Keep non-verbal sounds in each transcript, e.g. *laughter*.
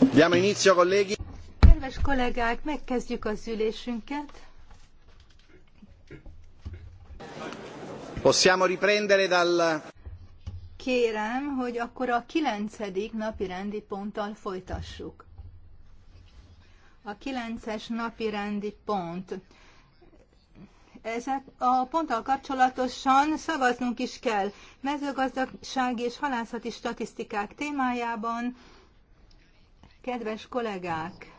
Diamo inizio, colleghi. Kedves kollégák, megkezdjük az ülésünket. Possiamo riprendere dal... Kérem, hogy akkor a kilencedik napi rendi ponttal folytassuk. A kilences napi rendi pont. Ezek a ponttal kapcsolatosan szavaznunk is kell mezőgazdasági és halászati statisztikák témájában, Kedves kollégák,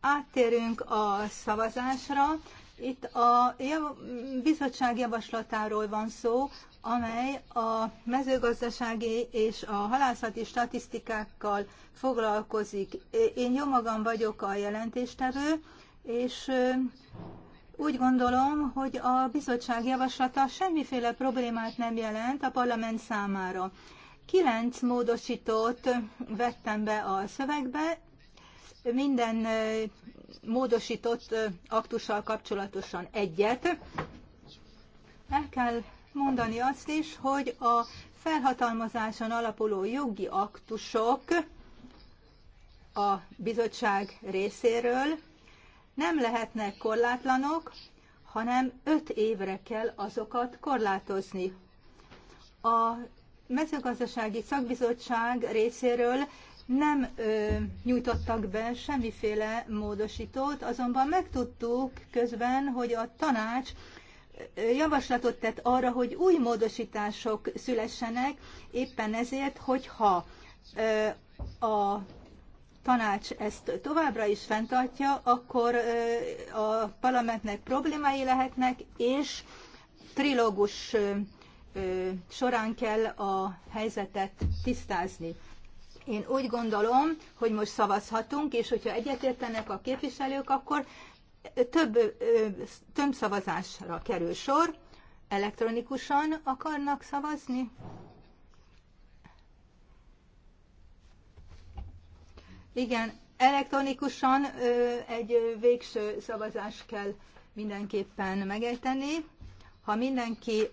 áttérünk a szavazásra. Itt a bizottság javaslatáról van szó, amely a mezőgazdasági és a halászati statisztikákkal foglalkozik. Én jó magam vagyok a jelentéstevő, és úgy gondolom, hogy a bizottság javaslata semmiféle problémát nem jelent a parlament számára. Kilenc módosítót vettem be a szövegbe, minden módosított aktussal kapcsolatosan egyet. El kell mondani azt is, hogy a felhatalmazáson alapuló jogi aktusok a bizottság részéről nem lehetnek korlátlanok, hanem öt évre kell azokat korlátozni. A mezőgazdasági szakbizottság részéről nem ö, nyújtottak be semmiféle módosítót, azonban megtudtuk közben, hogy a tanács javaslatot tett arra, hogy új módosítások szülessenek, éppen ezért, hogyha ö, a tanács ezt továbbra is fenntartja, akkor ö, a parlamentnek problémái lehetnek, és trilógus során kell a helyzetet tisztázni. Én úgy gondolom, hogy most szavazhatunk, és hogyha egyetértenek a képviselők, akkor több, több szavazásra kerül sor. Elektronikusan akarnak szavazni? Igen, elektronikusan egy végső szavazást kell mindenképpen megejteni. Ha mindenki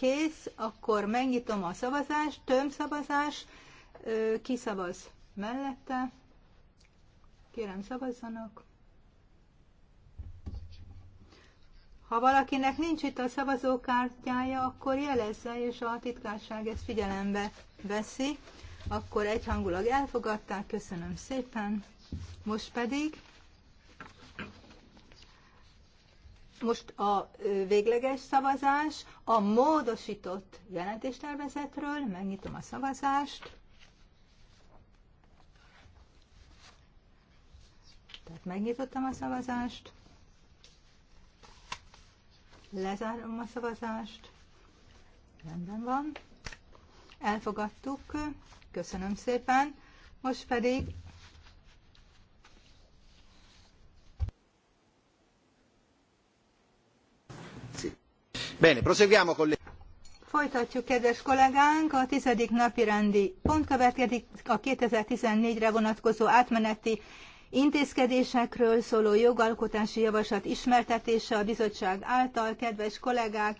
kész, akkor megnyitom a szavazást, tömszavazás, ki szavaz mellette. Kérem, szavazzanak. Ha valakinek nincs itt a szavazókártyája, akkor jelezze, és a titkárság ezt figyelembe veszi. Akkor egyhangulag elfogadták, köszönöm szépen. Most pedig Most a végleges szavazás a módosított jelentéstervezetről. Megnyitom a szavazást. Tehát megnyitottam a szavazást. Lezárom a szavazást. Rendben van. Elfogadtuk. Köszönöm szépen. Most pedig Folytatjuk, kedves kollégánk, a tizedik napirendi pont következik a fourteen re vonatkozó átmeneti intézkedésekről szóló jogalkotási javaslat ismertetése a bizottság által. Kedves kollégák,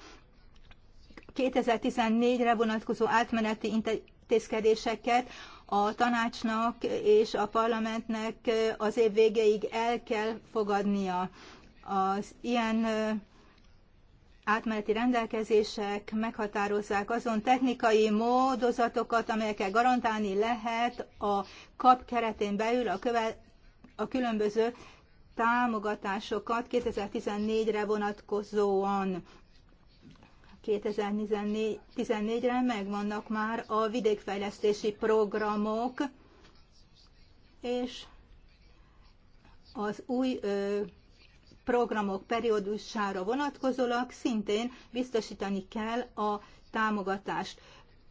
fourteen re vonatkozó átmeneti intézkedéseket a tanácsnak és a parlamentnek az év végéig el kell fogadnia. Az ilyen átmeneti rendelkezések meghatározzák azon technikai módozatokat, amelyekkel garantálni lehet a kap keretén belül a, köve, a különböző támogatásokat 2014-re vonatkozóan. 2014-re megvannak már a vidékfejlesztési programok, és az új ö, programok periódusára vonatkozólag szintén biztosítani kell a támogatást.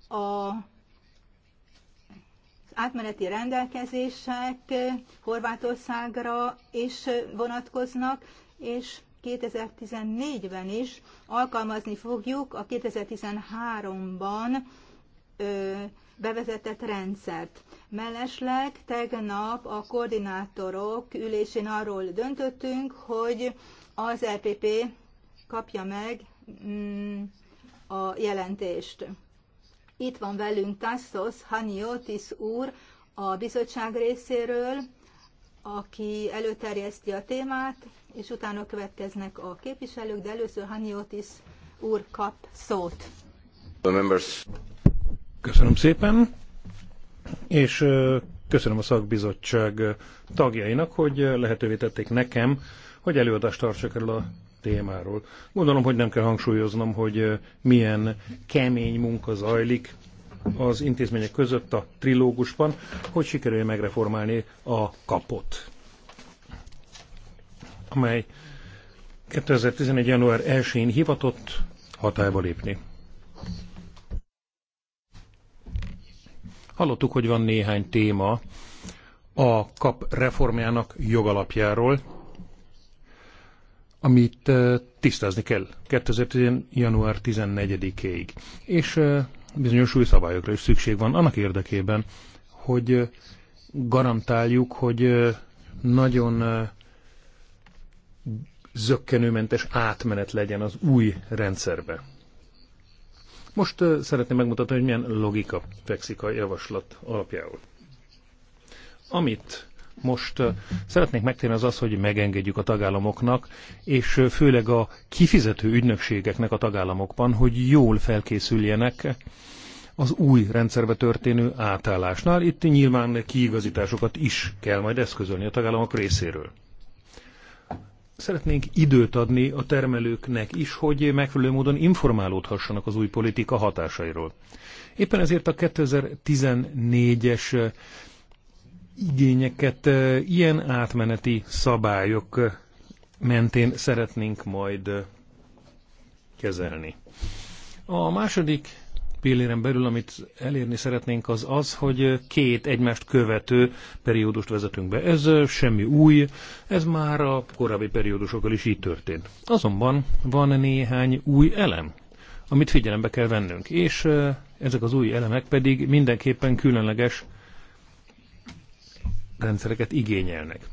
A átmeneti rendelkezések Horvátországra is vonatkoznak, és 2014-ben is alkalmazni fogjuk a 2013-ban bevezetett rendszert. Mellesleg tegnap a koordinátorok ülésén arról döntöttünk, hogy az LPP e kapja meg mm, a jelentést. Itt van velünk Tassos Haniotis úr a bizottság részéről, aki előterjeszti a témát, és utána következnek a képviselők, de először Haniotis úr kap szót. Köszönöm szépen, és köszönöm a szakbizottság tagjainak, hogy lehetővé tették nekem, hogy előadást tartsak erről a témáról. Gondolom, hogy nem kell hangsúlyoznom, hogy milyen kemény munka zajlik az intézmények között a trilógusban, hogy sikerülje megreformálni a kapot, amely 2011. január 1-én hivatott hatályba lépni. Hallottuk, hogy van néhány téma a kap reformjának jogalapjáról, amit tisztázni kell 2010. január 14-ig. És bizonyos új szabályokra is szükség van annak érdekében, hogy garantáljuk, hogy nagyon zöggenőmentes átmenet legyen az új rendszerbe. Most szeretném megmutatni, hogy milyen logika fekszik a javaslat alapjául. Amit most szeretnék megtérni az az, hogy megengedjük a tagállamoknak, és főleg a kifizető ügynökségeknek a tagállamokban, hogy jól felkészüljenek az új rendszerbe történő átállásnál. Itt nyilván kiigazításokat is kell majd eszközölni a tagállamok részéről szeretnénk időt adni a termelőknek is, hogy megfelelő módon informálódhassanak az új politika hatásairól. Éppen ezért a 2014-es igényeket ilyen átmeneti szabályok mentén szeretnénk majd kezelni. A második pilléren belül, amit elérni szeretnénk, az az, hogy két egymást követő periódust vezetünk be. Ez semmi új, ez már a korábbi periódusokkal is így történt. Azonban van néhány új elem, amit figyelembe kell vennünk, és ezek az új elemek pedig mindenképpen különleges rendszereket igényelnek.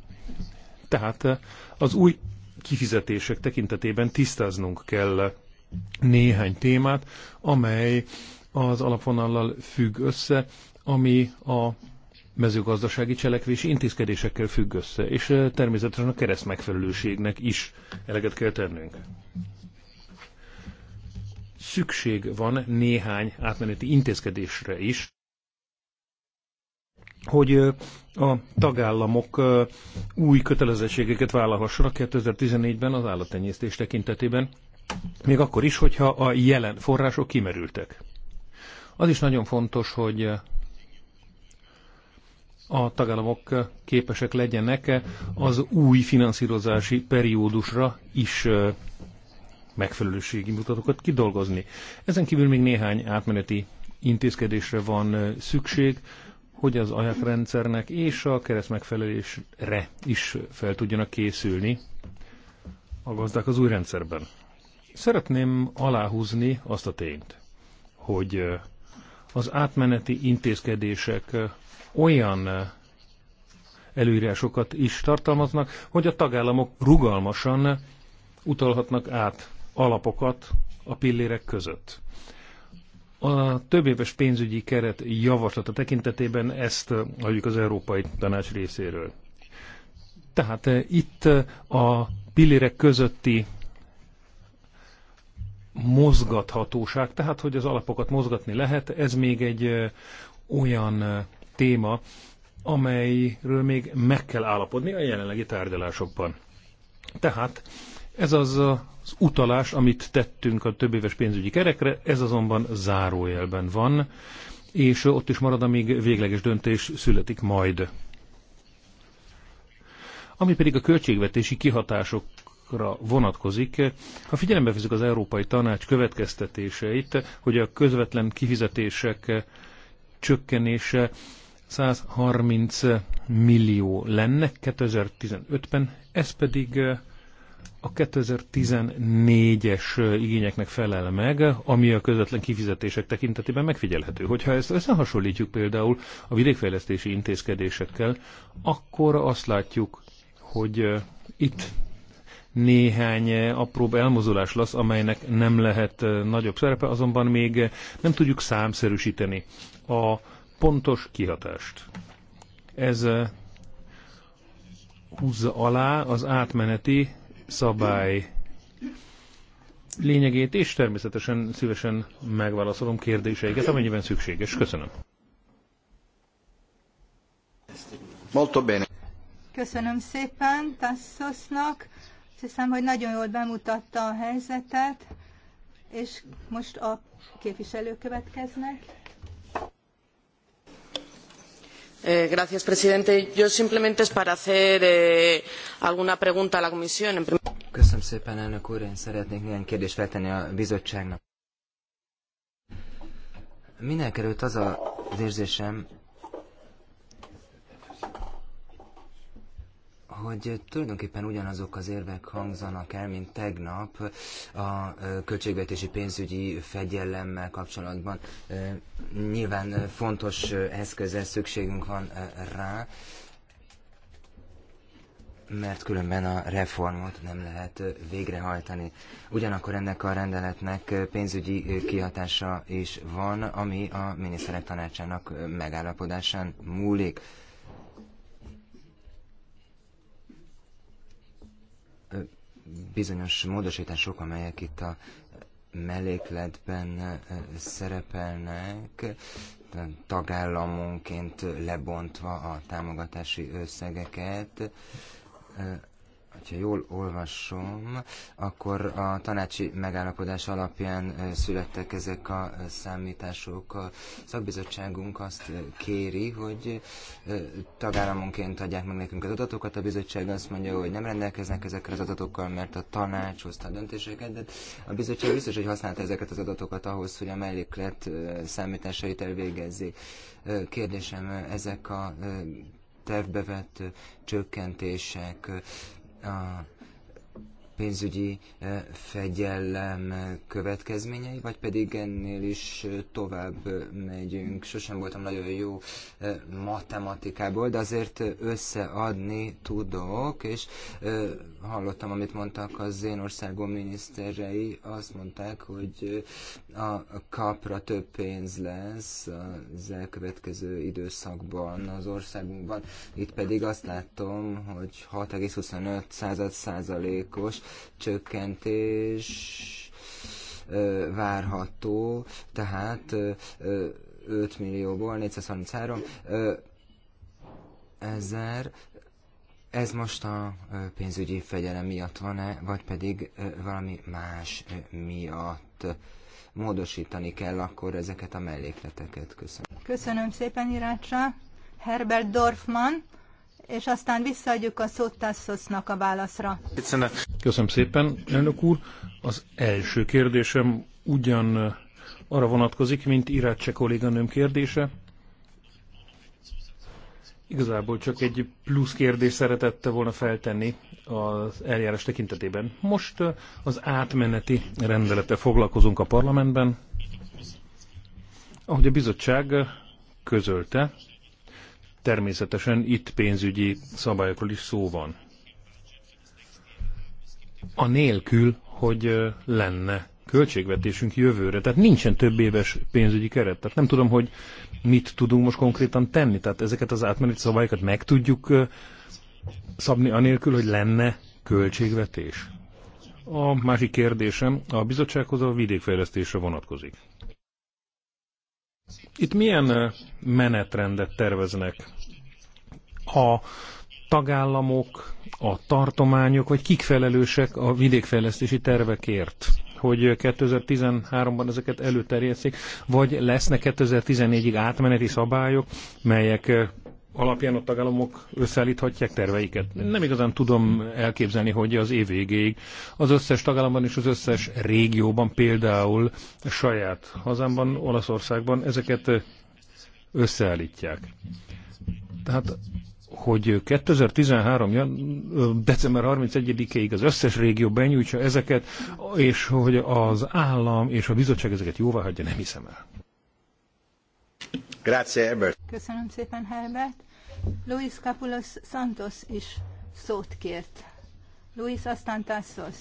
Tehát az új kifizetések tekintetében tisztáznunk kell néhány témát, amely az alapvonallal függ össze, ami a mezőgazdasági cselekvési intézkedésekkel függ össze, és természetesen a kereszt megfelelőségnek is eleget kell tennünk. Szükség van néhány átmeneti intézkedésre is, hogy a tagállamok új kötelezettségeket vállalhassanak 2014-ben az állattenyésztés tekintetében, még akkor is, hogyha a jelen források kimerültek. Az is nagyon fontos, hogy a tagállamok képesek legyenek az új finanszírozási periódusra is megfelelőségi mutatókat kidolgozni. Ezen kívül még néhány átmeneti intézkedésre van szükség, hogy az ajakrendszernek és a keresztmegfelelésre megfelelésre is fel tudjanak készülni a gazdák az új rendszerben. Szeretném aláhúzni azt a tényt, hogy az átmeneti intézkedések olyan előírásokat is tartalmaznak, hogy a tagállamok rugalmasan utalhatnak át alapokat a pillérek között. A éves pénzügyi keret javaslata tekintetében ezt adjuk az Európai Tanács részéről. Tehát itt a pillérek közötti mozgathatóság, tehát hogy az alapokat mozgatni lehet, ez még egy olyan téma, amelyről még meg kell állapodni a jelenlegi tárgyalásokban. Tehát ez az az utalás, amit tettünk a éves pénzügyi kerekre, ez azonban zárójelben van, és ott is marad, amíg végleges döntés születik majd. Ami pedig a költségvetési kihatások ágazatokra vonatkozik. Ha figyelembe veszük az Európai Tanács következtetéseit, hogy a közvetlen kifizetések csökkenése 130 millió lenne 2015-ben, ez pedig a 2014-es igényeknek felel meg, ami a közvetlen kifizetések tekintetében megfigyelhető. Hogyha ezt összehasonlítjuk például a vidékfejlesztési intézkedésekkel, akkor azt látjuk, hogy itt néhány eh, apróbb elmozulás lesz, amelynek nem lehet eh, nagyobb szerepe, azonban még eh, nem tudjuk számszerűsíteni a pontos kihatást. Ez húzza alá az átmeneti szabály lényegét, és természetesen szívesen megválaszolom kérdéseiket, amennyiben szükséges. Köszönöm. Molto bene. Köszönöm szépen Tassosnak. Azt hiszem, hogy nagyon jól bemutatta a helyzetet, és most a képviselők következnek. Eh, gracias, presidente, yo simplemente es para hacer eh, alguna pregunta a la comisión. Köszönöm szépen, elnök úr, én szeretnék ilyen kérdést feltenni a bizottságnak. Minél került az az érzésem, hogy tulajdonképpen ugyanazok az érvek hangzanak el, mint tegnap a költségvetési pénzügyi fegyellemmel kapcsolatban. Nyilván fontos eszközre szükségünk van rá, mert különben a reformot nem lehet végrehajtani. Ugyanakkor ennek a rendeletnek pénzügyi kihatása is van, ami a miniszterek tanácsának megállapodásán múlik. bizonyos módosítások, amelyek itt a mellékletben eh, szerepelnek, eh, tagállamonként lebontva a támogatási összegeket, eh, hogyha jól olvasom, akkor a tanácsi megállapodás alapján születtek ezek a számítások. A szakbizottságunk azt kéri, hogy tagállamonként adják meg nekünk az adatokat, a bizottság azt mondja, hogy nem rendelkeznek ezekkel az adatokkal, mert a tanács hozta a döntéseket, de a bizottság biztos, hogy használta ezeket az adatokat ahhoz, hogy a melléklet számításait elvégezzék. Kérdésem, ezek a tervbe vett csökkentések a pénzügyi eh, fegyellem következményei, vagy pedig ennél is eh, tovább eh, megyünk. Sosem voltam nagyon jó matematikából, de azért összeadni tudok, és hallottam, amit mondtak az én országom miniszterei, azt mondták, hogy a kapra több pénz lesz az elkövetkező időszakban az országunkban. Itt pedig azt látom, hogy 6,25 százalékos csökkentés várható, tehát 5 millióból 433 ezer, ez most a pénzügyi fegyelem miatt van-e, vagy pedig valami más miatt módosítani kell akkor ezeket a mellékleteket. Köszönöm. Köszönöm szépen, Irácsa. Herbert Dorfman, és aztán visszaadjuk a szót Tassosnak a válaszra. Köszönöm. Köszönöm szépen, elnök úr. Az első kérdésem ugyan arra vonatkozik, mint Irácse kolléganőm kérdése. Igazából csak egy plusz kérdés szeretette volna feltenni az eljárás tekintetében. Most az átmeneti rendelete foglalkozunk a parlamentben. Ahogy a bizottság közölte, természetesen itt pénzügyi szabályokról is szó van. A nélkül, hogy lenne költségvetésünk jövőre. Tehát nincsen több éves pénzügyi keret. Tehát nem tudom, hogy mit tudunk most konkrétan tenni. Tehát ezeket az átmeneti szabályokat meg tudjuk szabni anélkül, hogy lenne költségvetés. A másik kérdésem a bizottsághoz a vidékfejlesztésre vonatkozik. Itt milyen menetrendet terveznek? A tagállamok, a tartományok, vagy kik felelősek a vidékfejlesztési tervekért? hogy 2013-ban ezeket előterjesztik, vagy lesznek 2014-ig átmeneti szabályok, melyek eh, alapján a tagállamok összeállíthatják terveiket. Nem igazán tudom elképzelni, hogy az év végéig az összes tagállamban és az összes régióban, például saját hazámban, Olaszországban ezeket eh, összeállítják. Tehát hogy 2013. december 31-ig az összes régió benyújtsa ezeket, és hogy az állam és a bizottság ezeket jóvá hagyja, nem hiszem el. Grazie, Herbert. Köszönöm szépen, Herbert. Luis Capulos Santos is szót kért. Luis aztán Tassos.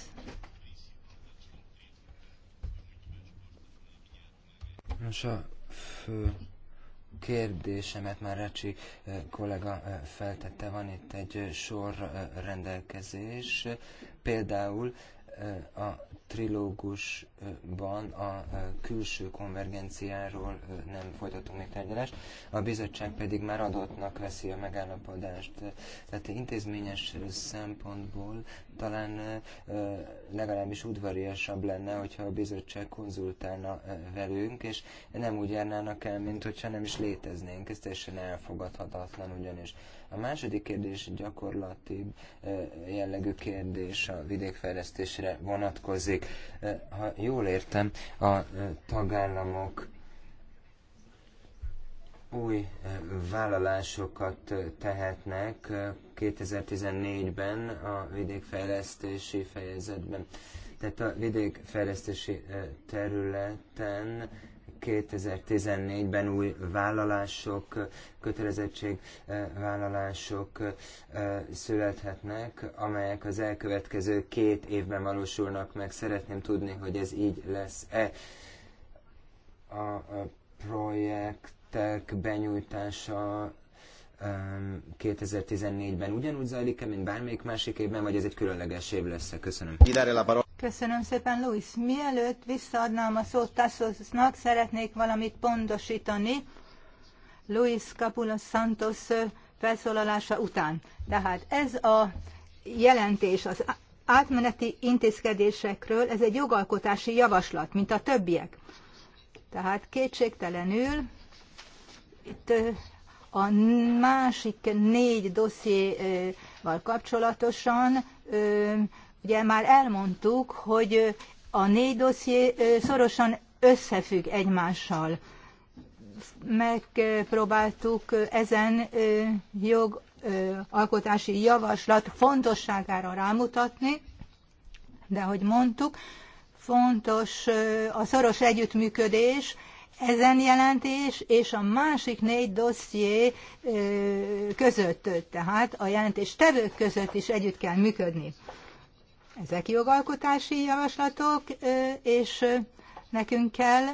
Nos, a fő kérdésemet már Recsi eh, kollega eh, feltette, van itt egy eh, sor rendelkezés, például a trilógus ban a e, külső konvergenciáról e, nem folytatunk még tárgyalást, a bizottság pedig már adottnak veszi a megállapodást. E, tehát intézményes szempontból talán legalábbis udvariasabb lenne, hogyha a bizottság konzultálna velünk, és nem úgy járnának el, mint hogyha nem is léteznénk. Ez teljesen elfogadhatatlan ugyanis. A második kérdés gyakorlati jellegű kérdés a vidékfejlesztésre vonatkozik. Ha jó jól értem, a e, tagállamok új e, vállalásokat e, tehetnek 2014-ben a vidékfejlesztési fejezetben. Tehát a vidékfejlesztési területen 2014-ben új vállalások, kötelezettségvállalások eh, eh, születhetnek, amelyek az elkövetkező két évben valósulnak meg. Szeretném tudni, hogy ez így lesz-e. A projektek benyújtása 2014-ben ugyanúgy zajlik-e, mint bármelyik másik évben, vagy ez egy különleges év lesz -e? Köszönöm. Köszönöm szépen, Luis. Mielőtt visszaadnám a szót Tassosnak, szeretnék valamit pontosítani Luis Capula Santos felszólalása után. Tehát ez a jelentés az átmeneti intézkedésekről, ez egy jogalkotási javaslat, mint a többiek. Tehát kétségtelenül itt a másik négy dossziéval kapcsolatosan Ugye már elmondtuk, hogy a négy dosszié szorosan összefügg egymással. Megpróbáltuk ezen jogalkotási javaslat fontosságára rámutatni, de ahogy mondtuk, fontos a szoros együttműködés ezen jelentés és a másik négy dosszié között, tehát a jelentés tevők között is együtt kell működni. Ezek jogalkotási javaslatok, és nekünk kell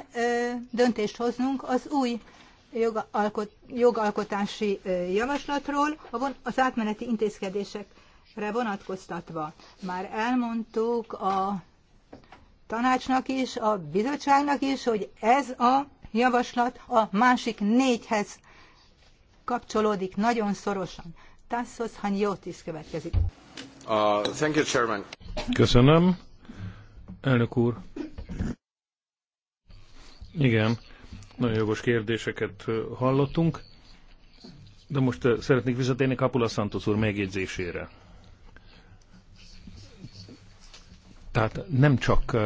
döntést hoznunk az új jogalkotási javaslatról az átmeneti intézkedésekre vonatkoztatva. Már elmondtuk a tanácsnak is, a bizottságnak is, hogy ez a javaslat a másik négyhez kapcsolódik nagyon szorosan. Tassos Hanyotis következik. Uh, thank you, Chairman. Köszönöm. Elnök úr. Igen, nagyon jogos kérdéseket hallottunk, de most szeretnék visszatérni Kapula Santos úr megjegyzésére. Tehát nem csak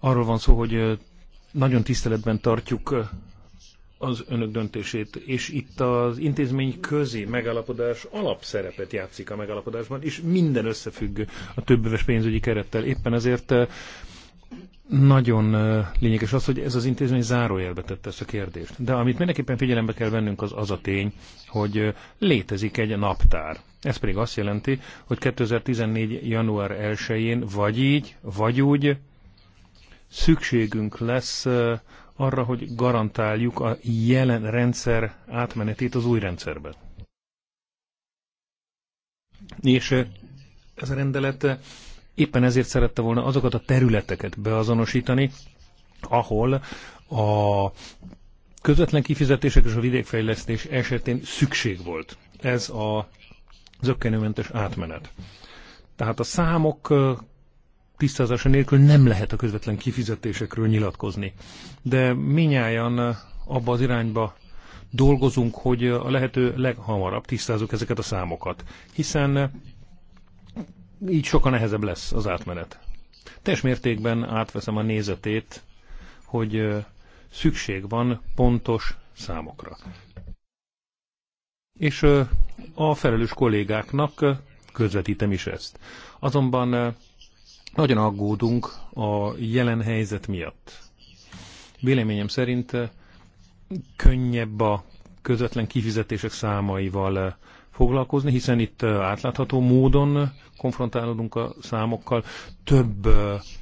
arról van szó, hogy nagyon tiszteletben tartjuk az önök döntését, és itt az intézmény közé megállapodás alapszerepet játszik a megállapodásban, és minden összefügg a többöves pénzügyi kerettel. Éppen ezért eh, nagyon eh, lényeges az, hogy ez az intézmény zárójelbe tette ezt a kérdést. De amit mindenképpen figyelembe kell vennünk, az az a tény, hogy eh, létezik egy naptár. Ez pedig azt jelenti, hogy 2014. január 1-én vagy így, vagy úgy szükségünk lesz arra, hogy garantáljuk a jelen rendszer átmenetét az új rendszerbe. És eh, ez a rendelet eh, éppen ezért szerette volna azokat a területeket beazonosítani, ahol a közvetlen kifizetések és a vidékfejlesztés esetén szükség volt. Ez a zöggenőmentes átmenet. Tehát a számok eh, tisztázása nélkül nem lehet a közvetlen kifizetésekről nyilatkozni. De minnyáján eh, abba az irányba dolgozunk, hogy eh, a lehető leghamarabb tisztázzuk ezeket a számokat, hiszen eh, így sokkal nehezebb lesz az átmenet. Teljes mértékben átveszem a nézetét, hogy szükség van pontos számokra. És a felelős kollégáknak közvetítem is ezt. Azonban nagyon aggódunk a jelen helyzet miatt. Véleményem szerint könnyebb a közvetlen kifizetések számaival foglalkozni, hiszen itt átlátható módon konfrontálódunk a számokkal. Több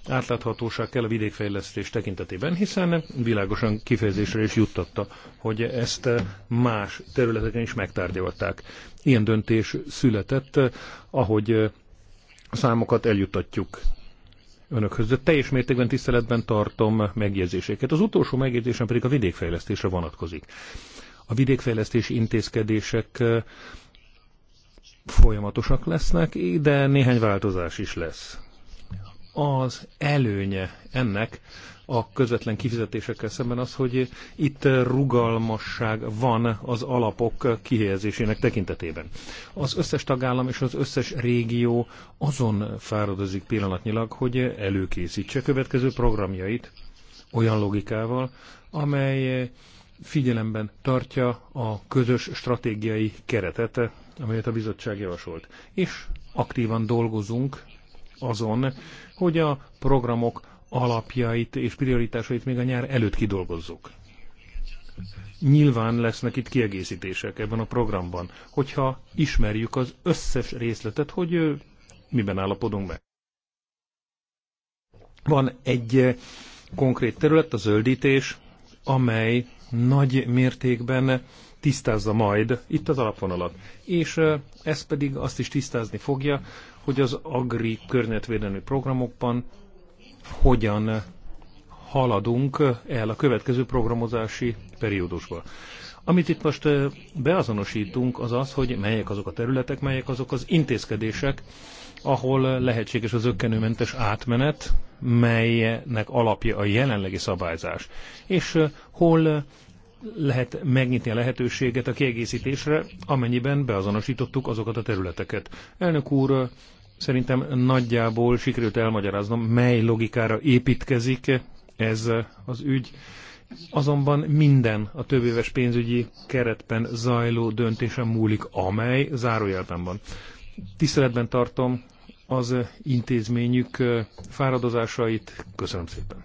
átláthatóság kell a vidékfejlesztés tekintetében, hiszen világosan kifejezésre is juttatta, hogy ezt más területeken is megtárgyalták. Ilyen döntés született, ahogy a számokat eljuttatjuk önökhöz, de teljes mértékben tiszteletben tartom megjegyzéseket. Az utolsó megjegyzésem pedig a vidékfejlesztésre vonatkozik. A vidékfejlesztési intézkedések folyamatosak lesznek, de néhány változás is lesz. Az előnye ennek, a közvetlen kifizetésekkel szemben az, hogy itt rugalmasság van az alapok kihelyezésének tekintetében. Az összes tagállam és az összes régió azon fáradozik pillanatnyilag, hogy előkészítse következő programjait olyan logikával, amely figyelemben tartja a közös stratégiai keretet, amelyet a bizottság javasolt. És aktívan dolgozunk azon, hogy a programok alapjait és prioritásait még a nyár előtt kidolgozzuk. Nyilván lesznek itt kiegészítések ebben a programban, hogyha ismerjük az összes részletet, hogy miben állapodunk meg. Van egy konkrét terület, a zöldítés, amely nagy mértékben tisztázza majd itt az alapvonalat. És ez pedig azt is tisztázni fogja, hogy az agri környezetvédelmi programokban hogyan haladunk el a következő programozási periódusba. Amit itt most eh, beazonosítunk, az az, hogy melyek azok a területek, melyek azok az intézkedések, ahol lehetséges az ökkenőmentes átmenet, melynek alapja a jelenlegi szabályzás, és eh, hol lehet megnyitni a lehetőséget a kiegészítésre, amennyiben beazonosítottuk azokat a területeket. Elnök úr, Szerintem nagyjából sikerült elmagyaráznom, mely logikára építkezik ez az ügy. Azonban minden a többéves pénzügyi keretben zajló döntésen múlik, amely zárójelben van. Tiszteletben tartom az intézményük fáradozásait. Köszönöm szépen.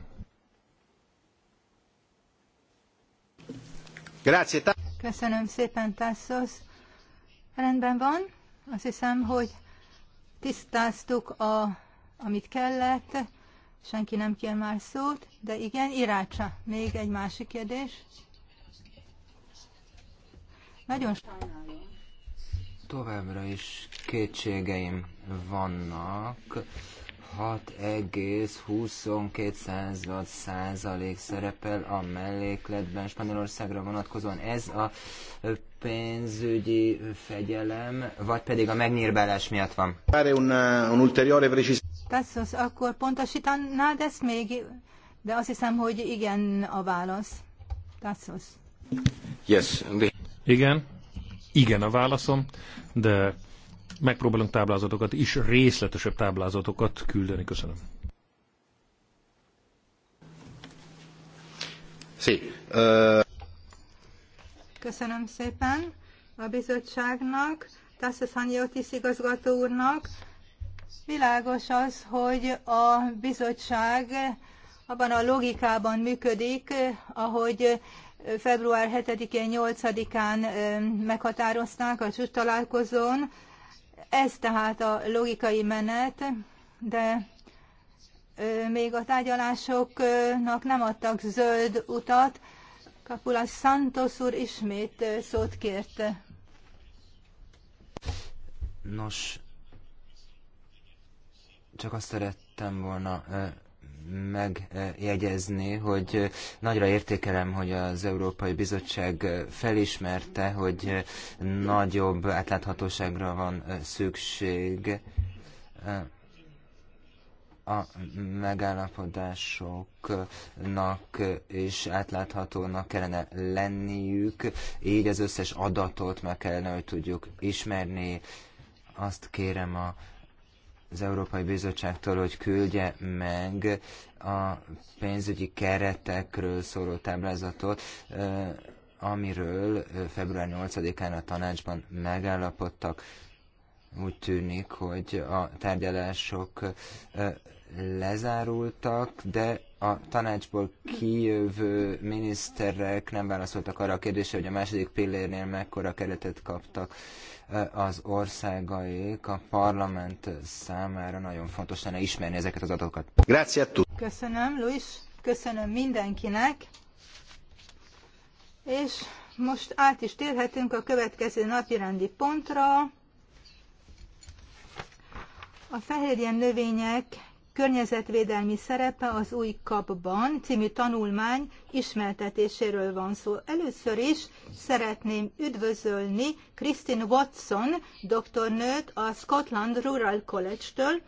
Köszönöm szépen, Tassos. Rendben van. Azt hiszem, hogy Tisztáztuk, a, amit kellett, senki nem kér már szót, de igen, Irácsa, még egy másik kérdés. Nagyon sajnálom. Továbbra is kétségeim vannak 6,22 százalék szerepel a mellékletben Spanyolországra vonatkozóan. Ez a pénzügyi fegyelem, vagy pedig a megnyírbálás miatt van? Tesszusz, akkor pontosítanád ezt még? De azt hiszem, hogy igen a válasz. Tesszusz. Yes. Igen, igen a válaszom, de megpróbálunk táblázatokat is, részletesebb táblázatokat küldeni. Köszönöm. Sí. Uh... Köszönöm szépen a bizottságnak, Tassos Hanyiotis igazgató úrnak. Világos az, hogy a bizottság abban a logikában működik, ahogy február 7-én, 8-án meghatározták a csúcs találkozón, ez tehát a logikai menet, de még a tárgyalásoknak nem adtak zöld utat. Kapula Santos úr ismét szót kért. Nos, csak azt szerettem volna megjegyezni, hogy nagyra értékelem, hogy az Európai Bizottság felismerte, hogy nagyobb átláthatóságra van szükség a megállapodásoknak és átláthatónak kellene lenniük, így az összes adatot meg kellene, hogy tudjuk ismerni. Azt kérem a az Európai Bizottságtól, hogy küldje meg a pénzügyi keretekről szóló táblázatot, amiről február 8-án a tanácsban megállapodtak. Úgy tűnik, hogy a tárgyalások lezárultak, de a tanácsból kijövő miniszterek nem válaszoltak arra a kérdésre, hogy a második pillérnél mekkora keretet kaptak az országaik a parlament számára nagyon fontos lenne ismerni ezeket az adatokat. Grazie Köszönöm, Luis. Köszönöm mindenkinek. És most át is térhetünk a következő napirendi pontra. A fehérjen növények Környezetvédelmi szerepe az új kapban című tanulmány ismertetéséről van szó. Először is szeretném üdvözölni Kristin Watson doktornőt a Scotland Rural College-től,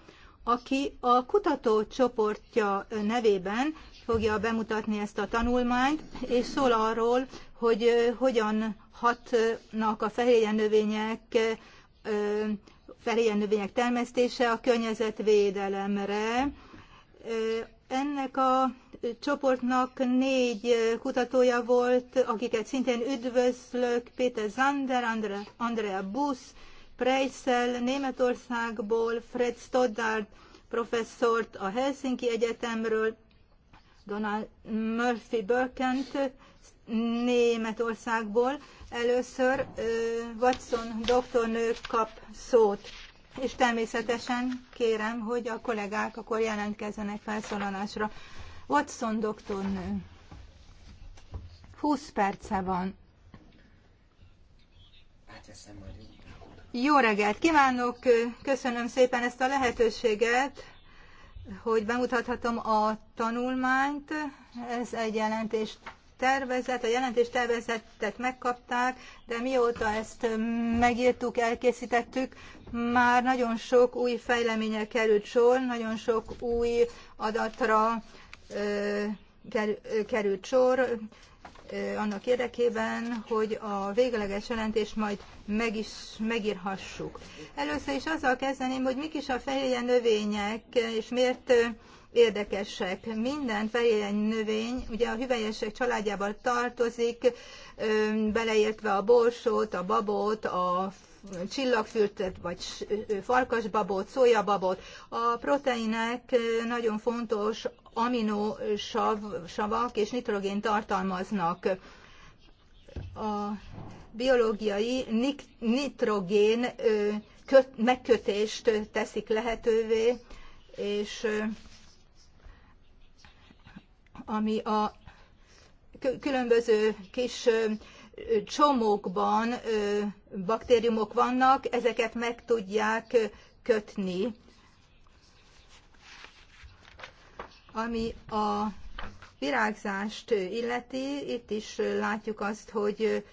aki a kutatócsoportja nevében fogja bemutatni ezt a tanulmányt, és szól arról, hogy eh, hogyan hatnak a fehérje növények eh, ilyen növények termesztése a környezetvédelemre. Ennek a csoportnak négy kutatója volt, akiket szintén üdvözlök, Péter Zander, Andrea Busz, Preissel Németországból, Fred Stoddard professzort a Helsinki Egyetemről, Donald Murphy Burkent Németországból. Először Watson doktornő kap szót, és természetesen kérem, hogy a kollégák akkor jelentkezzenek felszólalásra. Watson doktornő, 20 perce van. Jó reggelt kívánok, köszönöm szépen ezt a lehetőséget, hogy bemutathatom a tanulmányt. Ez egy jelentést tervezet, a jelentés tervezetet megkapták, de mióta ezt megírtuk, elkészítettük, már nagyon sok új fejleménye került sor, nagyon sok új adatra ö, került sor, ö, annak érdekében, hogy a végleges jelentést majd meg is megírhassuk. Először is azzal kezdeném, hogy mik is a fehérje növények, és miért érdekesek. Minden fehéren növény, ugye a hüvelyesek családjába tartozik, beleértve a borsót, a babot, a csillagfürtet, vagy farkasbabot, szójababot. A proteinek nagyon fontos aminosavak és nitrogén tartalmaznak. A biológiai nitrogén megkötést teszik lehetővé, és ami a különböző kis csomókban baktériumok vannak, ezeket meg tudják kötni, ami a virágzást illeti, itt is látjuk azt, hogy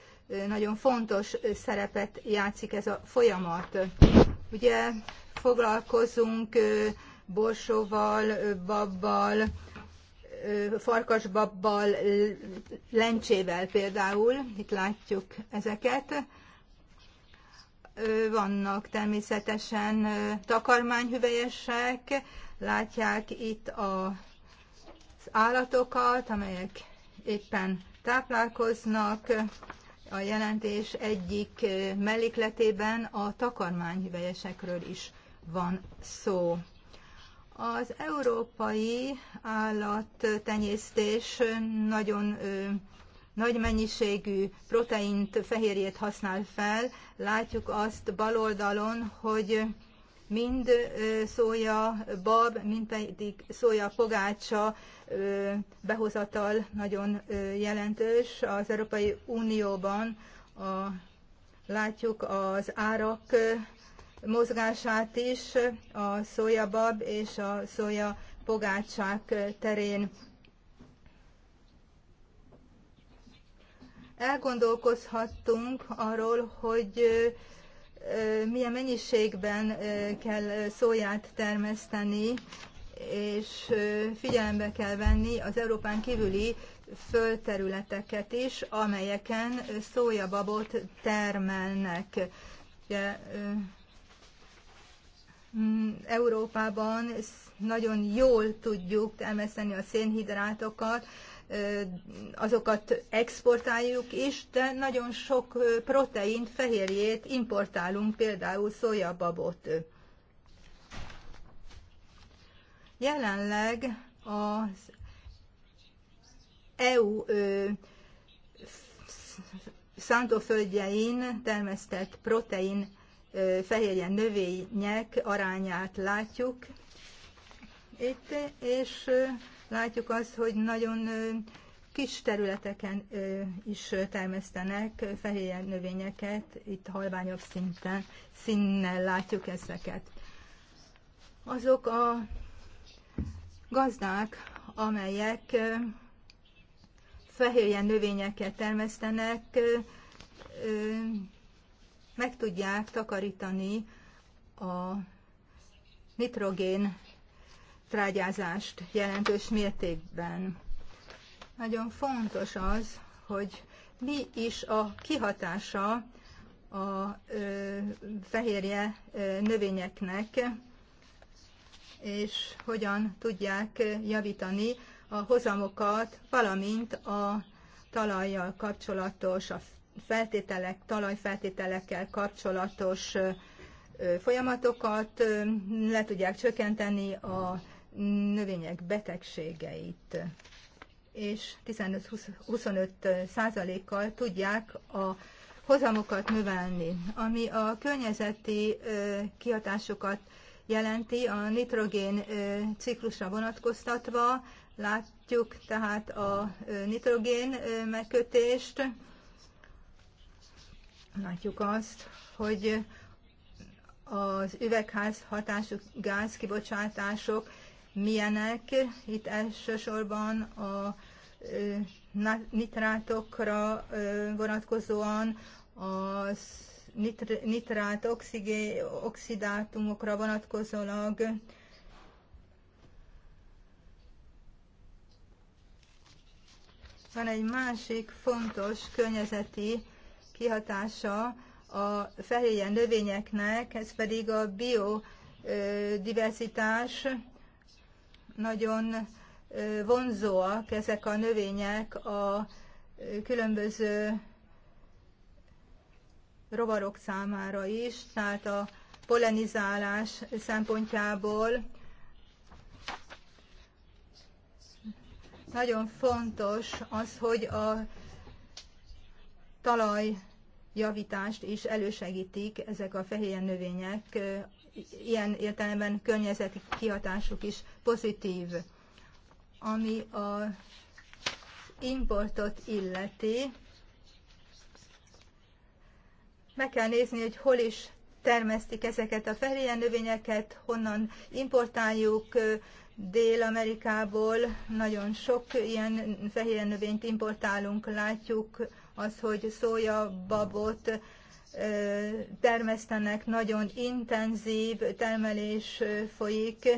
nagyon fontos szerepet játszik ez a folyamat. Ugye foglalkozunk borsóval, babbal, farkasbabbal, lencsével például, itt látjuk ezeket. Vannak természetesen takarmányhüvelyesek, látják itt az állatokat, amelyek éppen táplálkoznak. A jelentés egyik mellékletében a takarmányhüvelyesekről is van szó. Az európai állattenyésztés nagyon nagy mennyiségű proteint, fehérjét használ fel. Látjuk azt bal oldalon, hogy mind szója bab, mind pedig szója pogácsa behozatal nagyon jelentős. Az Európai Unióban a, látjuk az árak mozgását is a szójabab és a szója pogácsák terén. Elgondolkozhattunk arról, hogy milyen mennyiségben kell szóját termeszteni, és figyelembe kell venni az Európán kívüli földterületeket is, amelyeken szójababot termelnek. Ugye, Mm, Európában nagyon jól tudjuk emészteni a szénhidrátokat, azokat exportáljuk is, de nagyon sok proteint, fehérjét importálunk, például szójababot. Jelenleg az EU szántóföldjein termesztett protein fehérje növények arányát látjuk itt, és látjuk azt, hogy nagyon kis területeken is termesztenek fehérje növényeket, itt halványabb szinten, színnel látjuk ezeket. Azok a gazdák, amelyek fehérje növényeket termesztenek, meg tudják takarítani a nitrogén trágyázást jelentős mértékben. Nagyon fontos az, hogy mi is a kihatása a ö, fehérje ö, növényeknek, és hogyan tudják javítani a hozamokat, valamint a talajjal kapcsolatos, a feltételek, talajfeltételekkel kapcsolatos folyamatokat, le tudják csökkenteni a növények betegségeit, és 15-25 százalékkal tudják a hozamokat növelni. Ami a környezeti kihatásokat jelenti, a nitrogén ciklusra vonatkoztatva látjuk tehát a nitrogén megkötést, látjuk azt, hogy az üvegház hatású gázkibocsátások milyenek. Itt elsősorban a nitrátokra vonatkozóan, az nitrát oxigé, oxidátumokra vonatkozólag van egy másik fontos környezeti kihatása a fehérje növényeknek, ez pedig a biodiverzitás nagyon vonzóak ezek a növények a különböző rovarok számára is, tehát a polenizálás szempontjából nagyon fontos az, hogy a talaj javítást is elősegítik ezek a fehérjen növények, ilyen értelemben környezeti kihatásuk is pozitív. Ami a importot illeti, meg kell nézni, hogy hol is termesztik ezeket a fehérjen növényeket, honnan importáljuk, Dél-Amerikából nagyon sok ilyen fehér növényt importálunk, látjuk az, hogy szója, babot termesztenek, nagyon intenzív termelés folyik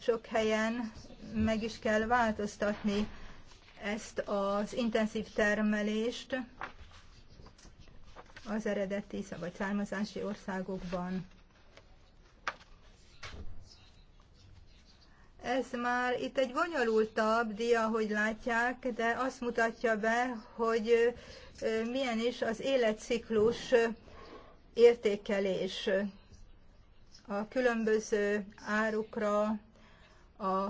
sok helyen, meg is kell változtatni ezt az intenzív termelést az eredeti vagy származási országokban. Ez már itt egy bonyolultabb dia, hogy látják, de azt mutatja be, hogy milyen is az életciklus értékelés a különböző árukra, a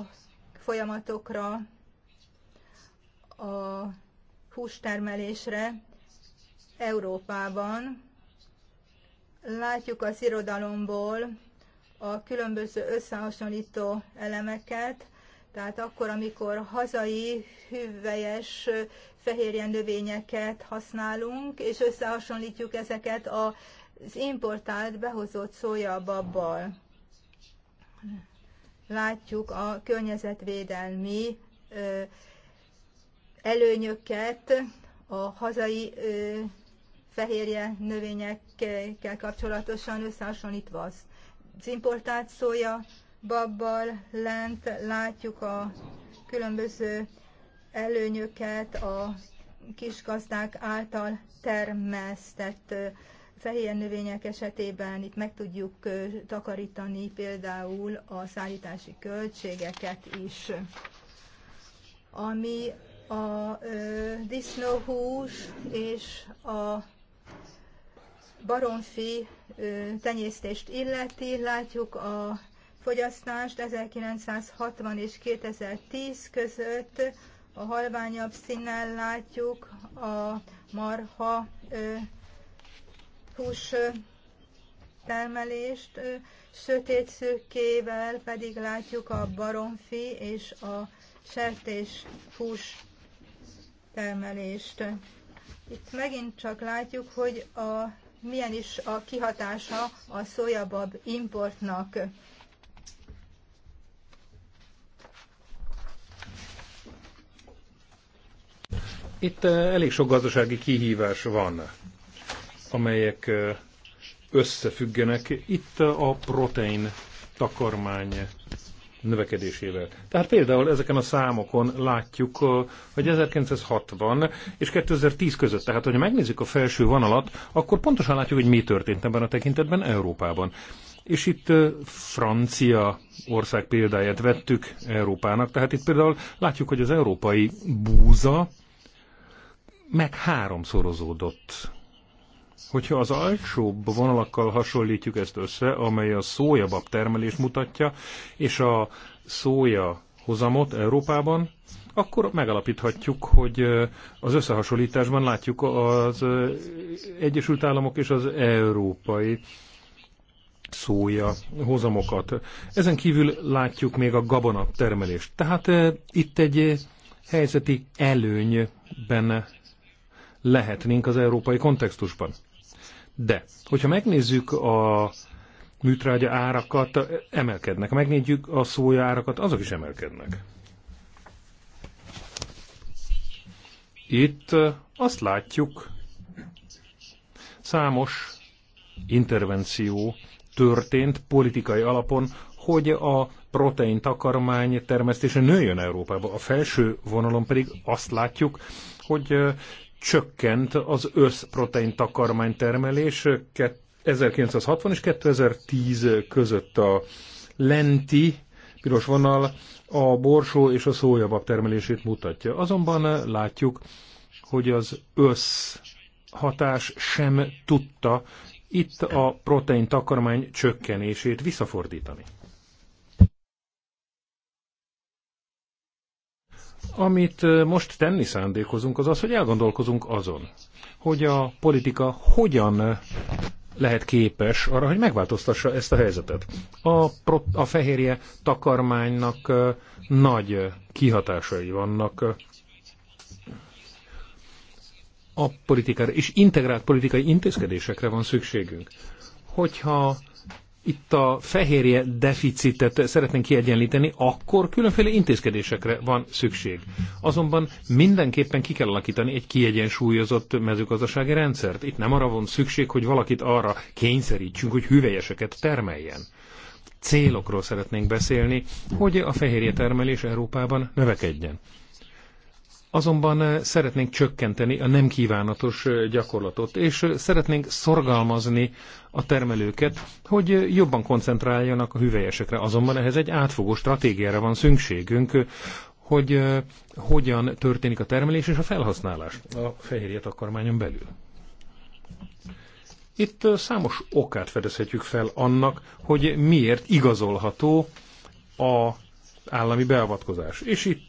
folyamatokra, a hústermelésre Európában. Látjuk az irodalomból, a különböző összehasonlító elemeket, tehát akkor, amikor hazai hüvelyes fehérje növényeket használunk, és összehasonlítjuk ezeket az importált, behozott szójababbal. Látjuk a környezetvédelmi előnyöket a hazai fehérje növényekkel kapcsolatosan összehasonlítva az az importált szója babbal lent látjuk a különböző előnyöket a gazdák által termesztett fehér növények esetében itt meg tudjuk takarítani például a szállítási költségeket is. Ami a disznóhús és a baromfi tenyésztést illeti, látjuk a fogyasztást 1960 és 2010 között, a halványabb színnel látjuk a marha hús termelést, sötét szőkével pedig látjuk a baromfi és a sertés hús termelést. Itt megint csak látjuk, hogy a milyen is a kihatása a szójabab importnak. Itt eh, elég sok gazdasági kihívás van, amelyek eh, összefüggenek. Itt eh, a protein takarmány növekedésével. Tehát például ezeken a számokon látjuk, hogy 1960 és 2010 között, tehát hogyha megnézzük a felső vonalat, akkor pontosan látjuk, hogy mi történt ebben a tekintetben Európában. És itt Francia ország példáját vettük Európának, tehát itt például látjuk, hogy az európai búza meg háromszorozódott Hogyha az alsóbb vonalakkal hasonlítjuk ezt össze, amely a szójabab termelés mutatja, és a szója hozamot Európában, akkor megalapíthatjuk, hogy az összehasonlításban látjuk az Egyesült Államok és az európai szója hozamokat. Ezen kívül látjuk még a gabona termelést. Tehát itt egy helyzeti előnyben lehetnénk az európai kontextusban. De, hogyha megnézzük a műtrágya árakat, emelkednek. Ha megnézzük a szója árakat, azok is emelkednek. Itt azt látjuk, számos intervenció történt politikai alapon, hogy a protein takarmány termesztése nőjön Európába. A felső vonalon pedig azt látjuk, hogy csökkent az összprotein takarmány termelés 1960 és 2010 között a lenti piros vonal a borsó és a szójabab termelését mutatja. Azonban látjuk, hogy az össz hatás sem tudta itt a protein takarmány csökkenését visszafordítani. Amit most tenni szándékozunk, az az, hogy elgondolkozunk azon, hogy a politika hogyan lehet képes arra, hogy megváltoztassa ezt a helyzetet. A, pro, a fehérje takarmánynak nagy kihatásai vannak a politikára, és integrált politikai intézkedésekre van szükségünk. Hogyha itt a fehérje deficitet szeretnénk kiegyenlíteni, akkor különféle intézkedésekre van szükség. Azonban mindenképpen ki kell alakítani egy kiegyensúlyozott mezőgazdasági rendszert. Itt nem arra van szükség, hogy valakit arra kényszerítsünk, hogy hüvelyeseket termeljen. Célokról szeretnénk beszélni, hogy a fehérje termelés Európában növekedjen. Azonban eh, szeretnénk csökkenteni a nem kívánatos eh, gyakorlatot, és eh, szeretnénk szorgalmazni a termelőket, hogy jobban koncentráljanak a hüvelyesekre. Azonban ehhez egy átfogó stratégiára van szükségünk, hogy hogyan történik a termelés és a felhasználás a fehérje takarmányon belül. Itt számos okát fedezhetjük fel annak, hogy miért igazolható a állami beavatkozás. És itt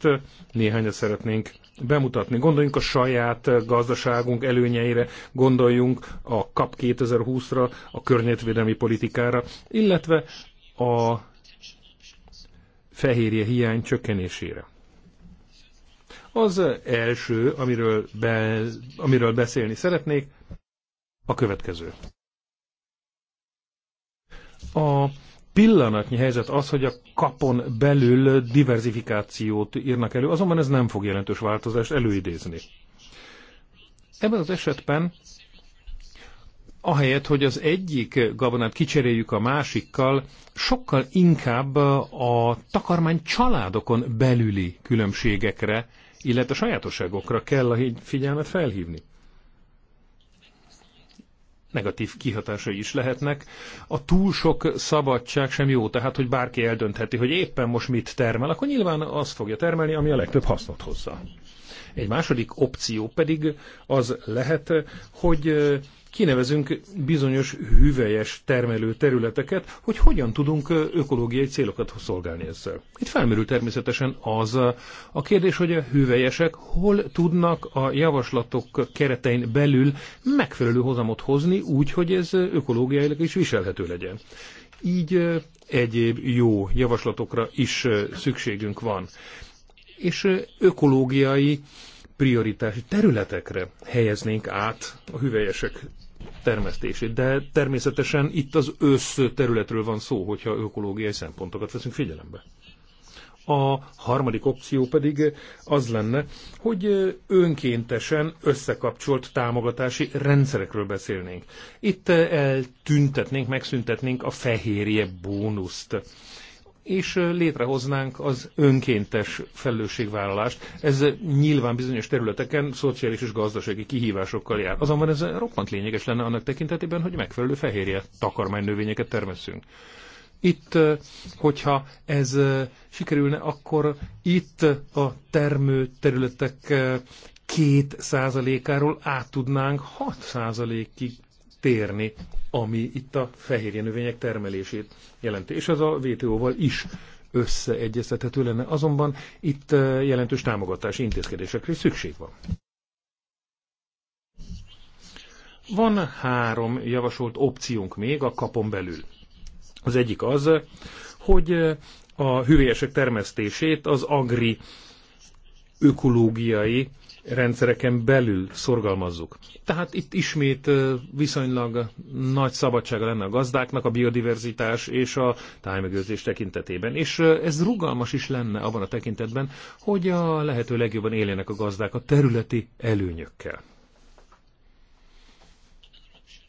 néhányat szeretnénk bemutatni. Gondoljunk a saját eh, gazdaságunk előnyeire, gondoljunk a KAP 2020-ra, a környezetvédelmi politikára, illetve a fehérje hiány csökkenésére. Az eh, első, amiről, be, amiről beszélni szeretnék, a következő. A pillanatnyi helyzet az, hogy a kapon belül diversifikációt írnak elő, azonban ez nem fog jelentős változást előidézni. Ebben az esetben ahelyett, hogy az egyik gabonát kicseréljük a másikkal, sokkal inkább a takarmány családokon belüli különbségekre, illetve sajátosságokra kell a figyelmet felhívni negatív kihatásai is lehetnek. A túl sok szabadság sem jó, tehát hogy bárki eldöntheti, hogy éppen most mit termel, akkor nyilván az fogja termelni, ami a legtöbb hasznot hozza. Egy második opció pedig az lehet, hogy kinevezünk bizonyos hüvelyes termelő területeket, hogy hogyan tudunk ökológiai célokat szolgálni ezzel. Itt felmerül természetesen az a kérdés, hogy a hüvelyesek hol tudnak a javaslatok keretein belül megfelelő hozamot hozni, úgy, hogy ez ökológiailag is viselhető legyen. Így egyéb jó javaslatokra is szükségünk van. És ökológiai prioritási területekre helyeznénk át a hüvelyesek termesztését. De természetesen itt az ősz területről van szó, hogyha ökológiai szempontokat veszünk figyelembe. A harmadik opció pedig az lenne, hogy önkéntesen összekapcsolt támogatási rendszerekről beszélnénk. Itt eltüntetnénk, megszüntetnénk a fehérje bónuszt és létrehoznánk az önkéntes felelősségvállalást. Ez nyilván bizonyos területeken szociális és gazdasági kihívásokkal jár. Azonban ez roppant lényeges lenne annak tekintetében, hogy megfelelő fehérje takarmánynövényeket termeszünk. Itt, hogyha ez sikerülne, akkor itt a termő területek két százalékáról át tudnánk 6 százalékig térni, ami itt a fehérje növények termelését jelenti. És ez a WTO-val is összeegyeztethető lenne, azonban itt eh, jelentős támogatási intézkedésekre szükség van. Van három javasolt opciónk még a kapon belül. Az egyik az, hogy eh, a hüvelyesek termesztését az agri ökológiai rendszereken belül szorgalmazzuk. Tehát itt ismét viszonylag nagy szabadsága lenne a gazdáknak a biodiverzitás és a tájmegőrzés tekintetében. És ez rugalmas is lenne abban a tekintetben, hogy a lehető legjobban éljenek a gazdák a területi előnyökkel.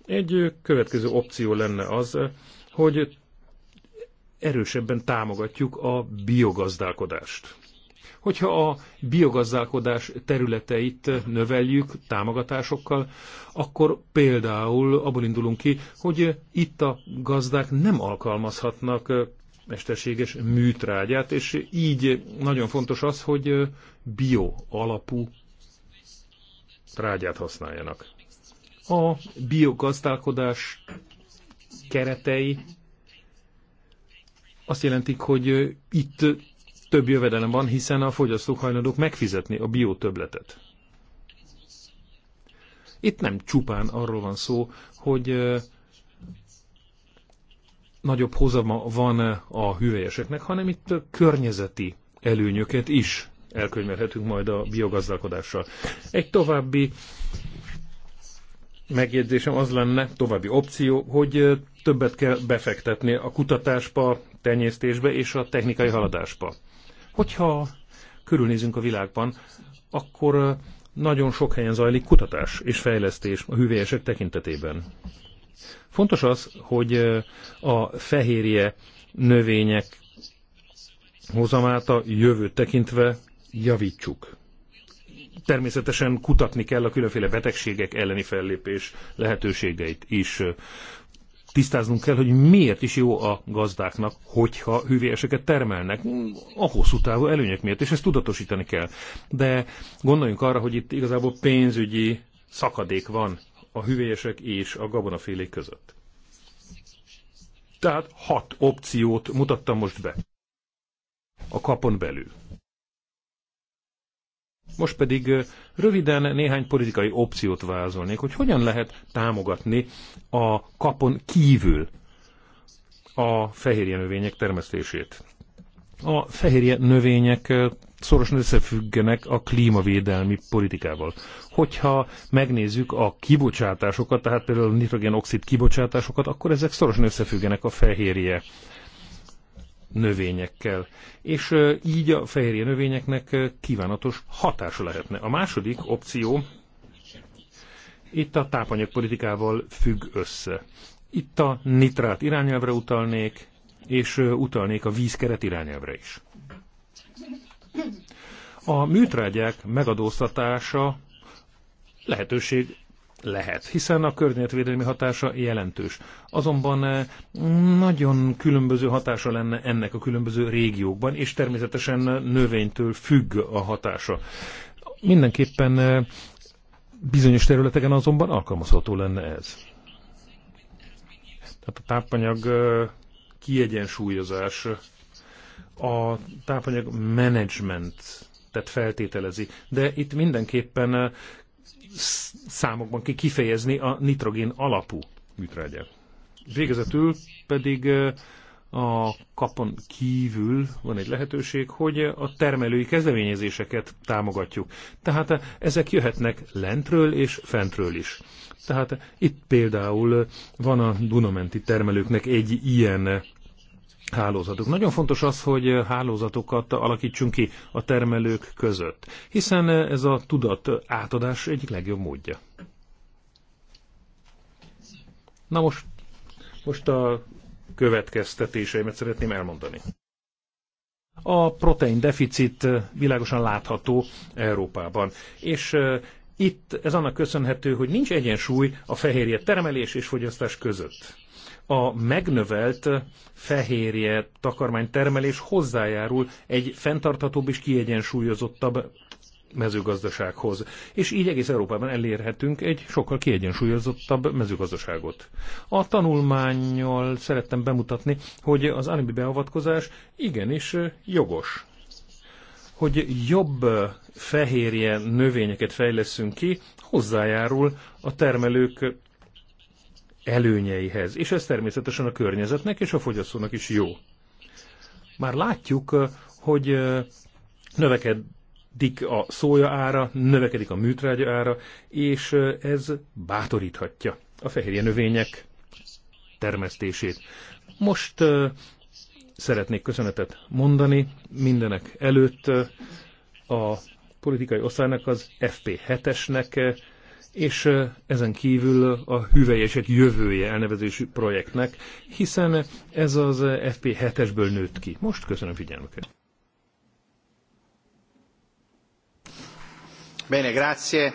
Egy következő opció lenne az, hogy erősebben támogatjuk a biogazdálkodást. Hogyha a biogazdálkodás területeit növeljük támogatásokkal, akkor például abból indulunk ki, hogy itt a gazdák nem alkalmazhatnak mesterséges műtrágyát, és így nagyon fontos az, hogy bio alapú trágyát használjanak. A biogazdálkodás keretei azt jelentik, hogy itt több jövedelem van, hiszen a fogyasztók hajlandók megfizetni a biotöbletet. Itt nem csupán arról van szó, hogy nagyobb hozama van a hüvelyeseknek, hanem itt környezeti előnyöket is elkönyvelhetünk majd a biogazdálkodással. Egy további megjegyzésem az lenne, további opció, hogy többet kell befektetni a kutatásba, tenyésztésbe és a technikai haladásba. Hogyha körülnézünk a világban, akkor nagyon sok helyen zajlik kutatás és fejlesztés a hüvelyesek tekintetében. Fontos az, hogy a fehérje növények hozamáta jövőt tekintve javítsuk. Természetesen kutatni kell a különféle betegségek elleni fellépés lehetőségeit is tisztáznunk kell, hogy miért is jó a gazdáknak, hogyha hüvelyeseket termelnek, a hosszú távú előnyek miért, és ezt tudatosítani kell. De gondoljunk arra, hogy itt igazából pénzügyi szakadék van a hüvelyesek és a gabonafélék között. Tehát hat opciót mutattam most be a kapon belül. Most pedig röviden néhány politikai opciót vázolnék, hogy hogyan lehet támogatni a kapon kívül a fehérje növények termesztését. A fehérje növények szorosan összefüggenek a klímavédelmi politikával. Hogyha megnézzük a kibocsátásokat, tehát például a nitrogénoxid kibocsátásokat, akkor ezek szorosan összefüggenek a fehérje növényekkel, és így a fehérje növényeknek kívánatos hatása lehetne. A második opció itt a tápanyagpolitikával függ össze. Itt a nitrát irányelvre utalnék, és utalnék a vízkeret irányelvre is. A műtrágyák megadóztatása lehetőség lehet, hiszen a környezetvédelmi hatása jelentős. Azonban eh, nagyon különböző hatása lenne ennek a különböző régiókban, és természetesen növénytől függ a hatása. Mindenképpen eh, bizonyos területeken azonban alkalmazható lenne ez. Tehát a tápanyag eh, kiegyensúlyozás, a tápanyag menedzsment tehát feltételezi. De itt mindenképpen számokban ki kifejezni a nitrogén alapú műtrágyát. Végezetül pedig a kapon kívül van egy lehetőség, hogy a termelői kezdeményezéseket támogatjuk. Tehát ezek jöhetnek lentről és fentről is. Tehát itt például van a Dunamenti termelőknek egy ilyen hálózatok. Nagyon fontos az, hogy hálózatokat alakítsunk ki a termelők között, hiszen ez a tudat átadás egyik legjobb módja. Na most, most a következtetéseimet szeretném elmondani. A protein deficit világosan látható Európában, és itt ez annak köszönhető, hogy nincs egyensúly a fehérje termelés és fogyasztás között a megnövelt fehérje takarmánytermelés hozzájárul egy fenntarthatóbb és kiegyensúlyozottabb mezőgazdasághoz. És így egész Európában elérhetünk egy sokkal kiegyensúlyozottabb mezőgazdaságot. A tanulmányjal szerettem bemutatni, hogy az alibi beavatkozás igenis jogos. Hogy jobb fehérje növényeket fejleszünk ki, hozzájárul a termelők előnyeihez, és ez természetesen a környezetnek és a fogyasztónak is jó. Már látjuk, hogy növekedik a szója ára, növekedik a műtrágya ára, és ez bátoríthatja a fehérje növények termesztését. Most szeretnék köszönetet mondani mindenek előtt a politikai osztálynak, az FP7-esnek, és ezen kívül a hüvelyesek jövője elnevezésű projektnek, hiszen ez az FP7-esből nőtt ki. Most köszönöm figyelmüket. Bene, grazie.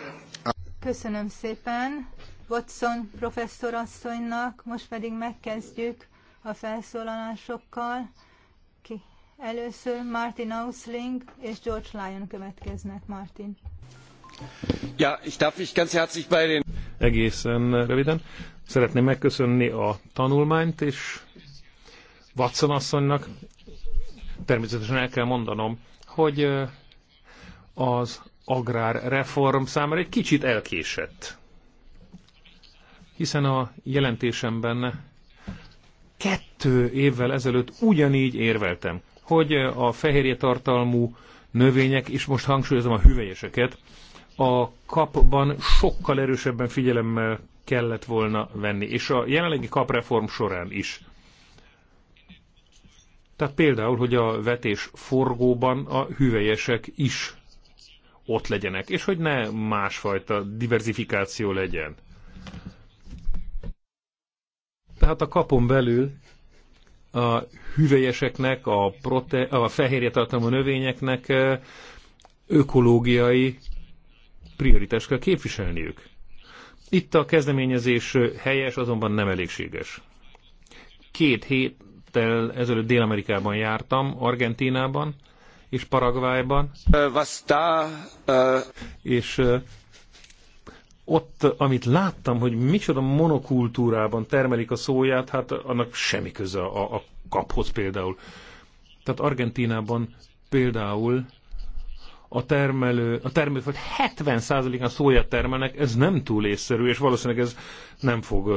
Köszönöm szépen Watson professzor asszonynak, most pedig megkezdjük a felszólalásokkal. Ki? Először Martin Ausling és George Lyon következnek, Martin. Ja, ich darf mich ganz herzlich bei den... Egészen röviden. Szeretném megköszönni a tanulmányt, és Watson asszonynak természetesen el kell mondanom, hogy az agrárreform számára egy kicsit elkésett. Hiszen a jelentésemben kettő évvel ezelőtt ugyanígy érveltem, hogy a fehérje tartalmú növények, és most hangsúlyozom a hüvelyeseket, a kapban sokkal erősebben figyelemmel kellett volna venni, és a jelenlegi kapreform során is. Tehát például, hogy a vetés forgóban a hüvelyesek is ott legyenek, és hogy ne másfajta diversifikáció legyen. Tehát a kapon belül a hüvelyeseknek, a, prote- a fehérje tartalmú növényeknek ökológiai prioritást kell képviselniük. Itt a kezdeményezés helyes, azonban nem elégséges. Két héttel ezelőtt Dél-Amerikában jártam, Argentínában és Paraguayban. Vasta, uh... És uh, ott, amit láttam, hogy micsoda monokultúrában termelik a szóját, hát annak semmi köze a, a kaphoz például. Tehát Argentínában például a, termelő, a termőföld 70%-án szója termelnek, ez nem túl észszerű, és valószínűleg ez nem fog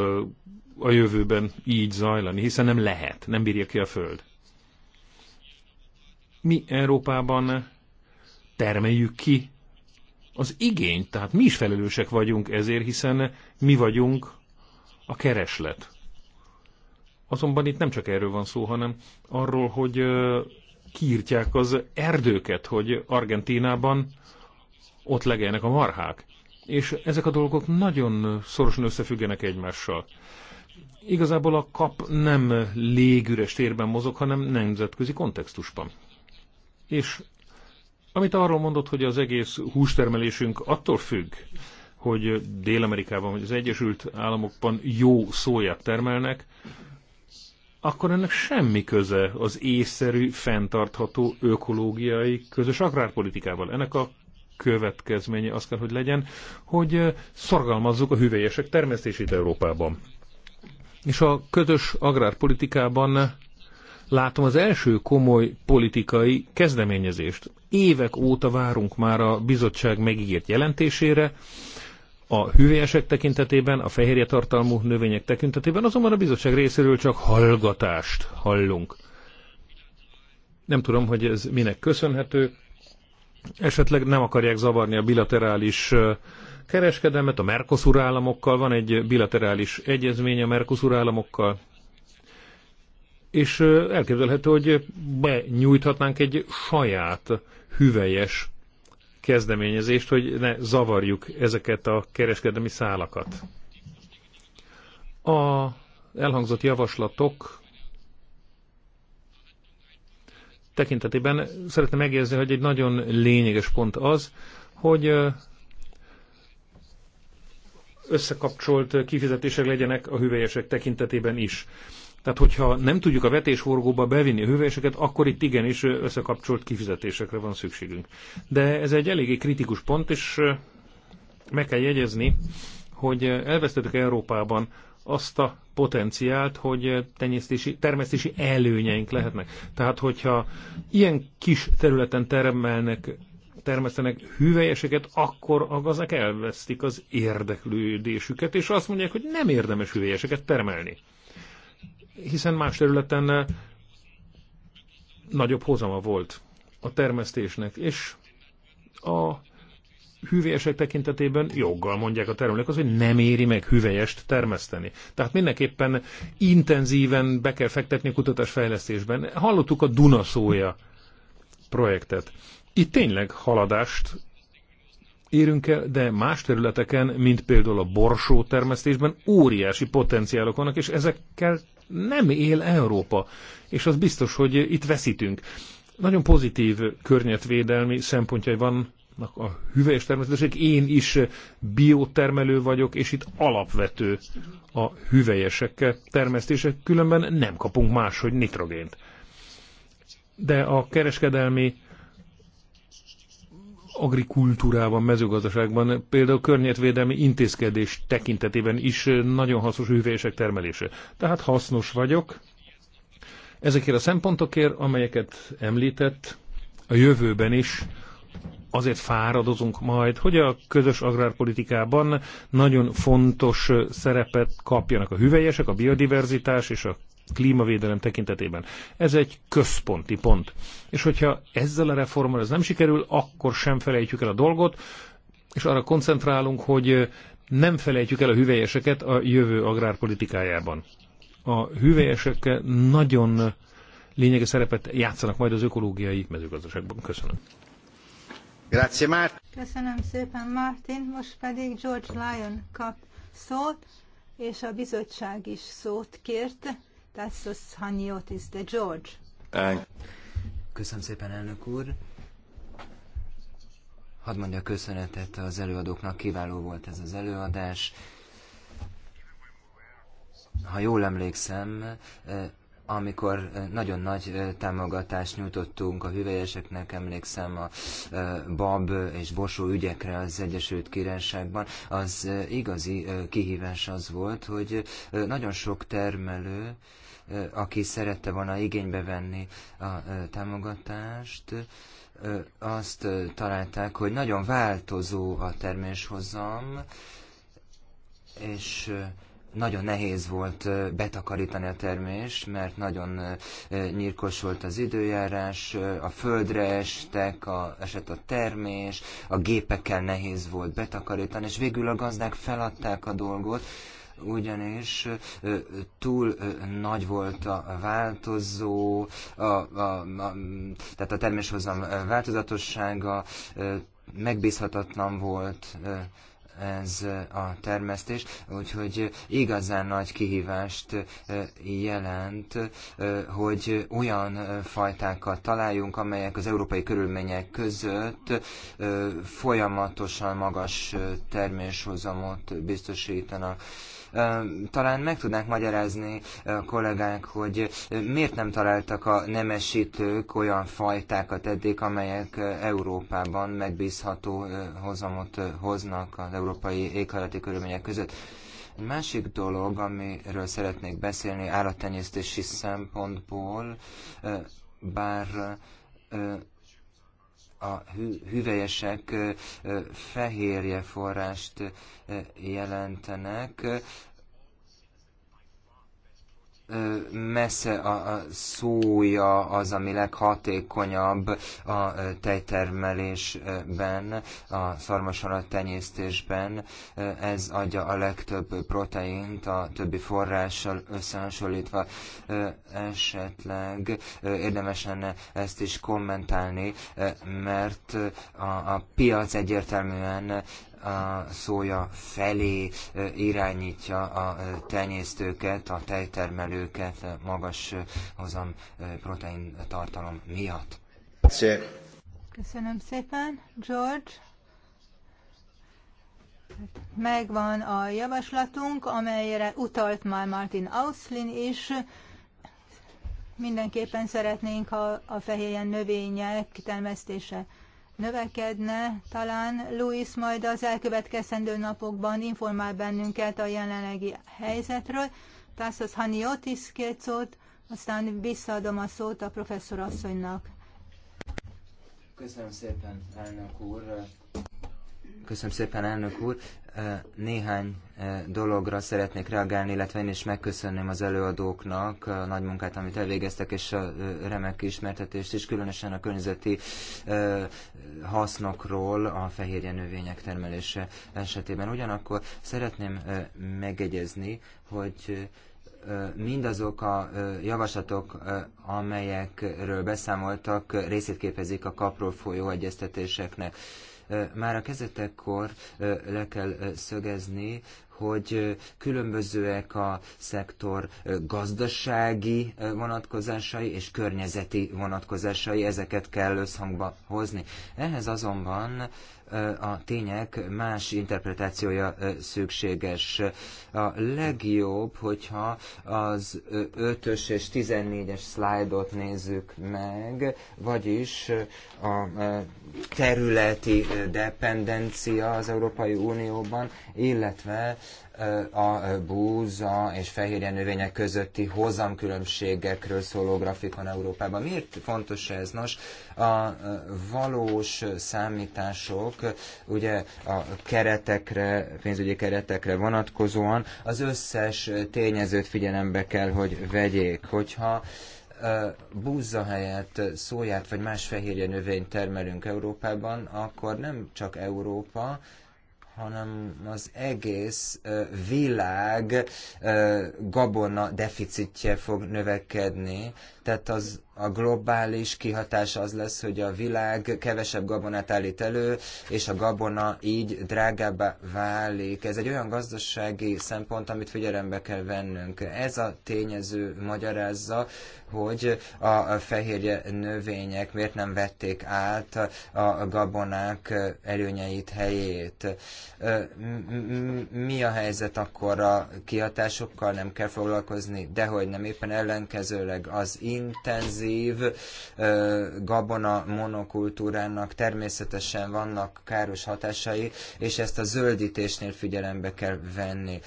a jövőben így zajlani, hiszen nem lehet, nem bírja ki a föld. Mi Európában termeljük ki az igényt, tehát mi is felelősek vagyunk ezért, hiszen mi vagyunk a kereslet. Azonban itt nem csak erről van szó, hanem arról, hogy kiírtják az erdőket, hogy Argentínában ott legeljenek a marhák. És ezek a dolgok nagyon szorosan összefüggenek egymással. Igazából a kap nem légüres térben mozog, hanem nemzetközi kontextusban. És amit arról mondott, hogy az egész hústermelésünk attól függ, hogy Dél-Amerikában vagy az Egyesült Államokban jó szóját termelnek, akkor ennek semmi köze az észszerű, fenntartható ökológiai közös agrárpolitikával. Ennek a következménye az kell, hogy legyen, hogy eh, szorgalmazzuk a hüvelyesek termesztését Európában. És a közös agrárpolitikában eh, látom az első komoly politikai kezdeményezést. Évek óta várunk már a bizottság megígért jelentésére, a hüvelyesek tekintetében, a fehérje tartalmú növények tekintetében, azonban a bizottság részéről csak hallgatást hallunk. Nem tudom, hogy ez minek köszönhető. Esetleg nem akarják zavarni a bilaterális kereskedelmet a Mercosur államokkal, van egy bilaterális egyezmény a Mercosur államokkal, és elképzelhető, hogy benyújthatnánk egy saját hüvelyes kezdeményezést, hogy ne zavarjuk ezeket a kereskedelmi szálakat. A elhangzott javaslatok tekintetében szeretném megjegyezni, hogy egy nagyon lényeges pont az, hogy összekapcsolt kifizetések legyenek a hüvelyesek tekintetében is. Tehát, hogyha nem tudjuk a vetésforgóba bevinni a hővéseket, akkor itt igenis összekapcsolt kifizetésekre van szükségünk. De ez egy eléggé kritikus pont, és meg kell jegyezni, hogy elvesztettük Európában azt a potenciált, hogy tenyésztési, termesztési előnyeink lehetnek. Tehát, hogyha ilyen kis területen termelnek, termesztenek hüvelyeseket, akkor a gazdák elvesztik az érdeklődésüket, és azt mondják, hogy nem érdemes hüvelyeseket termelni hiszen más területen eh, nagyobb hozama volt a termesztésnek, és a hüvelyesek tekintetében joggal mondják a termelők az, hogy nem éri meg hüvelyest termeszteni. Tehát mindenképpen intenzíven be kell fektetni a kutatásfejlesztésben. Hallottuk a Dunaszója projektet. Itt tényleg haladást érünk el, de más területeken, mint például a borsó termesztésben óriási potenciálok vannak, és ezekkel nem él Európa, és az biztos, hogy itt veszítünk. Nagyon pozitív környezetvédelmi szempontjai vannak a hüvelyes természetesek. Én is biotermelő vagyok, és itt alapvető a hüvelyesek termesztése, különben nem kapunk máshogy nitrogént. De a kereskedelmi agrikultúrában, mezőgazdaságban, például környezetvédelmi intézkedés tekintetében is nagyon hasznos hűvések termelése. Tehát hasznos vagyok. Ezekért a szempontokért, amelyeket említett, a jövőben is azért fáradozunk majd, hogy a közös agrárpolitikában nagyon fontos szerepet kapjanak a hüvelyesek, a biodiverzitás és a klímavédelem tekintetében. Ez egy központi pont. És hogyha ezzel a reformmal ez nem sikerül, akkor sem felejtjük el a dolgot, és arra koncentrálunk, hogy nem felejtjük el a hüvelyeseket a jövő agrárpolitikájában. A hüvelyesek nagyon lényeges szerepet játszanak majd az ökológiai mezőgazdaságban. Köszönöm. Grazie, Mart. Köszönöm szépen, Martin. Most pedig George Lyon kap szót, és a bizottság is szót kért. Tassos Haniotis de George. Köszönöm szépen, elnök úr. Hadd mondja köszönetet az előadóknak, kiváló volt ez az előadás. Ha jól emlékszem, amikor nagyon nagy támogatást nyújtottunk a hüvelyeseknek, emlékszem a bab és borsó ügyekre az Egyesült Királyságban, az igazi kihívás az volt, hogy nagyon sok termelő, aki szerette volna igénybe venni a támogatást, azt találták, hogy nagyon változó a terméshozam, és nagyon nehéz volt betakarítani a termést, mert nagyon nyírkos volt az időjárás, a földre estek, a, esett a termés, a gépekkel nehéz volt betakarítani, és végül a gazdák feladták a dolgot, ugyanis túl nagy volt a változó, a, a, a, tehát a terméshozam változatossága, megbízhatatlan volt, ez a termesztés, úgyhogy igazán nagy kihívást jelent, hogy olyan fajtákat találjunk, amelyek az európai körülmények között folyamatosan magas terméshozamot biztosítanak talán meg tudnák magyarázni a kollégák, hogy miért nem találtak a nemesítők olyan fajtákat eddig, amelyek Európában megbízható hozamot hoznak az európai éghajlati körülmények között. Egy másik dolog, amiről szeretnék beszélni állattenyésztési szempontból, bár a hü hüvelyesek fehérje forrást jelentenek messze a szója az, ami leghatékonyabb a tejtermelésben, a szarmasalat tenyésztésben. Ez adja a legtöbb proteint a többi forrással összehasonlítva. Esetleg érdemes lenne ezt is kommentálni, mert a, a piac egyértelműen a szója felé irányítja a tenyésztőket, a tejtermelőket magas hozam protein tartalom miatt. Köszönöm szépen, George. Megvan a javaslatunk, amelyre utalt már Martin Auslin is. Mindenképpen szeretnénk, ha a fehéjen növények termesztése növekedne. Talán Louis majd az elkövetkezendő napokban informál bennünket a jelenlegi helyzetről. Tászasz Haniotis két szót, aztán visszaadom a szót a professzor asszonynak. Köszönöm szépen, elnök úr. Köszönöm szépen, elnök úr. Néhány dologra szeretnék reagálni, illetve én is megköszönném az előadóknak a nagy munkát, amit elvégeztek, és a remek ismertetést is, különösen a környezeti hasznokról a fehérje növények termelése esetében. Ugyanakkor szeretném megegyezni, hogy mindazok a javaslatok, amelyekről beszámoltak, részét képezik a kapról folyó egyeztetéseknek már a kezdetekkor le kell szögezni, hogy különbözőek a szektor gazdasági vonatkozásai és környezeti vonatkozásai, ezeket kell összhangba hozni. Ehhez azonban a tények más interpretációja szükséges. A legjobb, hogyha az 5-ös és 14-es szlájdot nézzük meg, vagyis a területi dependencia az Európai Unióban, illetve a búza és fehérje növények közötti hozamkülönbségekről szóló grafikon Európában. Miért fontos ez? Nos, a valós számítások ugye a keretekre, pénzügyi keretekre vonatkozóan az összes tényezőt figyelembe kell, hogy vegyék. Hogyha búzza helyett szóját vagy más fehérje növényt termelünk Európában, akkor nem csak Európa, hanem az egész világ gabona deficitje fog növekedni, tehát az a globális kihatás az lesz, hogy a világ kevesebb gabonát állít elő, és a gabona így drágábbá válik. Ez egy olyan gazdasági szempont, amit figyelembe kell vennünk. Ez a tényező magyarázza, hogy a fehérje növények miért nem vették át a gabonák előnyeit helyét. Mi a helyzet akkor a kihatásokkal nem kell foglalkozni, dehogy nem éppen ellenkezőleg az intenzív év gabona monokultúrának természetesen vannak káros hatásai, és ezt a zöldítésnél figyelembe kell venni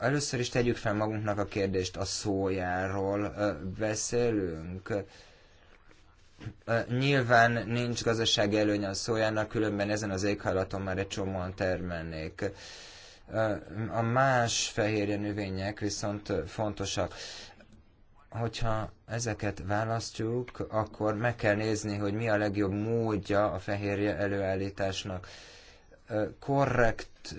először is tegyük fel magunknak a kérdést a szójáról. Beszélünk. Nyilván nincs gazdasági előny a szójának, különben ezen az éghajlaton már egy csomóan termelnék. A más fehérje növények viszont fontosak. Hogyha ezeket választjuk, akkor meg kell nézni, hogy mi a legjobb módja a fehérje előállításnak. Korrekt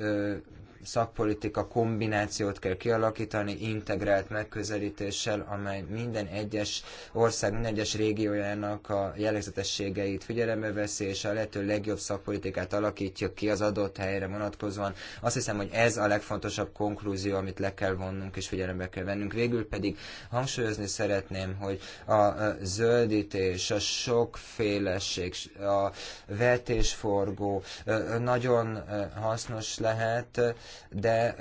szakpolitika kombinációt kell kialakítani integrált megközelítéssel, amely minden egyes ország, minden egyes régiójának a jellegzetességeit figyelembe veszi, és a lehető legjobb szakpolitikát alakítja ki az adott helyre vonatkozóan. Azt hiszem, hogy ez a legfontosabb konklúzió, amit le kell vonnunk és figyelembe kell vennünk. Végül pedig hangsúlyozni szeretném, hogy a zöldítés, a sokféleség, a vetésforgó nagyon hasznos lehet, de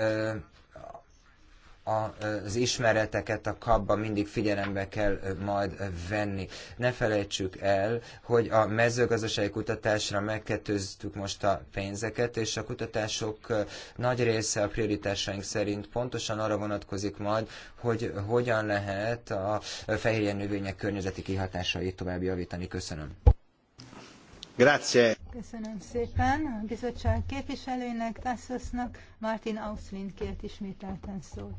az ismereteket a kabba mindig figyelembe kell majd venni. Ne felejtsük el, hogy a mezőgazdasági kutatásra megkettőztük most a pénzeket, és a kutatások nagy része a prioritásaink szerint pontosan arra vonatkozik majd, hogy hogyan lehet a fehérjen növények környezeti kihatásait tovább javítani. Köszönöm. Köszönöm szépen a bizottság képviselőinek, Tassosnak. Martin Auslin kért ismételten szót.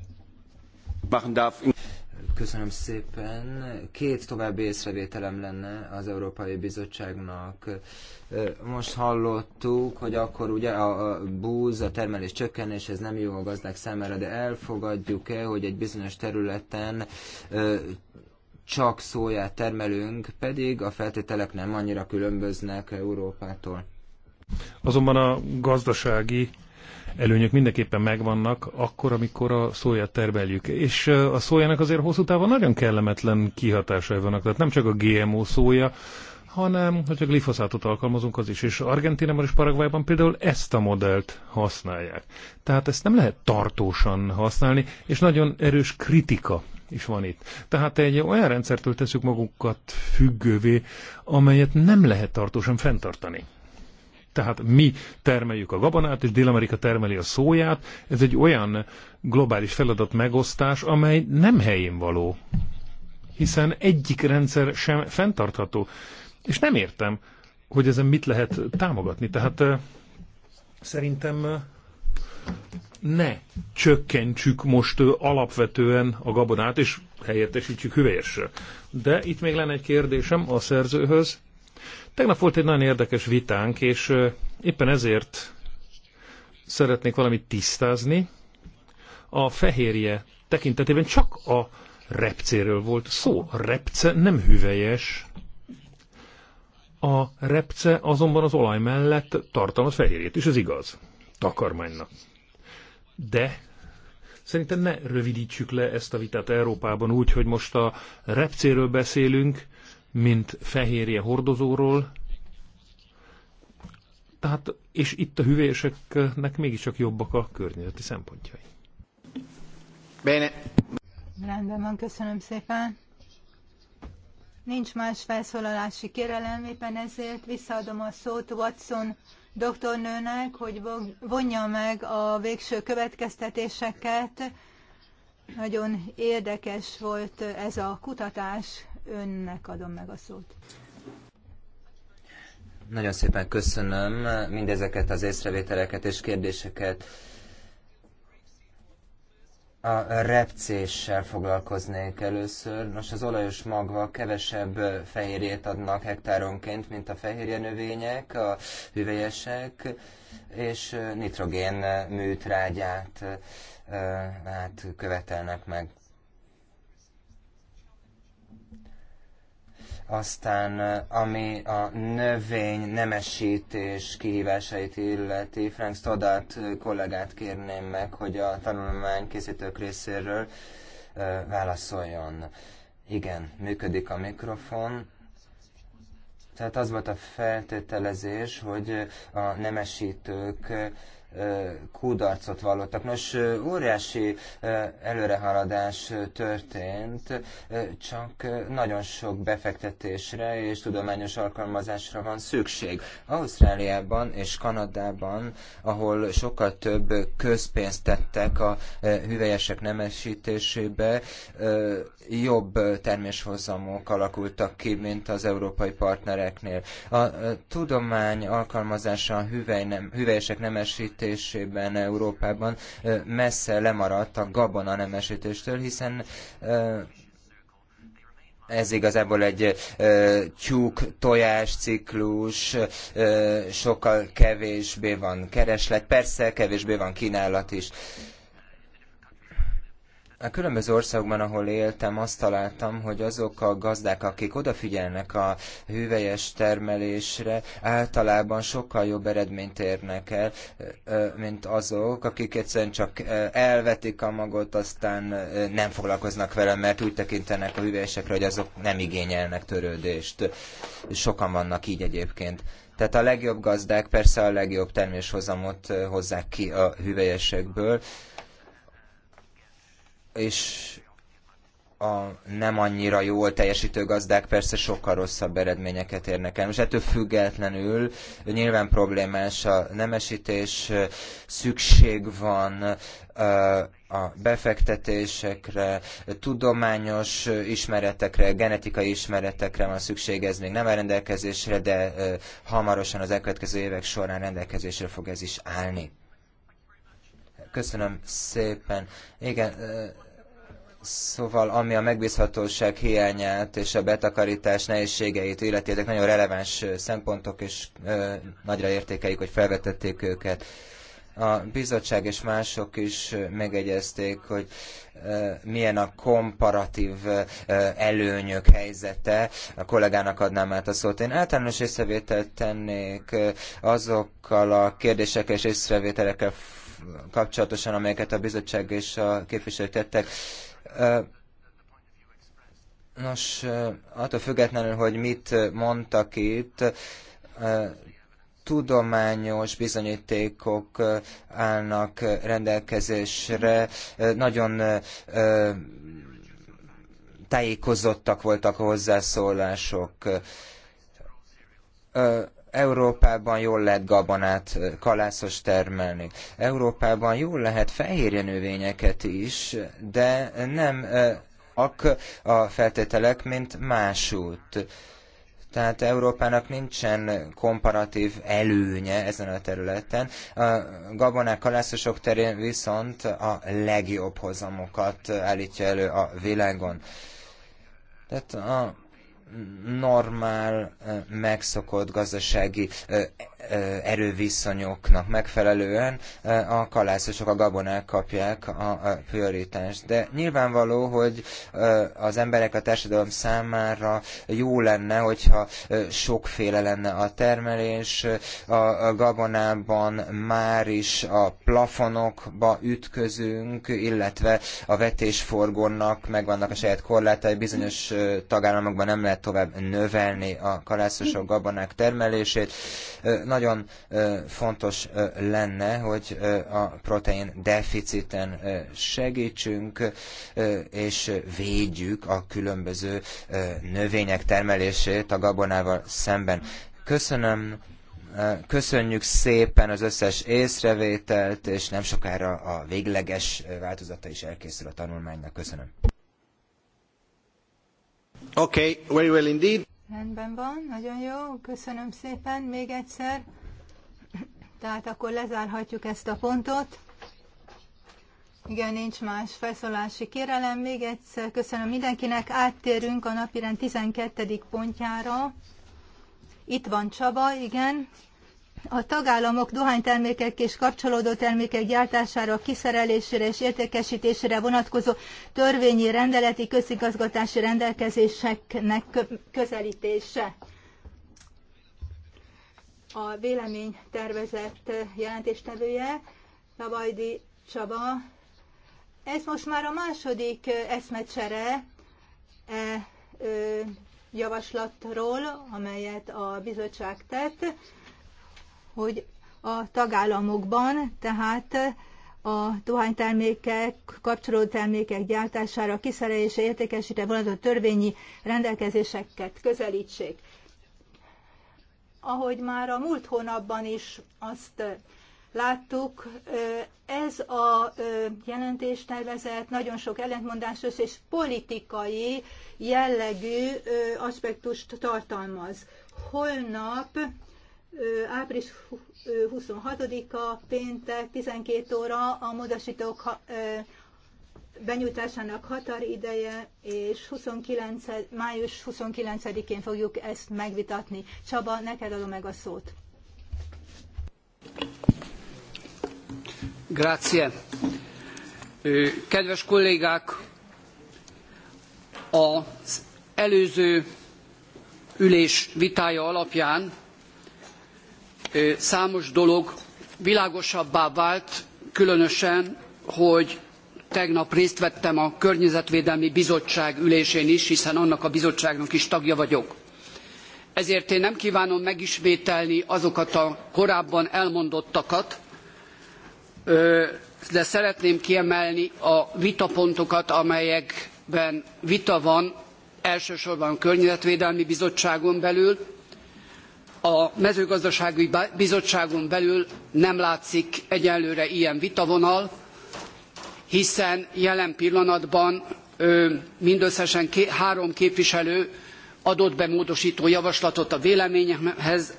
Köszönöm szépen. Két további észrevételem lenne az Európai Bizottságnak. Most hallottuk, hogy akkor ugye a búz, a termelés csökkenés, ez nem jó a gazdák számára, de elfogadjuk-e, hogy egy bizonyos területen csak szóját termelünk, pedig a feltételek nem annyira különböznek Európától. Azonban a gazdasági előnyök mindenképpen megvannak akkor, amikor a szóját termeljük. És a szójának azért hosszú távon nagyon kellemetlen kihatásai vannak. Tehát nem csak a GMO szója, hanem hogyha glifoszátot alkalmazunk, az is. És Argentinában és Paraguayban például ezt a modellt használják. Tehát ezt nem lehet tartósan használni, és nagyon erős kritika is van itt. Tehát egy olyan rendszertől teszük magunkat függővé, amelyet nem lehet tartósan fenntartani. Tehát mi termeljük a gabonát, és Dél-Amerika termeli a szóját. Ez egy olyan globális feladat megosztás, amely nem helyén való. Hiszen egyik rendszer sem fenntartható. És nem értem, hogy ezen mit lehet támogatni. Tehát szerintem ne csökkentsük most alapvetően a gabonát, és helyettesítsük hüvelyesre. De itt még lenne egy kérdésem a szerzőhöz. Tegnap volt egy nagyon érdekes vitánk, és éppen ezért szeretnék valamit tisztázni. A fehérje tekintetében csak a repcéről volt szó. A repce nem hüvelyes. A repce azonban az olaj mellett tartalmaz fehérjét, és ez igaz takarmánynak de szerintem ne rövidítsük le ezt a vitát Európában úgy, hogy most a repcéről beszélünk, mint fehérje hordozóról, tehát, és itt a hüvéseknek mégiscsak jobbak a környezeti szempontjai. Bene. Rendben van, köszönöm szépen. Nincs más felszólalási kérelem, éppen ezért visszaadom a szót Watson doktornőnek, hogy vonja meg a végső következtetéseket. Nagyon érdekes volt ez a kutatás. Önnek adom meg a szót. Nagyon szépen köszönöm mindezeket az észrevételeket és kérdéseket. A repcéssel foglalkoznék először. Nos, az olajos magva kevesebb fehérjét adnak hektáronként, mint a fehérje növények, a hüvelyesek, és nitrogén műtrágyát hát követelnek meg. Aztán eh, ami a növény nemesítés kihívásait illeti, Frank Stoddart eh, kollégát kérném meg, hogy a tanulmány készítők részéről eh, válaszoljon. Igen, működik a mikrofon. Tehát az volt a feltételezés, hogy a nemesítők kudarcot vallottak. Nos, óriási előrehaladás történt, csak nagyon sok befektetésre és tudományos alkalmazásra van szükség. Ausztráliában és Kanadában, ahol sokkal több közpénzt tettek a hüvelyesek nemesítésébe, jobb terméshozamok alakultak ki, mint az európai partnereknél. A tudomány alkalmazása a hüvely nem, hüvelyesek nemesítésébe nemesítésében Európában messze lemaradt a gabona nemesítéstől, hiszen ez igazából egy ö, tyúk tojás ciklus, ö, sokkal kevésbé van kereslet, persze kevésbé van kínálat is. A különböző országokban, ahol éltem, azt találtam, hogy azok a gazdák, akik odafigyelnek a hüvelyes termelésre, általában sokkal jobb eredményt érnek el, mint azok, akik egyszerűen csak elvetik a magot, aztán nem foglalkoznak vele, mert úgy tekintenek a hüvelyesekre, hogy azok nem igényelnek törődést. Sokan vannak így egyébként. Tehát a legjobb gazdák persze a legjobb terméshozamot hozzák ki a hüvelyesekből, és a nem annyira jól teljesítő gazdák persze sokkal rosszabb eredményeket érnek el. Most ettől függetlenül nyilván problémás a nemesítés, szükség van a befektetésekre, tudományos ismeretekre, genetikai ismeretekre van szükség, ez még nem a rendelkezésre, de hamarosan az elkövetkező évek során rendelkezésre fog ez is állni. Köszönöm szépen. Igen, Szóval, ami a megbízhatóság hiányát és a betakarítás nehézségeit illeti, ezek nagyon releváns szempontok, és nagyra értékeljük, hogy felvetették őket. A bizottság és mások is megegyezték, hogy milyen a komparatív előnyök helyzete. A kollégának adnám át a szót. Én általános észrevételt tennék azokkal a kérdésekkel és észrevételekkel kapcsolatosan, amelyeket a bizottság és a képviselők tettek. Nos, attól függetlenül, hogy mit mondtak itt, tudományos bizonyítékok állnak rendelkezésre. Nagyon tájékozottak voltak a hozzászólások Európában jól lehet gabonát, kalászos termelni. Európában jól lehet fehérje növényeket is, de nem a feltételek, mint másút. Tehát Európának nincsen komparatív előnye ezen a területen. A gabonák kalászosok terén viszont a legjobb hozamokat állítja elő a világon. Tehát a normál, eh, megszokott gazdasági eh, erőviszonyoknak megfelelően a kalászosok, a gabonák kapják a prioritást. De nyilvánvaló, hogy az emberek a társadalom számára jó lenne, hogyha sokféle lenne a termelés, a gabonában már is a plafonokba ütközünk, illetve a vetésforgónak megvannak a saját korlátai, bizonyos tagállamokban nem lehet tovább növelni a kalászosok, gabonák termelését. Nagy nagyon fontos lenne, hogy a protein deficiten segítsünk, és védjük a különböző növények termelését a gabonával szemben. Köszönöm Köszönjük szépen az összes észrevételt, és nem sokára a végleges változata is elkészül a tanulmánynak. Köszönöm. Okay, very well indeed. Rendben van, nagyon jó, köszönöm szépen még egyszer. Tehát akkor lezárhatjuk ezt a pontot. Igen, nincs más felszólási kérelem. Még egyszer köszönöm mindenkinek. Áttérünk a napirend 12. pontjára. Itt van Csaba, igen a tagállamok dohánytermékek és kapcsolódó termékek gyártására, kiszerelésére és értékesítésére vonatkozó törvényi rendeleti közigazgatási rendelkezéseknek közelítése. A vélemény tervezett jelentéstevője Lavajdi Csaba. Ez most már a második eszmecsere e, javaslatról, amelyet a bizottság tett hogy a tagállamokban, tehát a dohánytermékek, kapcsoló termékek gyártására, kiszerelése, értékesítre vonatkozó törvényi rendelkezéseket közelítsék. Ahogy már a múlt hónapban is azt láttuk, ez a jelentéstervezet nagyon sok ellentmondásos és politikai jellegű aspektust tartalmaz. Holnap április 26-a péntek 12 óra a módosítók benyújtásának határideje, és 29, május 29-én fogjuk ezt megvitatni. Csaba, neked adom meg a szót. Grazie. Kedves kollégák, az előző ülés vitája alapján számos dolog világosabbá vált, különösen, hogy tegnap részt vettem a Környezetvédelmi Bizottság ülésén is, hiszen annak a bizottságnak is tagja vagyok. Ezért én nem kívánom megismételni azokat a korábban elmondottakat, de szeretném kiemelni a vitapontokat, amelyekben vita van, elsősorban a Környezetvédelmi Bizottságon belül, a mezőgazdasági bizottságon belül nem látszik egyelőre ilyen vitavonal, hiszen jelen pillanatban mindösszesen három képviselő adott be módosító javaslatot a véleményhez.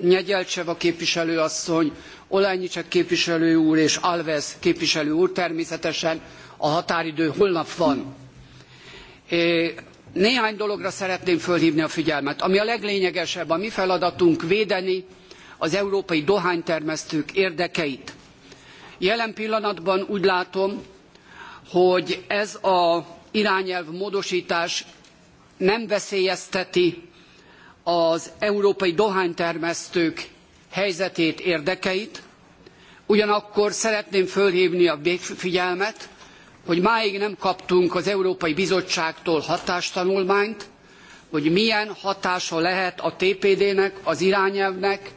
Nyegyelcsev a képviselőasszony, Olajnyicek képviselő úr és Alves képviselő úr természetesen a határidő holnap van. Néhány dologra szeretném fölhívni a figyelmet, ami a leglényegesebb, a mi feladatunk védeni az európai dohánytermesztők érdekeit. Jelen pillanatban úgy látom, hogy ez a irányelv módostás nem veszélyezteti az európai dohánytermesztők helyzetét, érdekeit. Ugyanakkor szeretném fölhívni a figyelmet, hogy máig nem kaptunk az Európai Bizottságtól hatástanulmányt, hogy milyen hatása lehet a TPD-nek, az irányelvnek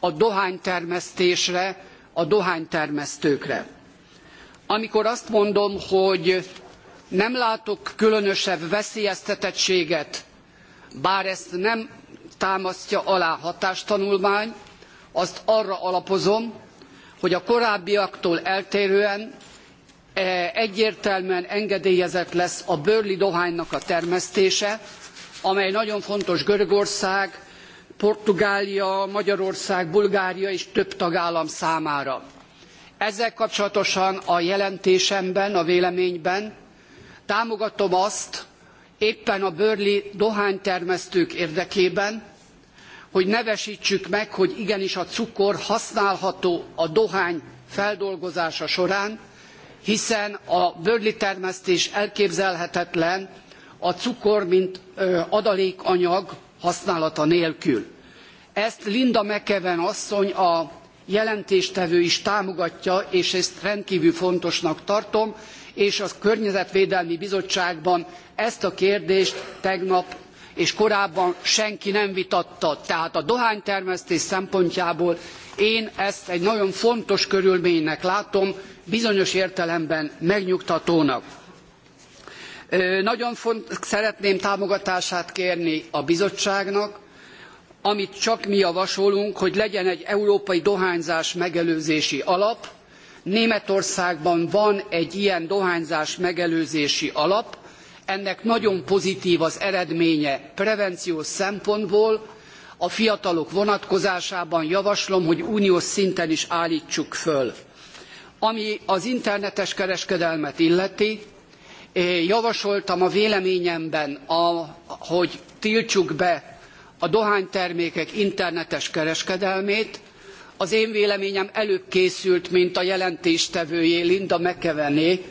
a dohánytermesztésre, a dohánytermesztőkre. Amikor azt mondom, hogy nem látok különösebb veszélyeztetettséget, bár ezt nem támasztja alá hatástanulmány, azt arra alapozom, hogy a korábbiaktól eltérően E, egyértelműen engedélyezett lesz a bőrli dohánynak a termesztése, amely nagyon fontos Görögország, Portugália, Magyarország, Bulgária és több tagállam számára. Ezzel kapcsolatosan a jelentésemben, a véleményben támogatom azt, éppen a bőrli dohánytermesztők érdekében, hogy nevesítsük meg, hogy igenis a cukor használható a dohány feldolgozása során, hiszen a termesztés elképzelhetetlen a cukor, mint adalékanyag használata nélkül. Ezt Linda McEwen asszony, a jelentéstevő is támogatja, és ezt rendkívül fontosnak tartom, és a Környezetvédelmi Bizottságban ezt a kérdést tegnap és korábban senki nem vitatta. Tehát a dohánytermesztés szempontjából én ezt egy nagyon fontos körülménynek látom, bizonyos értelemben megnyugtatónak. Nagyon font, szeretném támogatását kérni a bizottságnak, amit csak mi javasolunk, hogy legyen egy európai dohányzás megelőzési alap. Németországban van egy ilyen dohányzás megelőzési alap, ennek nagyon pozitív az eredménye prevenciós szempontból, a fiatalok vonatkozásában javaslom, hogy uniós szinten is állítsuk föl. Ami az internetes kereskedelmet illeti, javasoltam a véleményemben, a, hogy tiltsuk be a dohánytermékek internetes kereskedelmét. Az én véleményem előbb készült, mint a jelentéstevőjé Linda McEvené,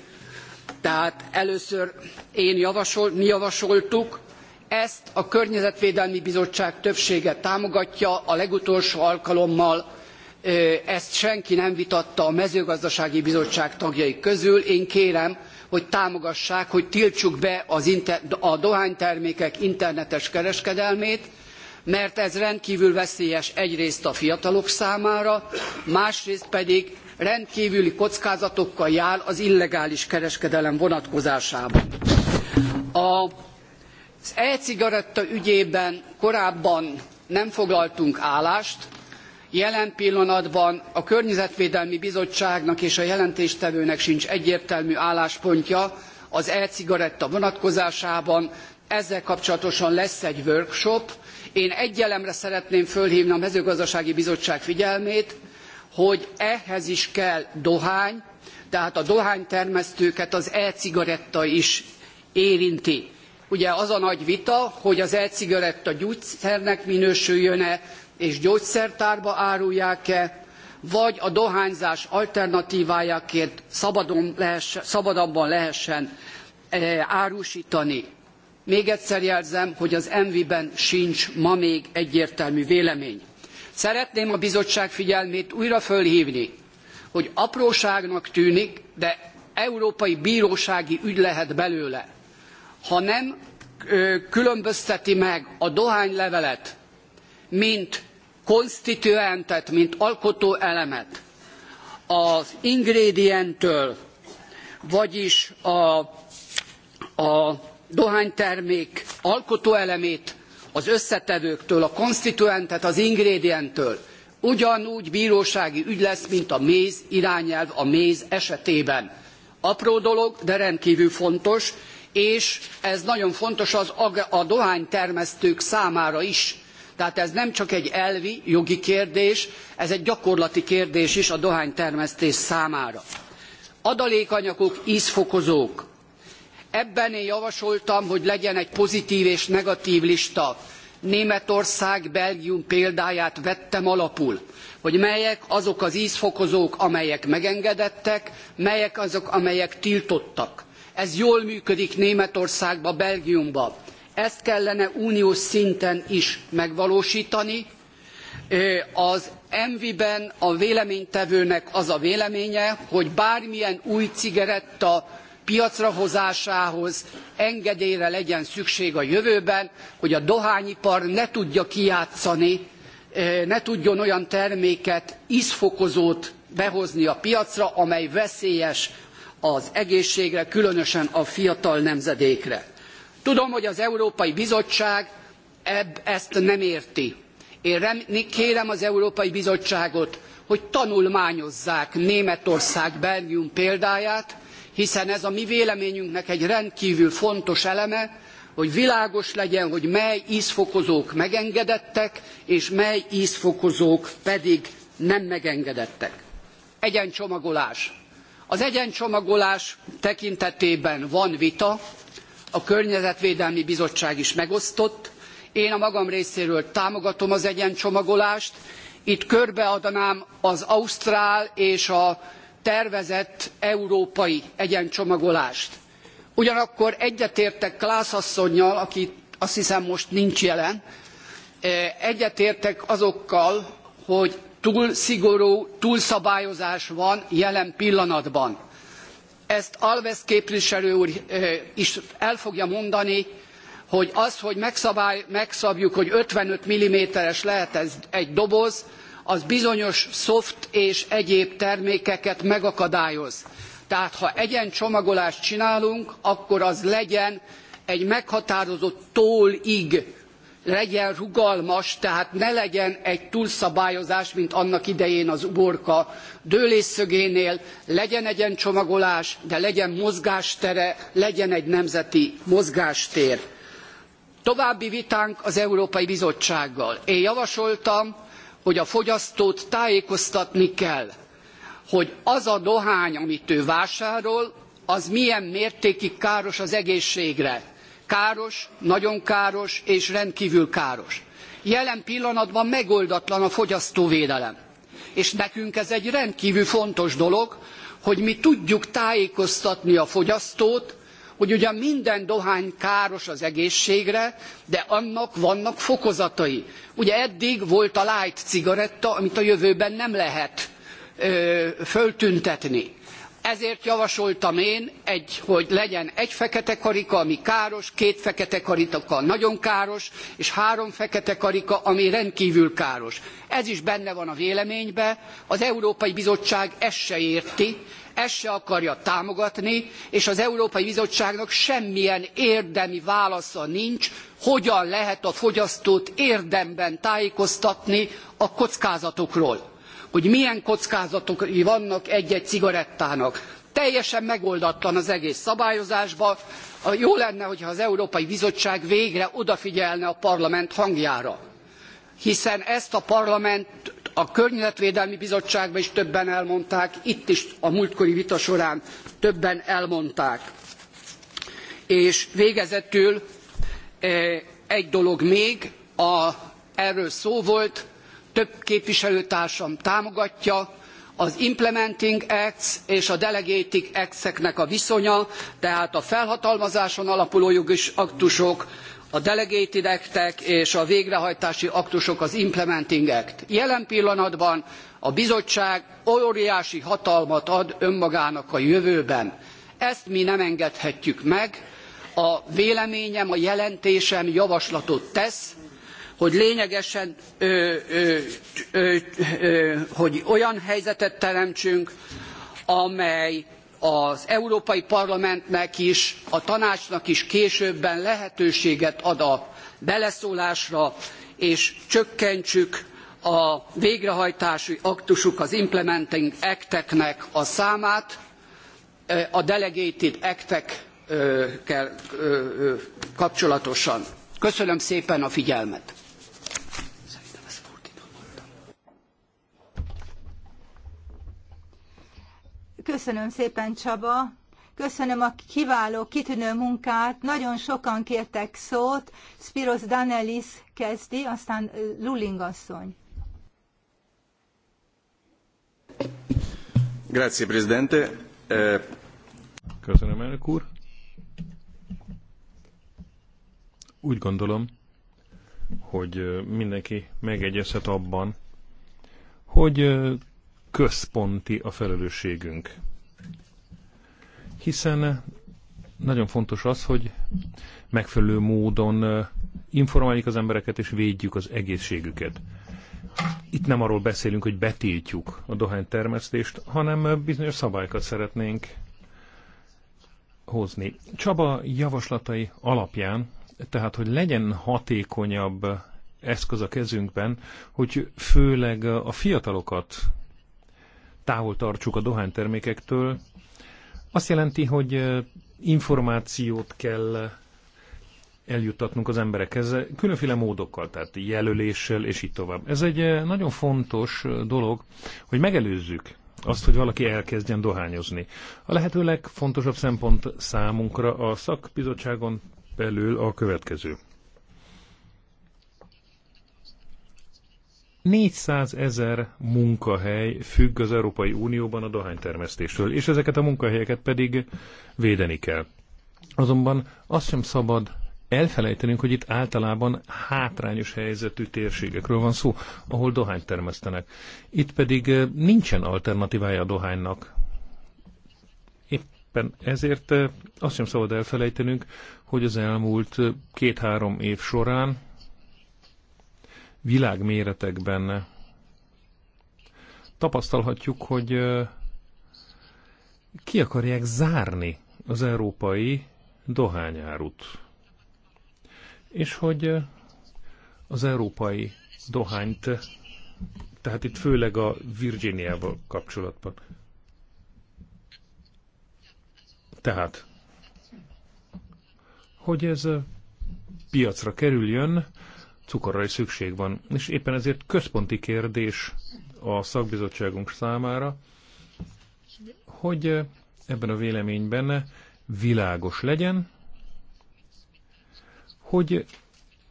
tehát először én javasol, mi javasoltuk, ezt a Környezetvédelmi Bizottság többsége támogatja, a legutolsó alkalommal ezt senki nem vitatta a mezőgazdasági bizottság tagjai közül. Én kérem, hogy támogassák, hogy tiltsuk be az inter, a dohánytermékek internetes kereskedelmét, mert ez rendkívül veszélyes egyrészt a fiatalok számára, másrészt pedig rendkívüli kockázatokkal jár az illegális kereskedelem vonatkozásában. Az e-cigaretta ügyében korábban nem foglaltunk állást, jelen pillanatban a környezetvédelmi bizottságnak és a jelentéstevőnek sincs egyértelmű álláspontja az e cigaretta vonatkozásában ezzel kapcsolatosan lesz egy workshop én egy elemre szeretném fölhvni a mezőgazdasági bizottság figyelmét hogy ehhez is kell dohány tehát a dohánytermesztőket az e cigaretta is érinti. ugye az a nagy vita hogy az e cigaretta gyógyszernek minősüljön e és gyógyszertárba árulják-e, vagy a dohányzás alternatívájáként szabadon lehessen, szabadabban lehessen e, árusítani. Még egyszer jelzem, hogy az ENVI-ben sincs ma még egyértelmű vélemény. Szeretném a bizottság figyelmét újra fölhívni, hogy apróságnak tűnik, de európai bírósági ügy lehet belőle. Ha nem különbözteti meg a dohánylevelet mint konstituentet, mint alkotó elemet az ingrédientől, vagyis a, a dohánytermék alkotóelemét az összetevőktől, a konstituentet az ingrédientől. Ugyanúgy bírósági ügy lesz, mint a méz irányelv a méz esetében. Apró dolog, de rendkívül fontos, és ez nagyon fontos az, a dohánytermesztők számára is, tehát ez nem csak egy elvi, jogi kérdés, ez egy gyakorlati kérdés is a dohánytermesztés számára. Adalékanyagok, ízfokozók. Ebben én javasoltam, hogy legyen egy pozitív és negatív lista. Németország, Belgium példáját vettem alapul hogy melyek azok az ízfokozók, amelyek megengedettek, melyek azok, amelyek tiltottak. Ez jól működik Németországban, Belgiumban. Ezt kellene uniós szinten is megvalósítani. Az Envi-ben a véleménytevőnek az a véleménye, hogy bármilyen új cigaretta piacra hozásához engedélyre legyen szükség a jövőben, hogy a dohányipar ne tudja kijátszani, ne tudjon olyan terméket, ízfokozót behozni a piacra, amely veszélyes az egészségre, különösen a fiatal nemzedékre. Tudom, hogy az Európai Bizottság ebb, ezt nem érti. Én rem, kérem az Európai Bizottságot, hogy tanulmányozzák Németország, Belgium példáját, hiszen ez a mi véleményünknek egy rendkívül fontos eleme, hogy világos legyen, hogy mely ízfokozók megengedettek, és mely ízfokozók pedig nem megengedettek. Egyencsomagolás. Az egyencsomagolás tekintetében van vita, a Környezetvédelmi Bizottság is megosztott. Én a magam részéről támogatom az egyencsomagolást. Itt körbeadanám az ausztrál és a tervezett európai egyencsomagolást. Ugyanakkor egyetértek Klász asszonynal, aki azt hiszem most nincs jelen, e, egyetértek azokkal, hogy túl szigorú túlszabályozás van jelen pillanatban ezt alves képviselő úr is el fogja mondani hogy az hogy megszabjuk hogy fifty five mm-es lehet egy doboz az bizonyos szoft és egyéb termékeket megakadályoz. tehát ha egyen csomagolást csinálunk akkor az legyen egy meghatározott tólig legyen rugalmas, tehát ne legyen egy túlszabályozás, mint annak idején az uborka dőlésszögénél, legyen egyencsomagolás, de legyen mozgástere, legyen egy nemzeti mozgástér. További vitánk az Európai Bizottsággal. Én javasoltam, hogy a fogyasztót tájékoztatni kell, hogy az a dohány, amit ő vásárol, az milyen mértékig káros az egészségre Káros, nagyon káros és rendkívül káros. Jelen pillanatban megoldatlan a fogyasztóvédelem. És nekünk ez egy rendkívül fontos dolog, hogy mi tudjuk tájékoztatni a fogyasztót, hogy ugyan minden dohány káros az egészségre, de annak vannak fokozatai. Ugye eddig volt a light cigaretta, amit a jövőben nem lehet ö, föltüntetni ezért javasoltam én, egy, hogy legyen egy fekete karika, ami káros, két fekete karika nagyon káros, és három fekete karika, ami rendkívül káros. Ez is benne van a véleményben, az Európai Bizottság ezt se érti, ezt se akarja támogatni, és az Európai Bizottságnak semmilyen érdemi válasza nincs, hogyan lehet a fogyasztót érdemben tájékoztatni a kockázatokról hogy milyen kockázatai vannak egy-egy cigarettának. Teljesen megoldatlan az egész szabályozásban. Jó lenne, hogyha az Európai Bizottság végre odafigyelne a parlament hangjára. Hiszen ezt a parlament a Környezetvédelmi Bizottságban is többen elmondták, itt is a múltkori vita során többen elmondták. És végezetül eh, egy dolog még, a, erről szó volt, több képviselőtársam támogatja, az Implementing Acts és a Delegating Acts-eknek a viszonya, tehát a felhatalmazáson alapuló jogi aktusok, a delegated Act-ek és a végrehajtási aktusok az implementing act. Jelen pillanatban a bizottság óriási hatalmat ad önmagának a jövőben. Ezt mi nem engedhetjük meg. A véleményem, a jelentésem javaslatot tesz, hogy lényegesen ö, ö, ö, hogy olyan helyzetet teremtsünk, amely az Európai Parlamentnek is, a tanácsnak is későbben lehetőséget ad a beleszólásra, és csökkentsük a végrehajtási aktusuk, az implementing acteknek a számát, a delegated actekkel kapcsolatosan. Köszönöm szépen a figyelmet! Köszönöm szépen, Csaba. Köszönöm a kiváló, kitűnő munkát. Nagyon sokan kértek szót. Spiros Danelis kezdi, aztán Luling asszony. Grazie, Presidente. Eh, Köszönöm, elnök úr. Úgy gondolom, hogy eh, mindenki megegyezhet abban, hogy eh, központi a felelősségünk. Hiszen nagyon fontos az, hogy megfelelő módon informáljuk az embereket és védjük az egészségüket. Itt nem arról beszélünk, hogy betiltjuk a dohánytermesztést, hanem bizonyos szabályokat szeretnénk hozni. Csaba javaslatai alapján, tehát hogy legyen hatékonyabb eszköz a kezünkben, hogy főleg a fiatalokat távol tartsuk a dohánytermékektől, azt jelenti, hogy információt kell eljuttatnunk az emberekhez különféle módokkal, tehát jelöléssel és így tovább. Ez egy nagyon fontos dolog, hogy megelőzzük azt, hogy valaki elkezdjen dohányozni. A lehető legfontosabb szempont számunkra a szakbizottságon belül a következő. 400 ezer munkahely függ az Európai Unióban a dohánytermesztésről, és ezeket a munkahelyeket pedig védeni kell. Azonban azt sem szabad elfelejtenünk, hogy itt általában hátrányos helyzetű térségekről van szó, ahol dohányt termesztenek. Itt pedig eh, nincsen alternatívája a dohánynak. Éppen ezért eh, azt sem szabad elfelejtenünk, hogy az elmúlt eh, két-három év során világméretekben tapasztalhatjuk, hogy ki akarják zárni az európai dohányárut. És hogy az európai dohányt, tehát itt főleg a Virginiával kapcsolatban. Tehát, hogy ez piacra kerüljön, cukorra is szükség van. És éppen ezért központi kérdés a szakbizottságunk számára, hogy ebben a véleményben világos legyen, hogy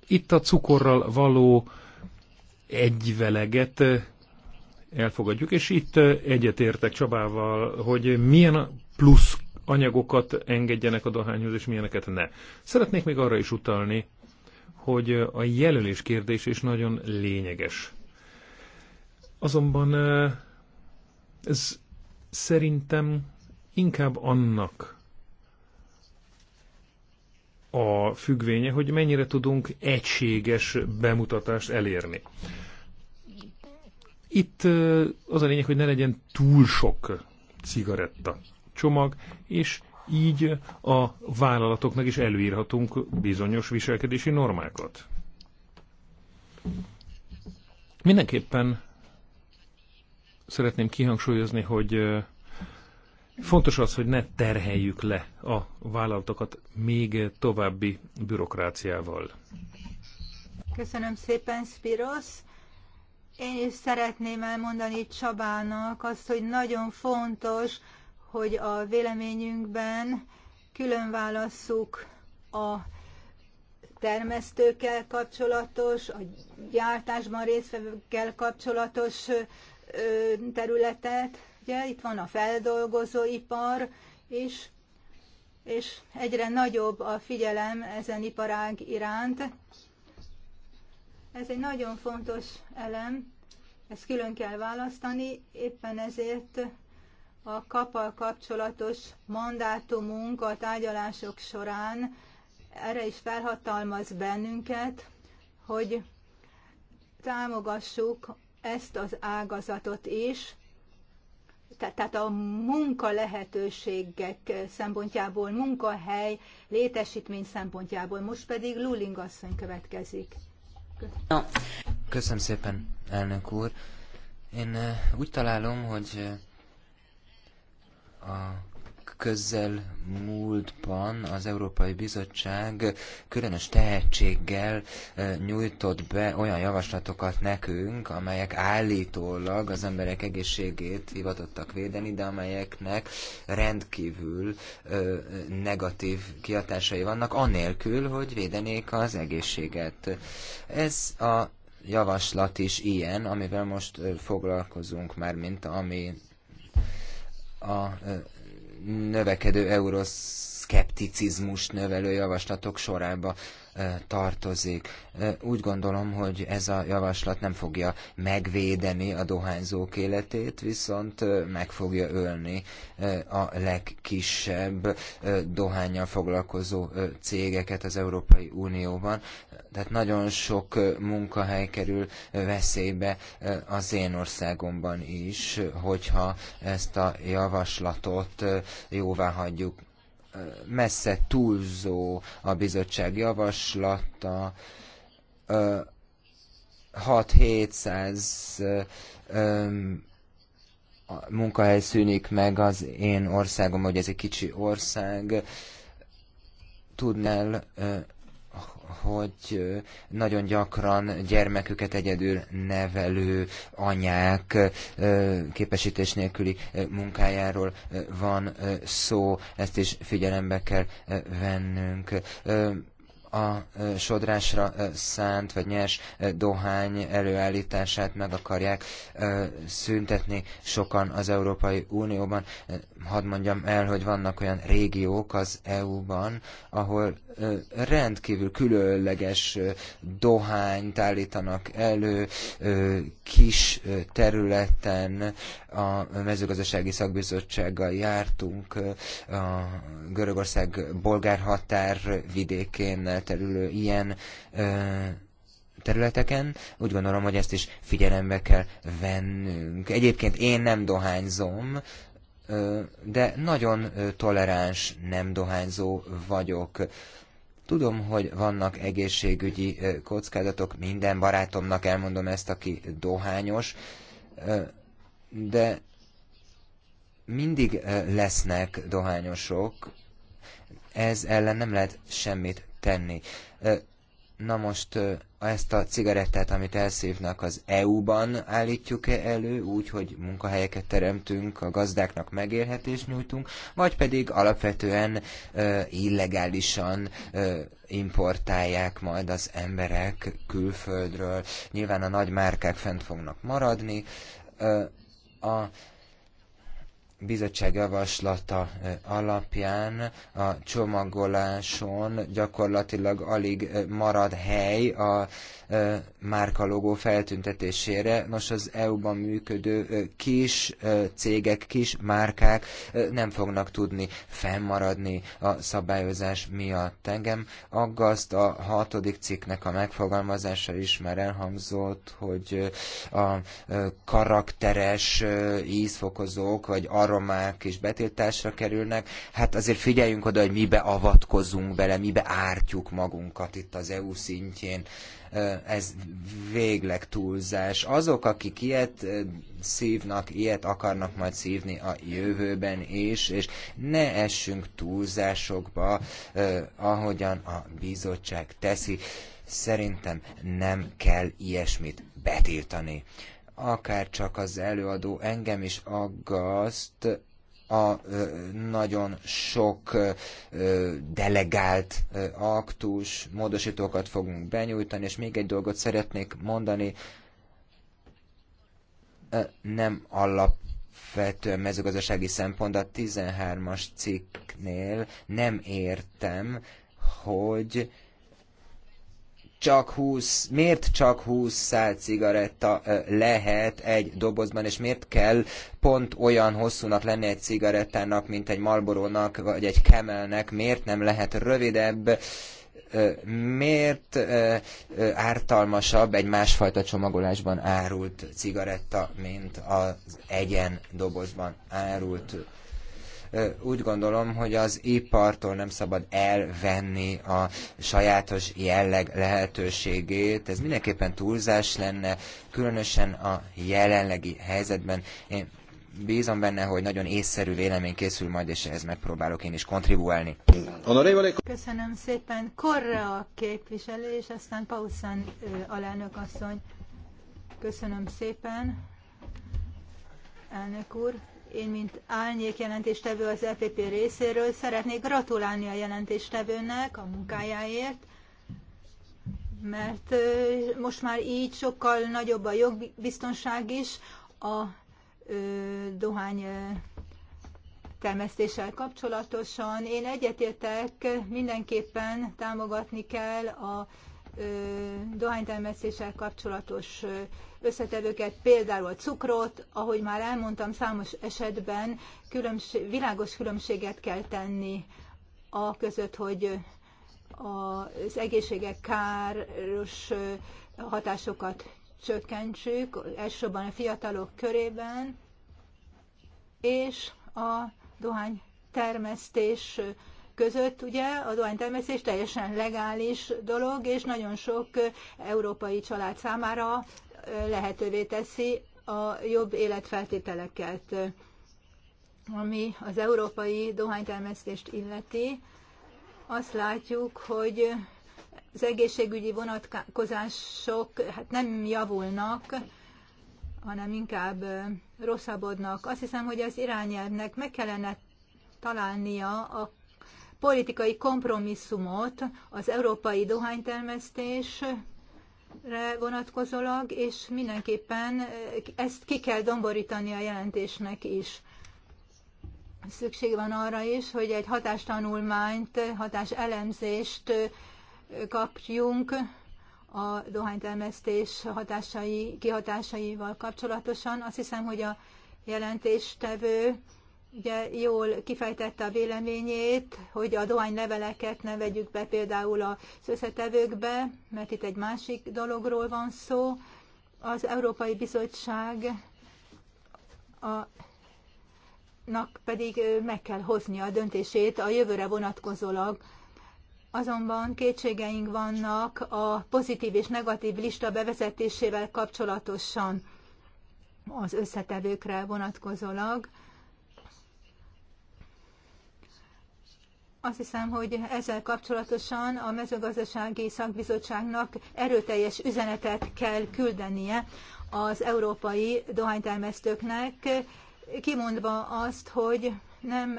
itt a cukorral való egyveleget elfogadjuk, és itt egyetértek Csabával, hogy milyen plusz anyagokat engedjenek a dohányhoz, és milyeneket ne. Szeretnék még arra is utalni, hogy a jelölés kérdés is nagyon lényeges. Azonban ez szerintem inkább annak a függvénye, hogy mennyire tudunk egységes bemutatást elérni. Itt az a lényeg, hogy ne legyen túl sok cigaretta csomag, és így a vállalatoknak is előírhatunk bizonyos viselkedési normákat. Mindenképpen szeretném kihangsúlyozni, hogy fontos az, hogy ne terheljük le a vállalatokat még további bürokráciával. Köszönöm szépen, Spiros. Én is szeretném elmondani Csabának azt, hogy nagyon fontos, hogy a véleményünkben külön válasszuk a termesztőkkel kapcsolatos, a gyártásban résztvevőkkel kapcsolatos területet. Ugye itt van a feldolgozóipar is, és egyre nagyobb a figyelem ezen iparág iránt. Ez egy nagyon fontos elem, ezt külön kell választani, éppen ezért a kapal kapcsolatos mandátumunk a tárgyalások során erre is felhatalmaz bennünket, hogy támogassuk ezt az ágazatot is, tehát a munka lehetőségek szempontjából, munkahely, létesítmény szempontjából. Most pedig Luling asszony következik. Köszönöm szépen, elnök úr. Én eh, úgy találom, hogy eh, a közel múltban az Európai Bizottság különös tehetséggel nyújtott be olyan javaslatokat nekünk, amelyek állítólag az emberek egészségét hivatottak védeni, de amelyeknek rendkívül negatív kiatásai vannak, anélkül, hogy védenék az egészséget. Ez a javaslat is ilyen, amivel most foglalkozunk már, mint ami a e, növekedő euroszkepticizmust növelő javaslatok sorába tartozik. Úgy gondolom, hogy ez a javaslat nem fogja megvédeni a dohányzók életét, viszont meg fogja ölni a legkisebb dohányjal foglalkozó cégeket az Európai Unióban. Tehát nagyon sok munkahely kerül veszélybe az én országomban is, hogyha ezt a javaslatot jóvá hagyjuk messze túlzó a bizottság javaslata. 6-700 munkahely szűnik meg az én országom, hogy ez egy kicsi ország. Tudnál hogy nagyon gyakran gyermeküket egyedül nevelő anyák képesítés nélküli munkájáról van szó, ezt is figyelembe kell vennünk a sodrásra szánt vagy nyers dohány előállítását meg akarják szüntetni sokan az Európai Unióban. Hadd mondjam el, hogy vannak olyan régiók az EU-ban, ahol rendkívül különleges dohányt állítanak elő kis területen. A mezőgazdasági szakbizottsággal jártunk a Görögország-Bolgár határ vidékén terülő ilyen területeken. Úgy gondolom, hogy ezt is figyelembe kell vennünk. Egyébként én nem dohányzom, de nagyon toleráns nem dohányzó vagyok. Tudom, hogy vannak egészségügyi kockázatok, minden barátomnak elmondom ezt, aki dohányos, de mindig lesznek dohányosok, ez ellen nem lehet semmit tenni. Na most ezt a cigarettát, amit elszívnak az EU-ban állítjuk-e elő, úgy, hogy munkahelyeket teremtünk, a gazdáknak megélhetést nyújtunk, vagy pedig alapvetően ö, illegálisan ö, importálják majd az emberek külföldről. Nyilván a nagy márkák fent fognak maradni. Ö, a bizottság javaslata eh, alapján a csomagoláson gyakorlatilag alig eh, marad hely a eh, márkalogó feltüntetésére. Nos, az EU-ban működő kis cégek, kis márkák nem fognak tudni fennmaradni a szabályozás miatt. Engem aggaszt a hatodik cikknek a megfogalmazása is már elhangzott, hogy a karakteres ízfokozók vagy arra romák is betiltásra kerülnek, hát azért figyeljünk oda, hogy mibe avatkozunk bele, mibe ártjuk magunkat itt az EU szintjén. Ez végleg túlzás. Azok, akik ilyet szívnak, ilyet akarnak majd szívni a jövőben is, és ne essünk túlzásokba, ahogyan a bizottság teszi. Szerintem nem kell ilyesmit betiltani akár csak az előadó engem is aggaszt a nagyon sok delegált aktus, módosítókat fogunk benyújtani, és még egy dolgot szeretnék mondani, nem alap alapvetően mezőgazdasági szempont, a 13-as cikknél nem értem, hogy csak 20, miért csak 20 szál cigaretta lehet egy dobozban, és miért kell pont olyan hosszúnak lenni egy cigarettának, mint egy Marlborónak, vagy egy Camelnek, miért nem lehet rövidebb, miért ártalmasabb egy másfajta csomagolásban árult cigaretta, mint az egyen dobozban árult úgy gondolom, hogy az ipartól nem szabad elvenni a sajátos jelleg lehetőségét. Ez mindenképpen túlzás lenne, különösen a jelenlegi helyzetben. Én bízom benne, hogy nagyon észszerű vélemény készül majd, és ehhez megpróbálok én is kontribuálni. Köszönöm szépen. Korra a képviselő, és aztán Pauszán alelnök asszony. Köszönöm szépen, elnök úr. Én, mint árnyék jelentéstevő az EPP részéről, szeretnék gratulálni a jelentéstevőnek a munkájáért, mert most már így sokkal nagyobb a jogbiztonság is a dohány termesztéssel kapcsolatosan. Én egyetértek, mindenképpen támogatni kell a dohánytermesztéssel kapcsolatos összetevőket, például a cukrot, ahogy már elmondtam, számos esetben különbség, világos különbséget kell tenni a között, hogy az egészségek káros hatásokat csökkentsük, elsősorban a fiatalok körében, és a dohány termesztés között ugye a dohány termesztés teljesen legális dolog, és nagyon sok európai család számára lehetővé teszi a jobb életfeltételeket. Ami az európai dohánytermesztést illeti, azt látjuk, hogy az egészségügyi vonatkozások hát nem javulnak, hanem inkább rosszabbodnak. Azt hiszem, hogy az irányelvnek meg kellene találnia a politikai kompromisszumot az európai dohánytermesztés vonatkozólag, és mindenképpen eh, ezt ki kell domborítani a jelentésnek is. Szükség van arra is, hogy egy hatástanulmányt, hatás elemzést eh, kapjunk a dohánytermesztés hatásai, kihatásaival kapcsolatosan. Azt hiszem, hogy a jelentéstevő ugye jól kifejtette a véleményét, hogy a dohányleveleket ne vegyük be például az összetevőkbe, mert itt egy másik dologról van szó. Az Európai Bizottság a nak pedig meg kell hozni a döntését a jövőre vonatkozólag. Azonban kétségeink vannak a pozitív és negatív lista bevezetésével kapcsolatosan az összetevőkre vonatkozólag. Azt hiszem, hogy ezzel kapcsolatosan a mezőgazdasági szakbizottságnak erőteljes üzenetet kell küldenie az európai dohánytermesztőknek, kimondva azt, hogy nem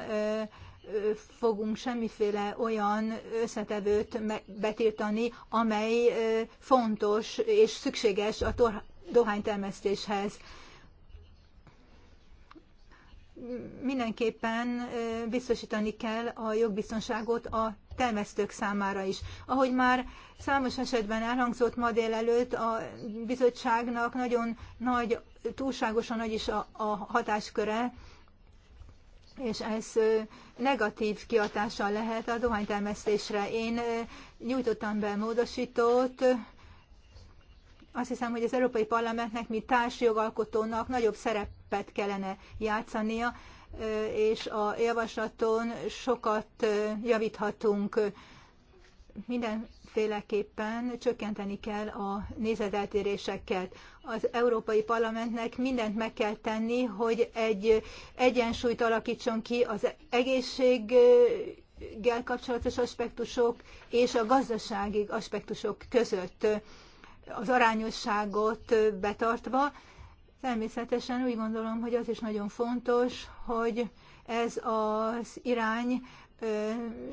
fogunk semmiféle olyan összetevőt betiltani, amely fontos és szükséges a dohánytermesztéshez mindenképpen biztosítani kell a jogbiztonságot a termesztők számára is. Ahogy már számos esetben elhangzott ma délelőtt, a bizottságnak nagyon nagy, túlságosan nagy is a, a hatásköre, és ez negatív kiatással lehet a dohánytermesztésre. Én nyújtottam be módosítót, azt hiszem, hogy az Európai Parlamentnek, mint társjogalkotónak nagyobb szerepet kellene játszania, és a javaslaton sokat javíthatunk. Mindenféleképpen csökkenteni kell a nézeteltéréseket. Az Európai Parlamentnek mindent meg kell tenni, hogy egy egyensúlyt alakítson ki az egészség gel kapcsolatos aspektusok és a gazdasági aspektusok között az arányosságot betartva. Természetesen úgy gondolom, hogy az is nagyon fontos, hogy ez az irány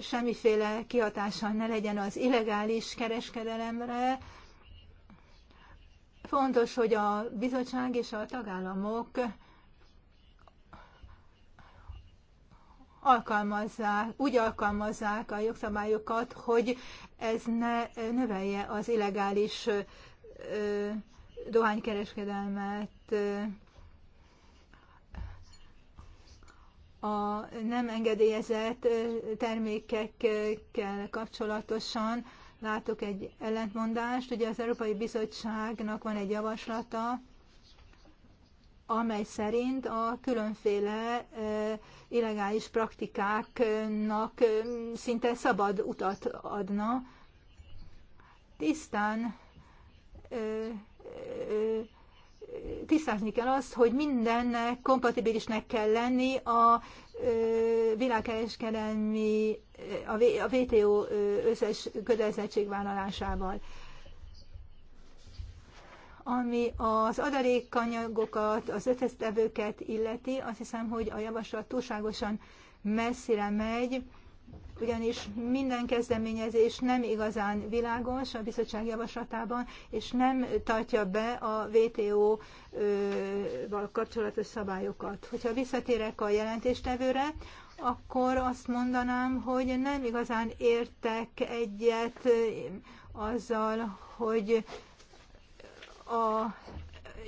semmiféle kihatással ne legyen az illegális kereskedelemre. Fontos, hogy a bizottság és a tagállamok alkalmazzák, úgy alkalmazzák a jogszabályokat, hogy ez ne növelje az illegális dohánykereskedelmet, a nem engedélyezett termékekkel kapcsolatosan látok egy ellentmondást. Ugye az Európai Bizottságnak van egy javaslata, amely szerint a különféle illegális praktikáknak szinte szabad utat adna. Tisztán tisztázni kell azt, hogy mindennek kompatibilisnek kell lenni a világkereskedelmi, a VTO összes kötelezettségvállalásával. Ami az adalékanyagokat, az ötesztevőket illeti, azt hiszem, hogy a javaslat túlságosan messzire megy, ugyanis minden kezdeményezés nem igazán világos a bizottság javaslatában, és nem tartja be a WTO-val kapcsolatos szabályokat. Hogyha visszatérek a jelentéstevőre, akkor azt mondanám, hogy nem igazán értek egyet azzal, hogy a,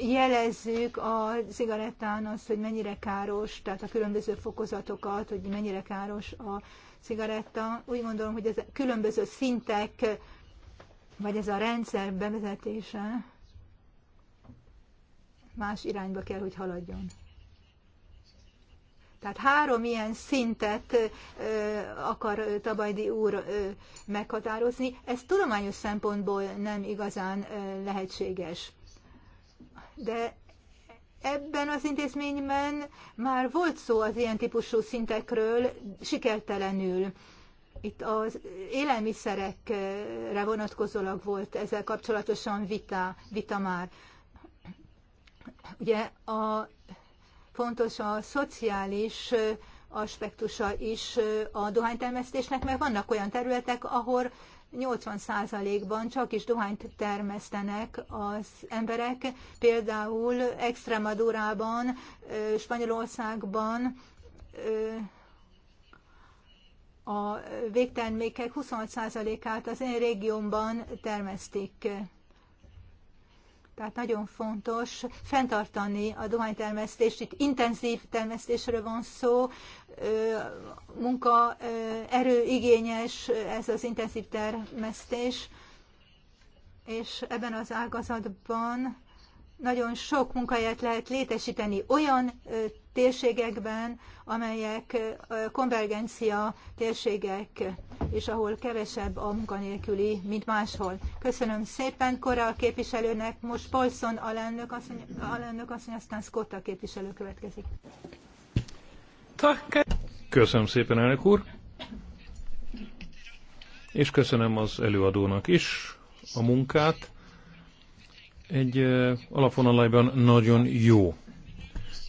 jelezzük a cigarettán azt, hogy mennyire káros, tehát a különböző fokozatokat, hogy mennyire káros a cigaretta. Úgy gondolom, hogy ez a különböző szintek, vagy ez a rendszer bevezetése más irányba kell, hogy haladjon. Tehát három ilyen szintet akar Tabajdi úr meghatározni. Ez tudományos szempontból nem igazán lehetséges. De ebben az intézményben már volt szó az ilyen típusú szintekről sikertelenül. Itt az élelmiszerekre vonatkozólag volt ezzel kapcsolatosan vita, vita már. Ugye a fontos a szociális aspektusa is a dohánytermesztésnek, mert vannak olyan területek, ahol 80%-ban csak is dohányt termesztenek az emberek, például Extremadurában, Spanyolországban a végtermékek 26%-át az én régiómban termesztik. Tehát nagyon fontos fenntartani a dohánytermesztést. Itt intenzív termesztésről van szó, munka erőigényes ez az intenzív termesztés, és ebben az ágazatban nagyon sok munkáját lehet létesíteni, olyan térségekben, amelyek konvergencia térségek, és ahol kevesebb a munkanélküli, mint máshol. Köszönöm szépen Kora a képviselőnek, most Paulson alelnök asszony, alelnök asszony aztán Scott a képviselő következik. Köszönöm szépen, elnök úr! És köszönöm az előadónak is a munkát. Egy alapvonalaiban nagyon jó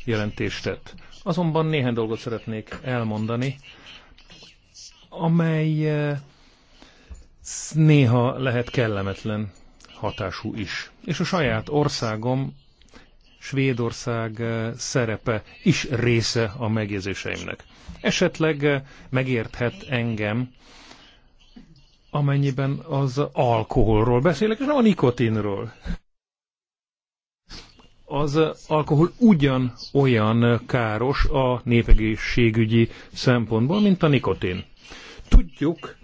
jelentést tett. Azonban néhány dolgot szeretnék elmondani, amely eh, néha lehet kellemetlen hatású is. És a saját országom, Svédország eh, szerepe is része a megjegyzéseimnek. Esetleg eh, megérthet engem, amennyiben az alkoholról beszélek, és nem a nikotinról az alkohol ugyan olyan káros a népegészségügyi szempontból, mint a nikotin. Tudjuk,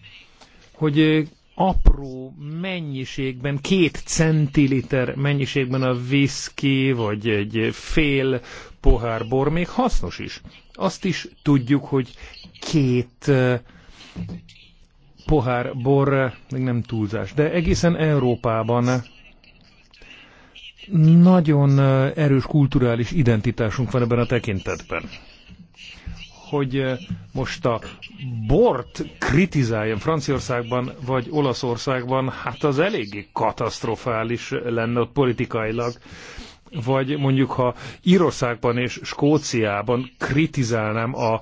hogy apró mennyiségben, két centiliter mennyiségben a viszki, vagy egy fél pohár bor még hasznos is. Azt is tudjuk, hogy két eh, pohár bor eh, még nem túlzás, de egészen Európában nagyon erős kulturális identitásunk van ebben a tekintetben. Hogy most a bort kritizáljon Franciaországban vagy Olaszországban, hát az eléggé katasztrofális lenne politikailag vagy mondjuk ha Írországban és Skóciában kritizálnám a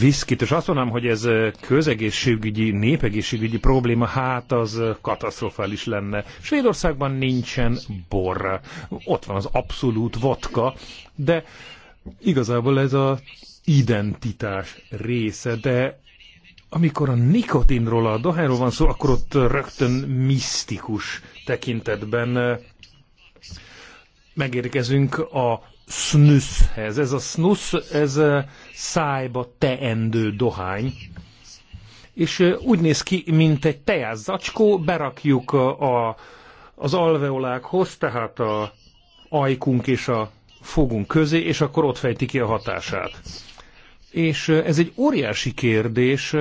viszkit, és azt mondanám, hogy ez közegészségügyi, népegészségügyi probléma, hát az katasztrofális lenne. Svédországban nincsen bor, ott van az abszolút vodka, de igazából ez a identitás része, de amikor a nikotinról, a dohányról van szó, akkor ott rögtön misztikus tekintetben megérkezünk a snuszhez. Ez a snusz, ez szájba teendő dohány, és úgy néz ki, mint egy tejás zacskó, berakjuk a, az alveolákhoz, tehát a ajkunk és a fogunk közé, és akkor ott fejti ki a hatását. És ez egy óriási kérdés,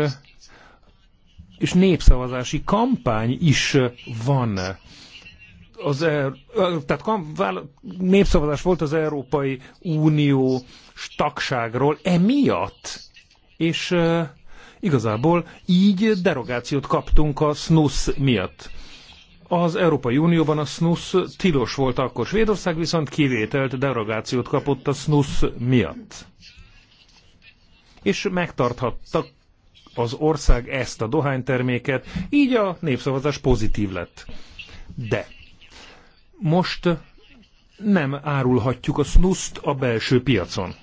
és népszavazási kampány is van az, er- tehát népszavazás volt az Európai Unió tagságról emiatt, és igazából így derogációt kaptunk a SNUS miatt. Az Európai Unióban a SNUS tilos volt akkor, Svédország viszont kivételt derogációt kapott a SNUS miatt. És megtarthattak az ország ezt a dohányterméket, így a népszavazás pozitív lett. De most nem árulhatjuk a snuszt a belső piacon.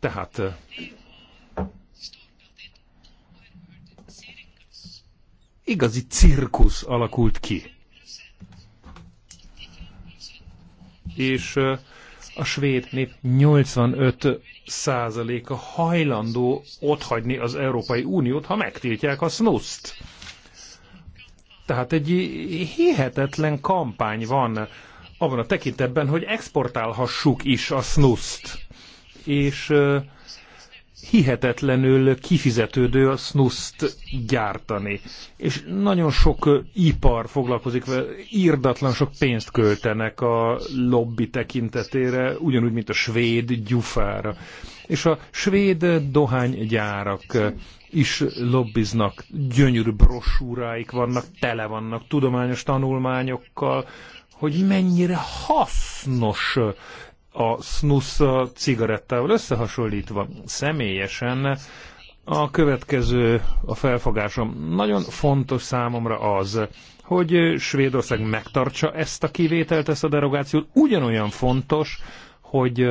Tehát igazi cirkusz alakult ki. És a svéd nép 85 százaléka hajlandó otthagyni az Európai Uniót, ha megtiltják a snuszt. Tehát egy hihetetlen kampány van abban a tekintetben, hogy exportálhassuk is a snuszt. És hihetetlenül kifizetődő a snuszt gyártani. És nagyon sok ipar foglalkozik vele, írdatlan sok pénzt költenek a lobby tekintetére, ugyanúgy, mint a svéd gyufára. És a svéd dohánygyárak is lobbiznak, gyönyörű brosúráik vannak, tele vannak tudományos tanulmányokkal, hogy mennyire hasznos a snusz cigarettával összehasonlítva. Személyesen a következő a felfogásom. Nagyon fontos számomra az, hogy Svédország megtartsa ezt a kivételt, ezt a derogációt. Ugyanolyan fontos, hogy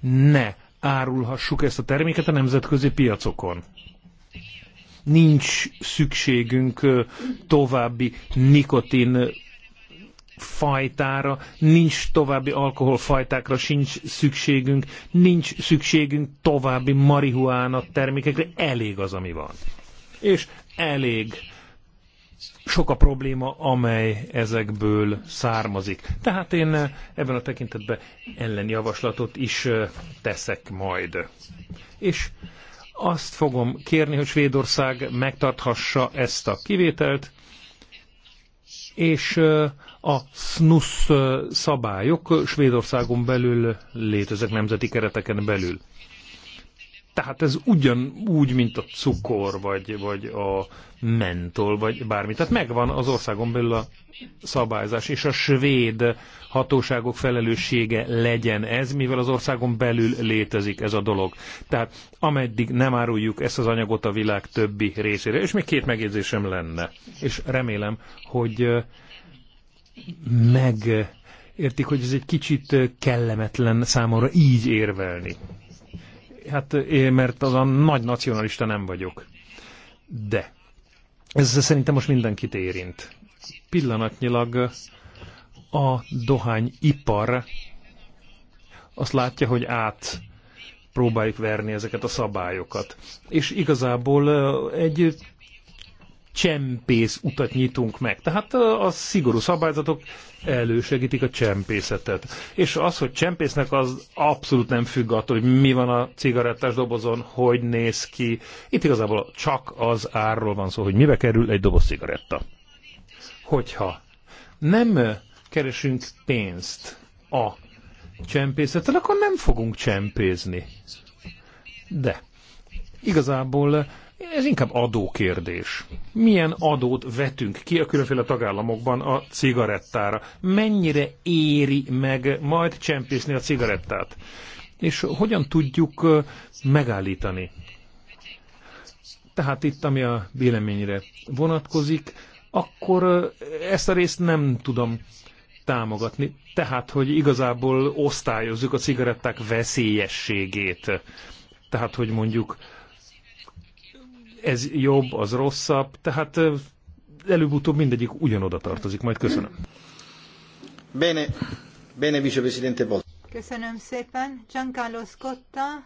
ne árulhassuk ezt a terméket a nemzetközi piacokon. Nincs szükségünk további nikotin fajtára, nincs további alkoholfajtákra, sincs szükségünk, nincs szükségünk további marihuána termékekre, elég az, ami van. És elég sok a probléma, amely ezekből származik. Tehát én eh, ebben a tekintetben ellenjavaslatot is eh, teszek majd. És azt fogom kérni, hogy Svédország megtarthassa ezt a kivételt, és eh, a SNUS szabályok Svédországon belül léteznek nemzeti kereteken belül. Tehát ez ugyanúgy, mint a cukor, vagy, vagy a mentol, vagy bármi. Tehát megvan az országon belül a szabályzás, és a svéd hatóságok felelőssége legyen ez, mivel az országon belül létezik ez a dolog. Tehát ameddig nem áruljuk ezt az anyagot a világ többi részére, és még két megjegyzésem lenne, és remélem, hogy meg értik, hogy ez egy kicsit kellemetlen számomra így érvelni. Hát én, mert az a nagy nacionalista nem vagyok. De ez szerintem most mindenkit érint. Pillanatnyilag a dohányipar azt látja, hogy át próbáljuk verni ezeket a szabályokat. És igazából egy csempész utat nyitunk meg. Tehát a szigorú szabályzatok elősegítik a csempészetet. És az, hogy csempésznek az abszolút nem függ attól, hogy mi van a cigarettás dobozon, hogy néz ki. Itt igazából csak az árról van szó, hogy mibe kerül egy doboz cigaretta. Hogyha nem keresünk pénzt a csempészetet, akkor nem fogunk csempézni. De igazából ez inkább adókérdés. Milyen adót vetünk ki a különféle tagállamokban a cigarettára? Mennyire éri meg majd csempészni a cigarettát? És hogyan tudjuk megállítani? Tehát itt, ami a véleményre vonatkozik, akkor ezt a részt nem tudom támogatni. Tehát, hogy igazából osztályozzuk a cigaretták veszélyességét. Tehát, hogy mondjuk ez jobb, az rosszabb, tehát előbb-utóbb mindegyik ugyanoda tartozik. Majd köszönöm. Bene, bene, vicepresidente Bolt. Köszönöm szépen. Giancarlo Scotta.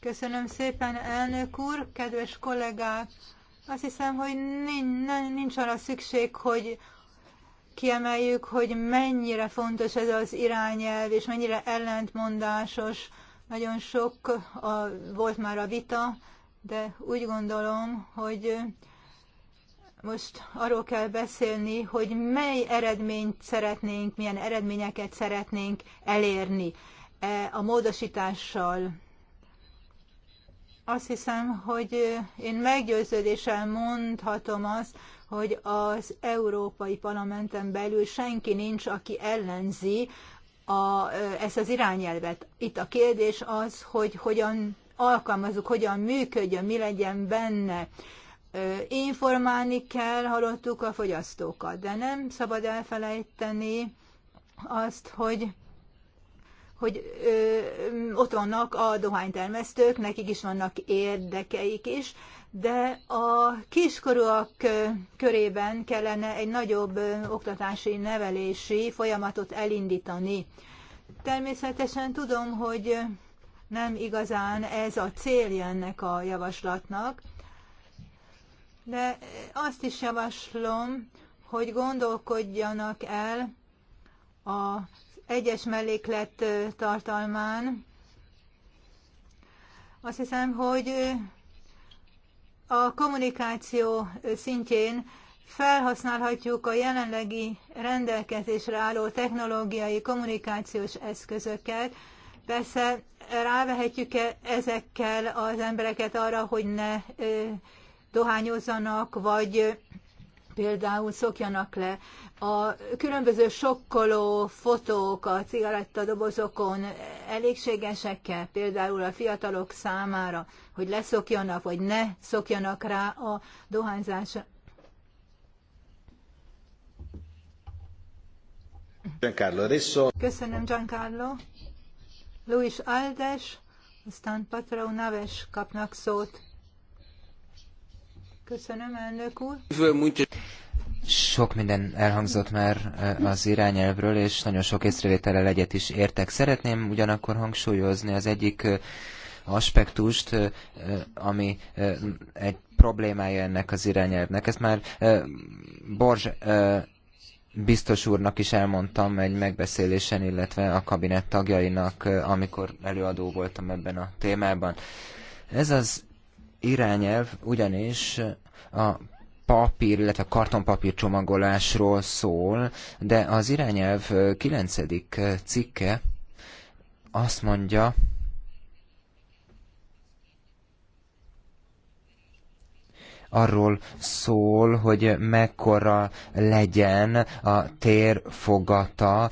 Köszönöm szépen, elnök úr, kedves kollégák. Azt hiszem, hogy nincs, nincs arra szükség, hogy kiemeljük, hogy mennyire fontos ez az irányelv, és mennyire ellentmondásos. Nagyon sok a, volt már a vita de úgy gondolom, hogy most arról kell beszélni, hogy mely eredményt szeretnénk, milyen eredményeket szeretnénk elérni e, a módosítással. Azt hiszem, hogy én meggyőződéssel mondhatom azt, hogy az Európai Parlamenten belül senki nincs, aki ellenzi a, ezt az irányelvet. Itt a kérdés az, hogy hogyan alkalmazzuk, hogyan működjön, mi legyen benne. Informálni kell, hallottuk a fogyasztókat, de nem szabad elfelejteni azt, hogy hogy ö, ott vannak a dohánytermesztők, nekik is vannak érdekeik is, de a kiskorúak körében kellene egy nagyobb oktatási, nevelési folyamatot elindítani. Természetesen tudom, hogy nem igazán ez a célja ennek a javaslatnak, de azt is javaslom, hogy gondolkodjanak el az egyes melléklet tartalmán. Azt hiszem, hogy a kommunikáció szintjén felhasználhatjuk a jelenlegi rendelkezésre álló technológiai kommunikációs eszközöket, Persze rávehetjük -e ezekkel az embereket arra, hogy ne dohányozzanak, vagy például szokjanak le. A különböző sokkoló fotók a cigarettadobozokon elégségesek-e például a fiatalok számára, hogy leszokjanak, vagy ne szokjanak rá a dohányzásra? Giancarlo, adesso... Köszönöm, Giancarlo. Luis Aldes, aztán Patrau Naves kapnak szót. Köszönöm, elnök úr. Sok minden elhangzott már eh, az irányelvről, és nagyon sok észrevétellel egyet is értek. Szeretném ugyanakkor hangsúlyozni az egyik eh, aspektust, eh, ami egy problémája ennek az irányelvnek. Ezt már Borzs biztos úrnak is elmondtam egy megbeszélésen, illetve a kabinet tagjainak, amikor előadó voltam ebben a témában. Ez az irányelv ugyanis a papír, illetve kartonpapír csomagolásról szól, de az irányelv 9. cikke azt mondja, arról szól, hogy mekkora legyen a térfogata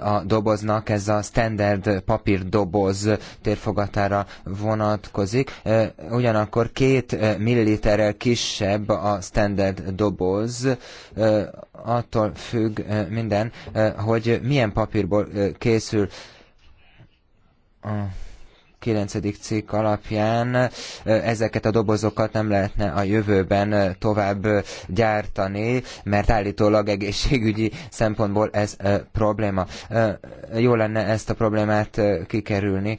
a doboznak, ez a standard papír doboz térfogatára vonatkozik. Ugyanakkor két milliliterrel kisebb a standard doboz, attól függ minden, hogy milyen papírból készül. 9. cikk alapján ezeket a dobozokat nem lehetne a jövőben tovább gyártani, mert állítólag egészségügyi szempontból ez probléma. Jó lenne ezt a problémát kikerülni.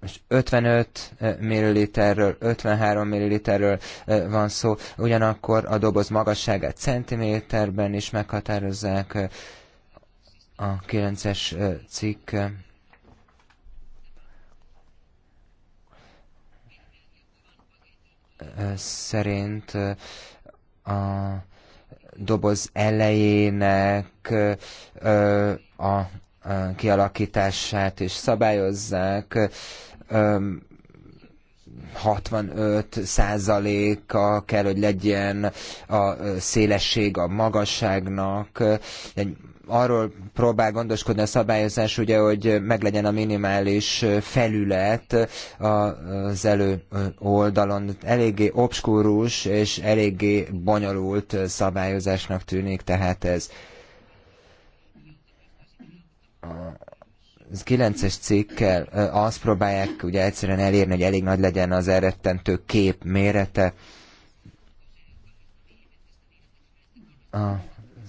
most 55 milliliterről, 53 milliliterről van szó, ugyanakkor a doboz magasságát centiméterben is meghatározzák, a 9-es cikk szerint a doboz elejének a kialakítását is szabályozzák. 65 százaléka kell, hogy legyen a szélesség a magasságnak, egy arról próbál gondoskodni a szabályozás, ugye, hogy meglegyen a minimális felület az elő oldalon. Eléggé obskúrus és eléggé bonyolult szabályozásnak tűnik, tehát ez az 9-es cikkkel azt próbálják ugye egyszerűen elérni, hogy elég nagy legyen az elrettentő kép mérete. A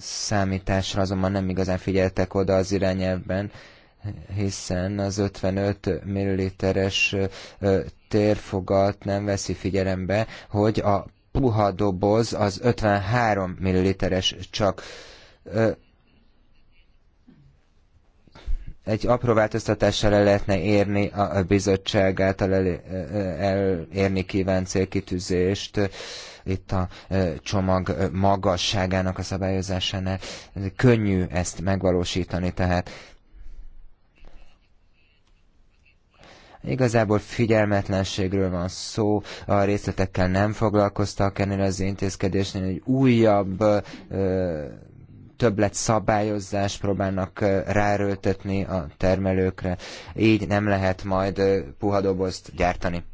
számításra azonban nem igazán figyeltek oda az irányelvben, hiszen az 55 milliliteres térfogat nem veszi figyelembe, hogy a puha doboz az 53 milliliteres csak. Egy apró változtatással le lehetne érni a bizottság által elérni kívánt célkitűzést itt a csomag magasságának a szabályozásánál. Könnyű ezt megvalósítani, tehát Igazából figyelmetlenségről van szó, a részletekkel nem foglalkoztak ennél az intézkedésnél, egy újabb ö, többlet szabályozás próbálnak ráröltetni a termelőkre. Így nem lehet majd dobozt gyártani.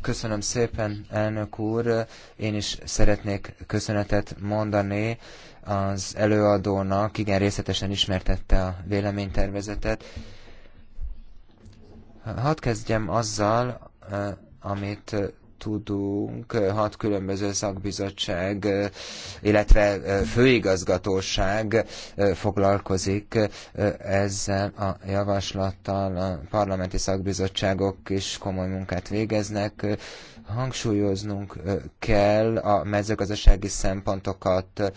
Köszönöm szépen, elnök úr. Én is szeretnék köszönetet mondani az előadónak. Igen, részletesen ismertette a véleménytervezetet. Hadd kezdjem azzal, eh, amit tudunk eh, hat különböző szakbizottság, eh, illetve eh, főigazgatóság foglalkozik ezzel a javaslattal. A parlamenti szakbizottságok is komoly munkát végeznek. Hangsúlyoznunk kell a mezőgazdasági szempontokat,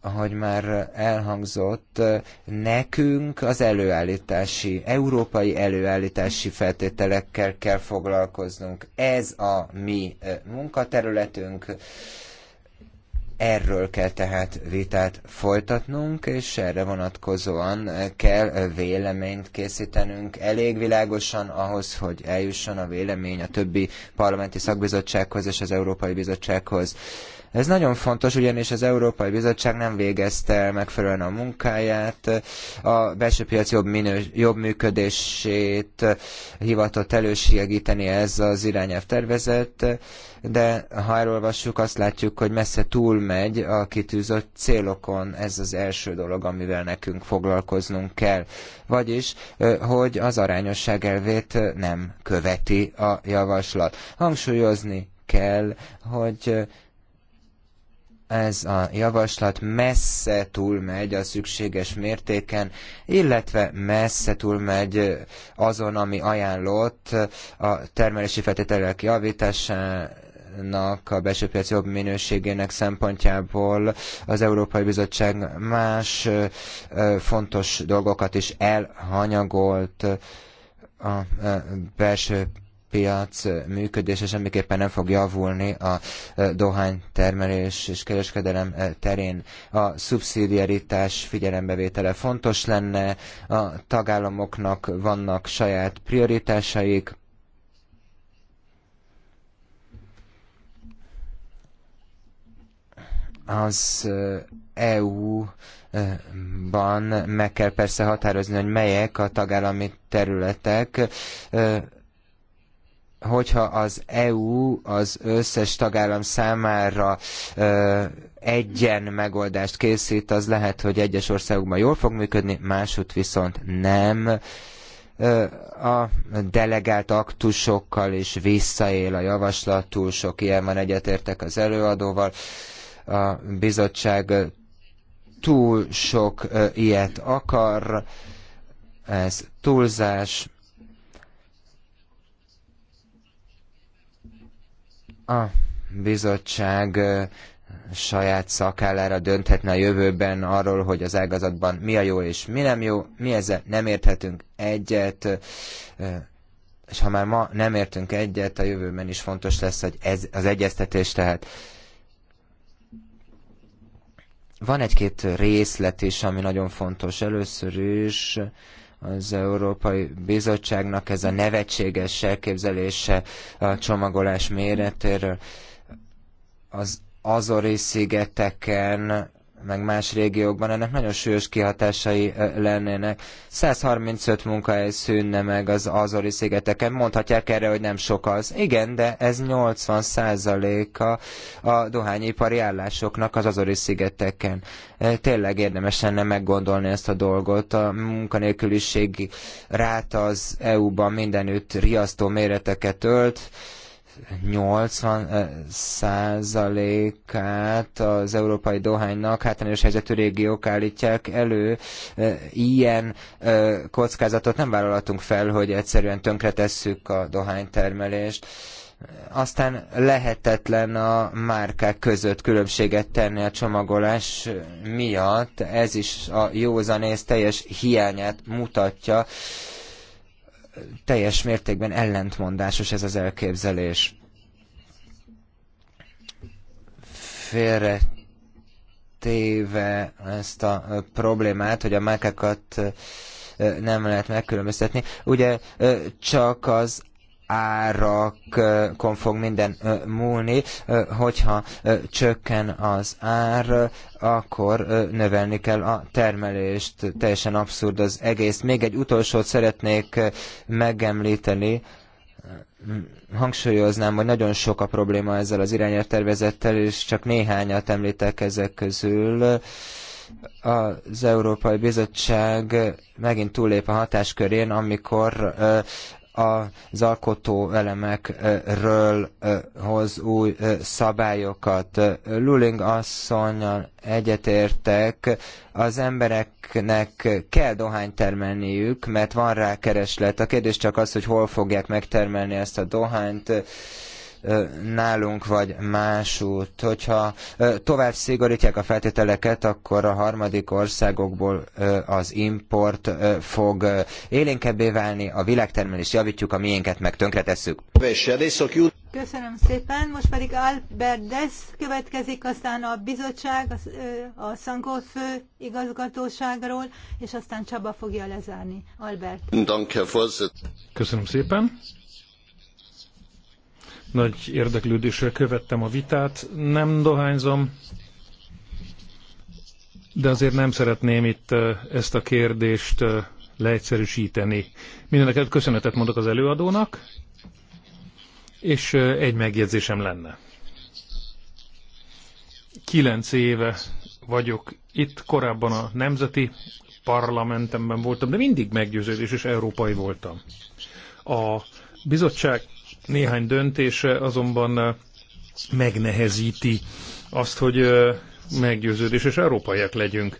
ahogy már elhangzott, nekünk az előállítási, európai előállítási feltételekkel kell foglalkoznunk. Ez a mi eh, munkaterületünk, erről kell tehát vitát folytatnunk, és erre vonatkozóan eh, kell eh, véleményt készítenünk elég világosan ahhoz, hogy eljusson a vélemény a többi parlamenti szakbizottsághoz és az Európai Bizottsághoz ez nagyon fontos, ugyanis az Európai Bizottság nem végezte megfelelően a munkáját, a belső piac jobb, minős, jobb működését hivatott elősegíteni ez az irányelv tervezet, de ha elolvassuk, azt látjuk, hogy messze túlmegy a kitűzött célokon. Ez az első dolog, amivel nekünk foglalkoznunk kell. Vagyis, hogy az arányosság elvét nem követi a javaslat. Hangsúlyozni kell, hogy ez a javaslat messze túlmegy a szükséges mértéken, illetve messze túlmegy azon, ami ajánlott a termelési feltételek javításának, a belső piac jobb minőségének szempontjából az Európai Bizottság más fontos dolgokat is elhanyagolt a belső piac működése semmiképpen nem fog javulni a dohánytermelés és kereskedelem terén. A szubszidiaritás figyelembevétele fontos lenne, a tagállamoknak vannak saját prioritásaik, az EU-ban meg kell persze határozni, hogy melyek a tagállami területek, hogyha az EU az összes tagállam számára ö, egyen megoldást készít, az lehet, hogy egyes országokban jól fog működni, másút viszont nem. Ö, a delegált aktusokkal is visszaél a javaslat, túl sok ilyen van, egyetértek az előadóval. A bizottság túl sok ö, ilyet akar, ez túlzás, A bizottság saját szakállára dönthetne a jövőben arról, hogy az ágazatban mi a jó és mi nem jó, mi ezzel nem érthetünk egyet, és ha már ma nem értünk egyet, a jövőben is fontos lesz hogy ez, az egyeztetés, tehát van egy-két részlet is, ami nagyon fontos. Először is az Európai Bizottságnak ez a nevetséges elképzelése a csomagolás méretéről. Az Azori szigeteken meg más régiókban, ennek nagyon súlyos kihatásai lennének. 135 munkahely szűnne meg az Azori szigeteken, mondhatják erre, hogy nem sok az. Igen, de ez 80 a a dohányipari állásoknak az Azori szigeteken. Tényleg érdemes lenne meggondolni ezt a dolgot. A munkanélküliség ráta az EU-ban mindenütt riasztó méreteket ölt, 80 százalékát az európai dohánynak hátrányos helyzetű régiók állítják elő. Ilyen kockázatot nem vállalhatunk fel, hogy egyszerűen tönkretesszük a dohánytermelést aztán lehetetlen a márkák között különbséget tenni a csomagolás miatt. Ez is a józanész teljes hiányát mutatja teljes mértékben ellentmondásos ez az elképzelés. Félre téve ezt a problémát, hogy a mákákat nem lehet megkülönböztetni. Ugye csak az árakon fog minden múlni. Hogyha csökken az ár, akkor növelni kell a termelést. Teljesen abszurd az egész. Még egy utolsót szeretnék megemlíteni hangsúlyoznám, hogy nagyon sok a probléma ezzel az irányelvtervezettel, és csak néhányat említek ezek közül. Az Európai Bizottság megint túllép a hatáskörén, amikor az alkotó elemekről hoz új szabályokat. Luling asszonynal egyetértek, az embereknek kell dohányt termelniük, mert van rá kereslet. A kérdés csak az, hogy hol fogják megtermelni ezt a dohányt nálunk vagy másút. Hogyha tovább szigorítják a feltételeket, akkor a harmadik országokból az import fog élénkebbé válni, a világtermelés. javítjuk, a miénket meg tönkretesszük. Köszönöm szépen, most pedig Albert Dess következik, aztán a bizottság, a Szankó fő igazgatóságról, és aztán Csaba fogja lezárni. Albert. Köszönöm szépen. Nagy érdeklődéssel követtem a vitát. Nem dohányzom, de azért nem szeretném itt eh, ezt a kérdést eh, leegyszerűsíteni. Mindeneket köszönetet mondok az előadónak, és eh, egy megjegyzésem lenne. Kilenc éve vagyok itt, korábban a Nemzeti Parlamentemben voltam, de mindig meggyőződés és európai voltam. A bizottság néhány döntése azonban megnehezíti azt, hogy meggyőződés és európaiak legyünk.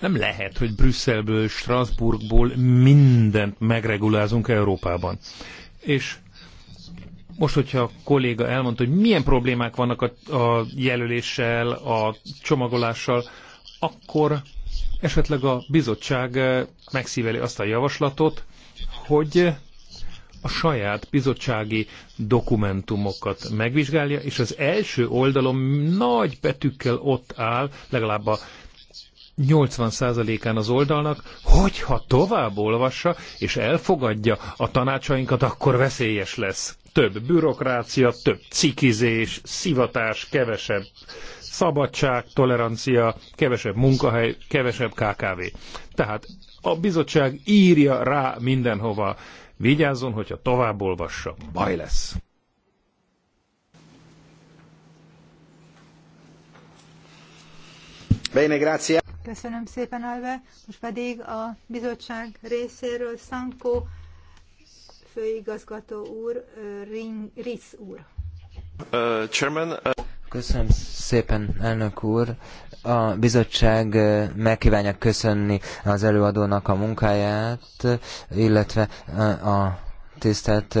Nem lehet, hogy Brüsszelből, Strasbourgból mindent megregulázunk Európában. És most, hogyha a kolléga elmondta, hogy milyen problémák vannak a, a jelöléssel, a csomagolással, akkor esetleg a bizottság megszíveli azt a javaslatot, hogy a saját bizottsági dokumentumokat megvizsgálja, és az első oldalon nagy betűkkel ott áll, legalább a 80%-án az oldalnak, hogyha tovább olvassa és elfogadja a tanácsainkat, akkor veszélyes lesz. Több bürokrácia, több cikizés, szivatás, kevesebb szabadság, tolerancia, kevesebb munkahely, kevesebb KKV. Tehát a bizottság írja rá mindenhova Vigyázzon, hogyha tovább olvassa, baj lesz. Bene, grazie. Köszönöm szépen, Alve. Most pedig a bizottság részéről Szankó főigazgató úr, Risz úr. Uh, chairman, uh... Köszönöm szépen, elnök úr. A bizottság megkívánja köszönni az előadónak a munkáját, illetve a tisztelt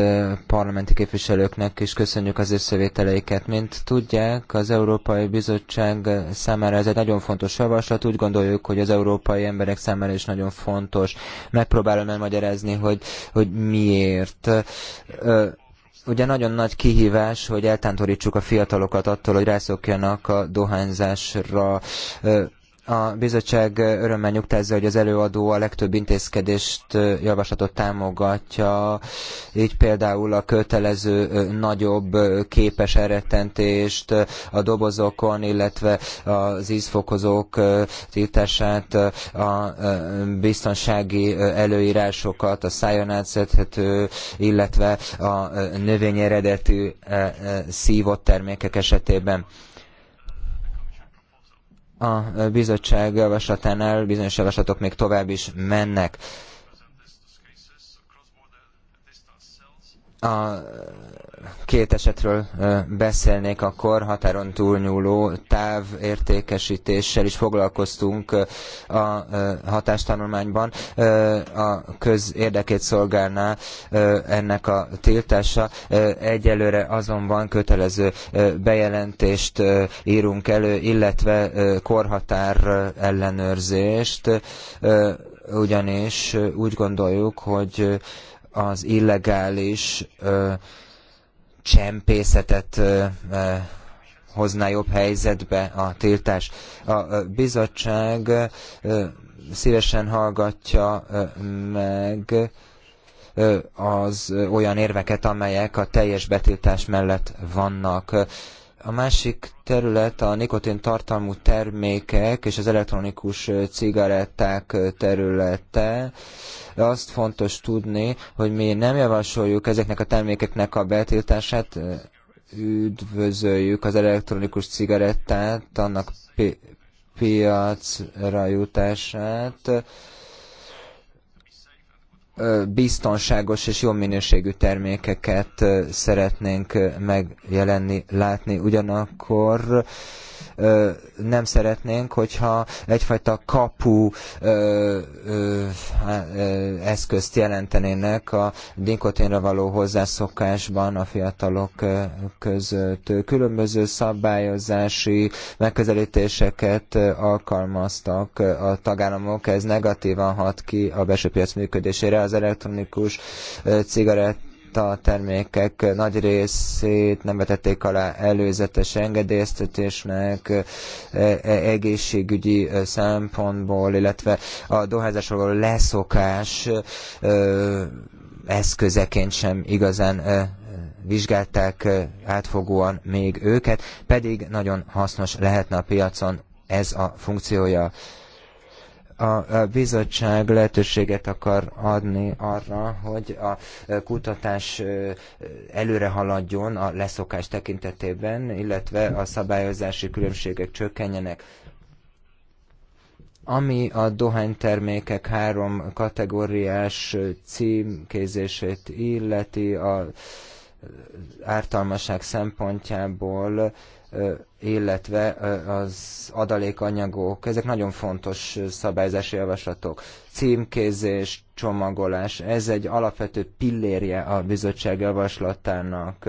parlamenti képviselőknek is köszönjük az összevételeiket. Mint tudják, az Európai Bizottság számára ez egy nagyon fontos javaslat. Úgy gondoljuk, hogy az európai emberek számára is nagyon fontos. Megpróbálom elmagyarázni, hogy, hogy miért Ugye nagyon nagy kihívás, hogy eltántorítsuk a fiatalokat attól, hogy rászokjanak a dohányzásra. A bizottság örömmel nyugtázza, hogy az előadó a legtöbb intézkedést, javaslatot támogatja, így például a kötelező nagyobb képes eretentést a dobozokon, illetve az ízfokozók tiltását, a biztonsági előírásokat, a szájon átszedhető, illetve a növényeredetű eredetű szívott termékek esetében a bizottság javaslatánál bizonyos javaslatok még tovább is mennek. A két esetről beszélnék, akkor határon túlnyúló távértékesítéssel is foglalkoztunk a hatástanulmányban. A közérdekét szolgálná ennek a tiltása. Egyelőre azonban kötelező bejelentést írunk elő, illetve korhatár ellenőrzést, ugyanis úgy gondoljuk, hogy az illegális csempészetet hozná jobb helyzetbe a tiltás. A bizottság szívesen hallgatja meg az olyan érveket, amelyek a teljes betiltás mellett vannak. A másik terület a nikotin tartalmú termékek és az elektronikus cigaretták területe. Azt fontos tudni, hogy mi nem javasoljuk ezeknek a termékeknek a betiltását, üdvözöljük az elektronikus cigarettát, annak pi piacra jutását biztonságos és jó minőségű termékeket szeretnénk megjelenni, látni. Ugyanakkor nem szeretnénk, hogyha egyfajta kapu eszközt jelentenének a dinkoténra való hozzászokásban a fiatalok között. Különböző szabályozási megközelítéseket alkalmaztak a tagállamok, ez negatívan hat ki a belső piac működésére. Az elektronikus cigarett a termékek nagy részét nem vetették alá előzetes engedélyeztetésnek e, e, egészségügyi e, szempontból, illetve a dohányzásról való leszokás eszközeként sem igazán vizsgálták átfogóan még őket, pedig nagyon hasznos lehetne a piacon ez a funkciója a bizottság lehetőséget akar adni arra, hogy a kutatás előre haladjon a leszokás tekintetében, illetve a szabályozási különbségek csökkenjenek. Ami a dohánytermékek három kategóriás címkézését illeti, a ártalmaság szempontjából illetve az adalékanyagok, ezek nagyon fontos szabályzási javaslatok. Címkézés, csomagolás, ez egy alapvető pillérje a bizottság javaslatának.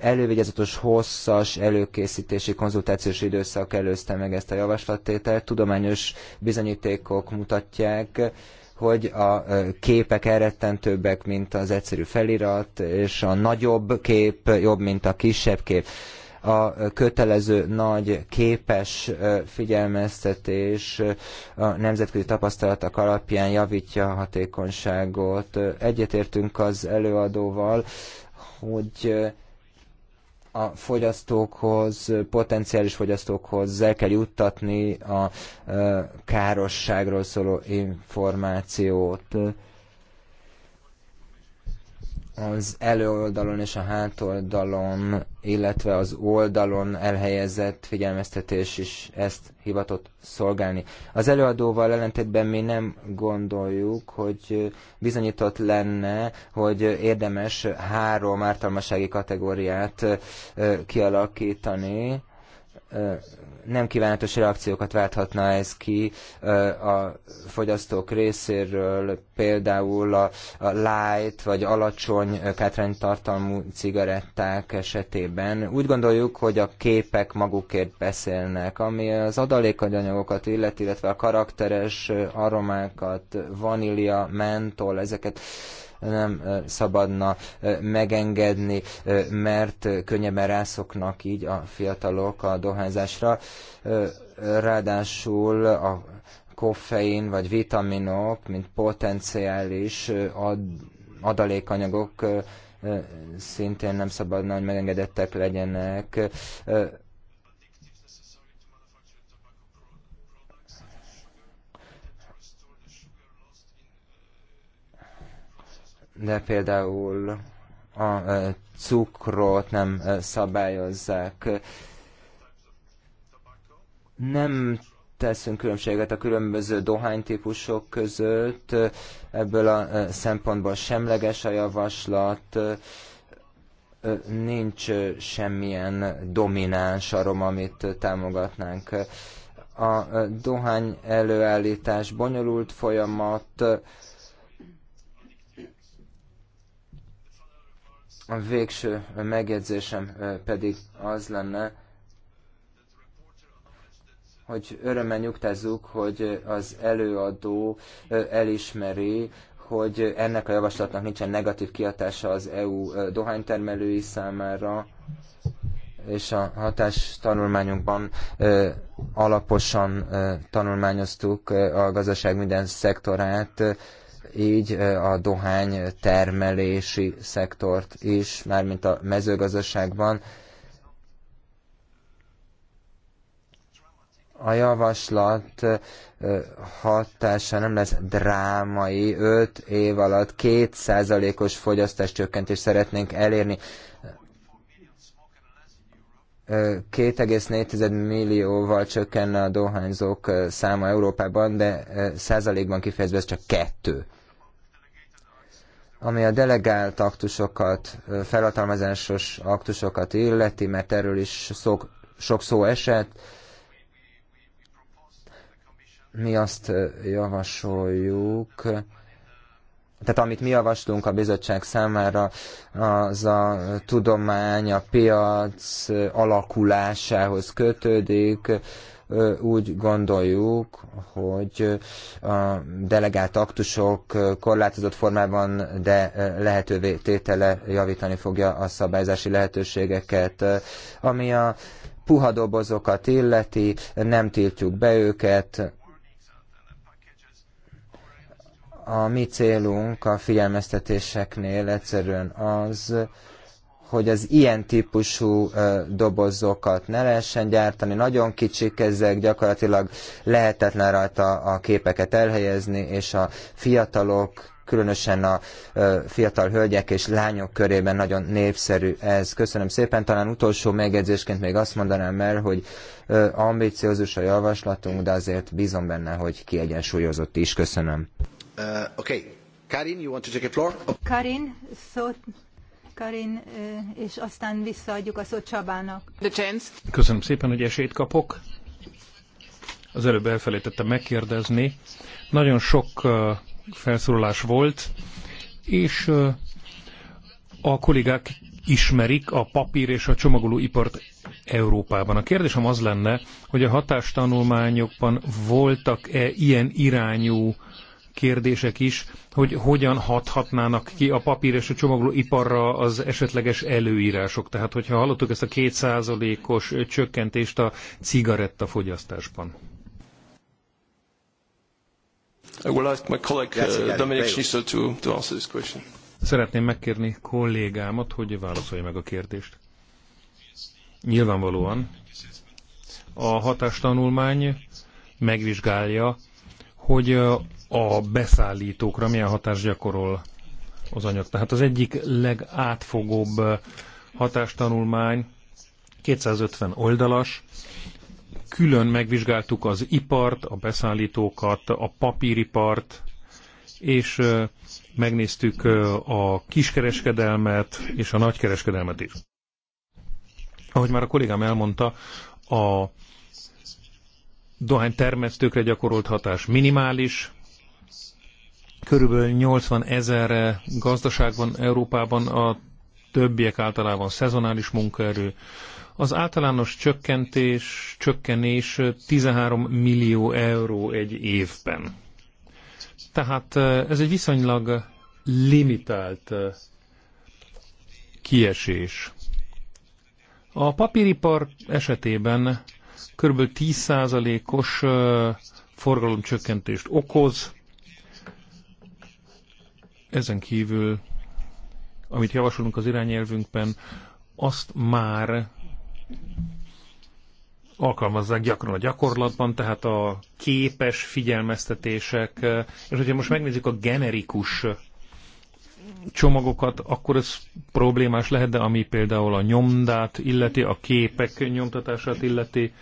Elővigyázatos, hosszas előkészítési konzultációs időszak előzte meg ezt a javaslattételt. Tudományos bizonyítékok mutatják, hogy a képek elrettentőbbek, mint az egyszerű felirat, és a nagyobb kép jobb, mint a kisebb kép a kötelező nagy képes figyelmeztetés a nemzetközi tapasztalatok alapján javítja a hatékonyságot. Egyetértünk az előadóval, hogy a fogyasztókhoz, potenciális fogyasztókhoz el kell juttatni a károsságról szóló információt az előoldalon és a hátoldalon, illetve az oldalon elhelyezett figyelmeztetés is ezt hivatott szolgálni. Az előadóval ellentétben mi nem gondoljuk, hogy bizonyított lenne, hogy érdemes három ártalmasági kategóriát kialakítani, nem kívánatos reakciókat válthatna ez ki a fogyasztók részéről, például a, a light vagy alacsony tartalmú cigaretták esetében. Úgy gondoljuk, hogy a képek magukért beszélnek, ami az adalékanyagokat illeti, illetve a karakteres aromákat, vanília, mentol, ezeket nem szabadna megengedni, mert könnyebben rászoknak így a fiatalok a dohányzásra. Ráadásul a koffein vagy vitaminok, mint potenciális adalékanyagok szintén nem szabadna, hogy megengedettek legyenek. de például a cukrot nem szabályozzák. Nem teszünk különbséget a különböző dohánytípusok között, ebből a szempontból semleges a javaslat, nincs semmilyen domináns arom, amit támogatnánk. A dohány előállítás bonyolult folyamat, A végső megjegyzésem pedig az lenne, hogy örömmel nyugtázzuk, hogy az előadó elismeri, hogy ennek a javaslatnak nincsen negatív kihatása az EU dohánytermelői számára, és a tanulmányunkban alaposan tanulmányoztuk a gazdaság minden szektorát, így a dohány termelési szektort is, mármint a mezőgazdaságban. A javaslat hatása nem lesz drámai, 5 év alatt 2%-os csökkentést szeretnénk elérni. 2,4 millióval csökkenne a dohányzók száma Európában, de százalékban kifejezve ez csak kettő ami a delegált aktusokat, felhatalmazásos aktusokat illeti, mert erről is sok, sok szó esett. Mi azt javasoljuk, tehát amit mi javaslunk a bizottság számára, az a tudomány, a piac alakulásához kötődik, úgy gondoljuk, hogy a delegált aktusok korlátozott formában, de lehetővé tétele javítani fogja a szabályzási lehetőségeket, ami a puha dobozokat illeti, nem tiltjuk be őket, a mi célunk a figyelmeztetéseknél egyszerűen az, hogy az ilyen típusú dobozokat ne lehessen gyártani, nagyon kicsik ezek, gyakorlatilag lehetetlen rajta a képeket elhelyezni, és a fiatalok, különösen a fiatal hölgyek és lányok körében nagyon népszerű ez. Köszönöm szépen, talán utolsó megjegyzésként még azt mondanám el, hogy ambiciózus a javaslatunk, de azért bízom benne, hogy kiegyensúlyozott is. Köszönöm. Uh, okay. Karin, you want to take a floor? Karin, so. Karin, és aztán visszaadjuk a szót Csabának. Köszönöm szépen, hogy esélyt kapok. Az előbb elfelejtettem megkérdezni. Nagyon sok felszólalás volt, és a kollégák ismerik a papír és a csomagolóipart Európában. A kérdésem az lenne, hogy a hatástanulmányokban voltak-e ilyen irányú kérdések is, hogy hogyan hathatnának ki a papír és a iparra az esetleges előírások. Tehát, hogyha hallottuk ezt a kétszázalékos csökkentést a cigaretta fogyasztásban. Uh, to, answer this question. Szeretném megkérni kollégámat, hogy válaszolja meg a kérdést. Nyilvánvalóan a hatástanulmány megvizsgálja, hogy uh, a beszállítókra milyen hatást gyakorol az anyag. Tehát az egyik legátfogóbb hatástanulmány, 250 oldalas, külön megvizsgáltuk az ipart, a beszállítókat, a papíripart, és megnéztük a kiskereskedelmet és a nagykereskedelmet is. Ahogy már a kollégám elmondta, a dohány termesztőkre gyakorolt hatás minimális, körülbelül 80 ezer gazdaság van Európában, a többiek általában szezonális munkaerő. Az általános csökkentés, csökkenés 13 millió euró egy évben. Tehát eh, ez egy viszonylag limitált eh, kiesés. A papíripar esetében kb. 10%-os eh, forgalomcsökkentést okoz, ezen kívül, amit javasolunk az irányelvünkben, azt már alkalmazzák gyakran a gyakorlatban, tehát a képes figyelmeztetések, és hogyha most megnézzük a generikus csomagokat, akkor ez problémás lehet, de ami például a nyomdát illeti, a képek nyomtatását illeti,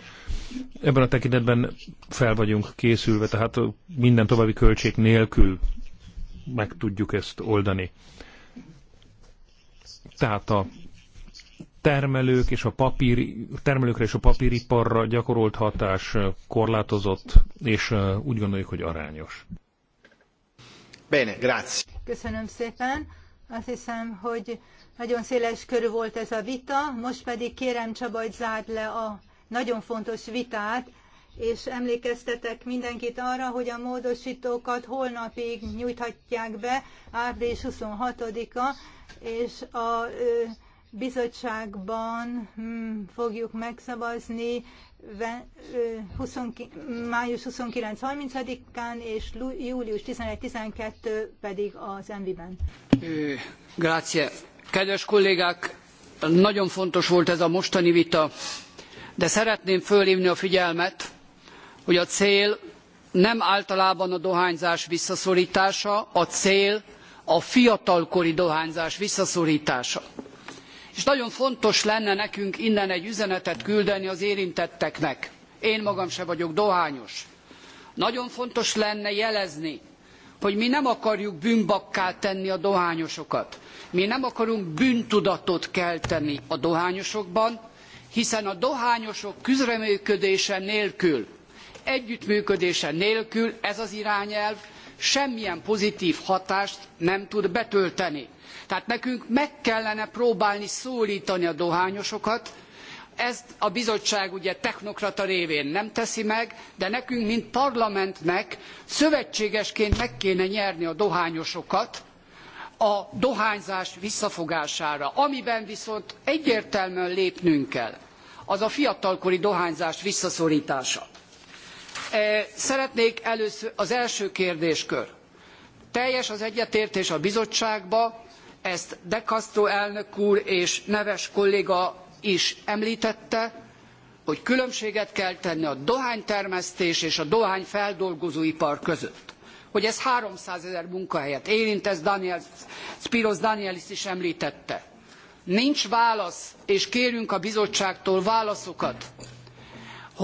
ebben a tekintetben fel vagyunk készülve, tehát minden további költség nélkül meg tudjuk ezt oldani. Tehát a termelők és a papír, termelőkre és a papíriparra gyakorolt hatás korlátozott, és úgy gondoljuk, hogy arányos. Bene, grazie. Köszönöm szépen. Azt hiszem, hogy nagyon széles körű volt ez a vita, most pedig kérem Csaba, hogy zárd le a nagyon fontos vitát, és emlékeztetek mindenkit arra, hogy a módosítókat holnapig nyújthatják be, április 26-a, és a bizottságban hm, fogjuk megszavazni május 29-30-án, és július 11-12 pedig az MV-ben. Grácie. Kedves kollégák, nagyon fontos volt ez a mostani vita, de szeretném fölhívni a figyelmet, hogy a cél nem általában a dohányzás visszaszortása a cél a fiatalkori dohányzás visszaszortása. És nagyon fontos lenne nekünk innen egy üzenetet küldeni az érintetteknek. Én magam se vagyok dohányos. Nagyon fontos lenne jelezni, hogy mi nem akarjuk bűnbakká tenni a dohányosokat. Mi nem akarunk bűntudatot kelteni a dohányosokban, hiszen a dohányosok küzreműködése nélkül együttműködése nélkül ez az irányelv semmilyen pozitv hatást nem tud betölteni. tehát nekünk meg kellene próbálni szóltani a dohányosokat ezt a bizottság ugye technokrata révén nem teszi meg de nekünk mint parlamentnek szövetségesként meg kéne nyerni a dohányosokat a dohányzás visszafogására. amiben viszont egyértelműen lépnünk kell az a fiatalkori dohányzás visszaszortása. Eh, szeretnék először az első kérdéskör. Teljes az egyetértés a bizottságban. ezt De Castro elnök úr és neves kolléga is említette, hogy különbséget kell tenni a dohánytermesztés és a dohányfeldolgozóipar között. Hogy ez 300 ezer munkahelyet érint, ezt Daniel, Spiros Danielis is említette. Nincs válasz, és kérünk a bizottságtól válaszokat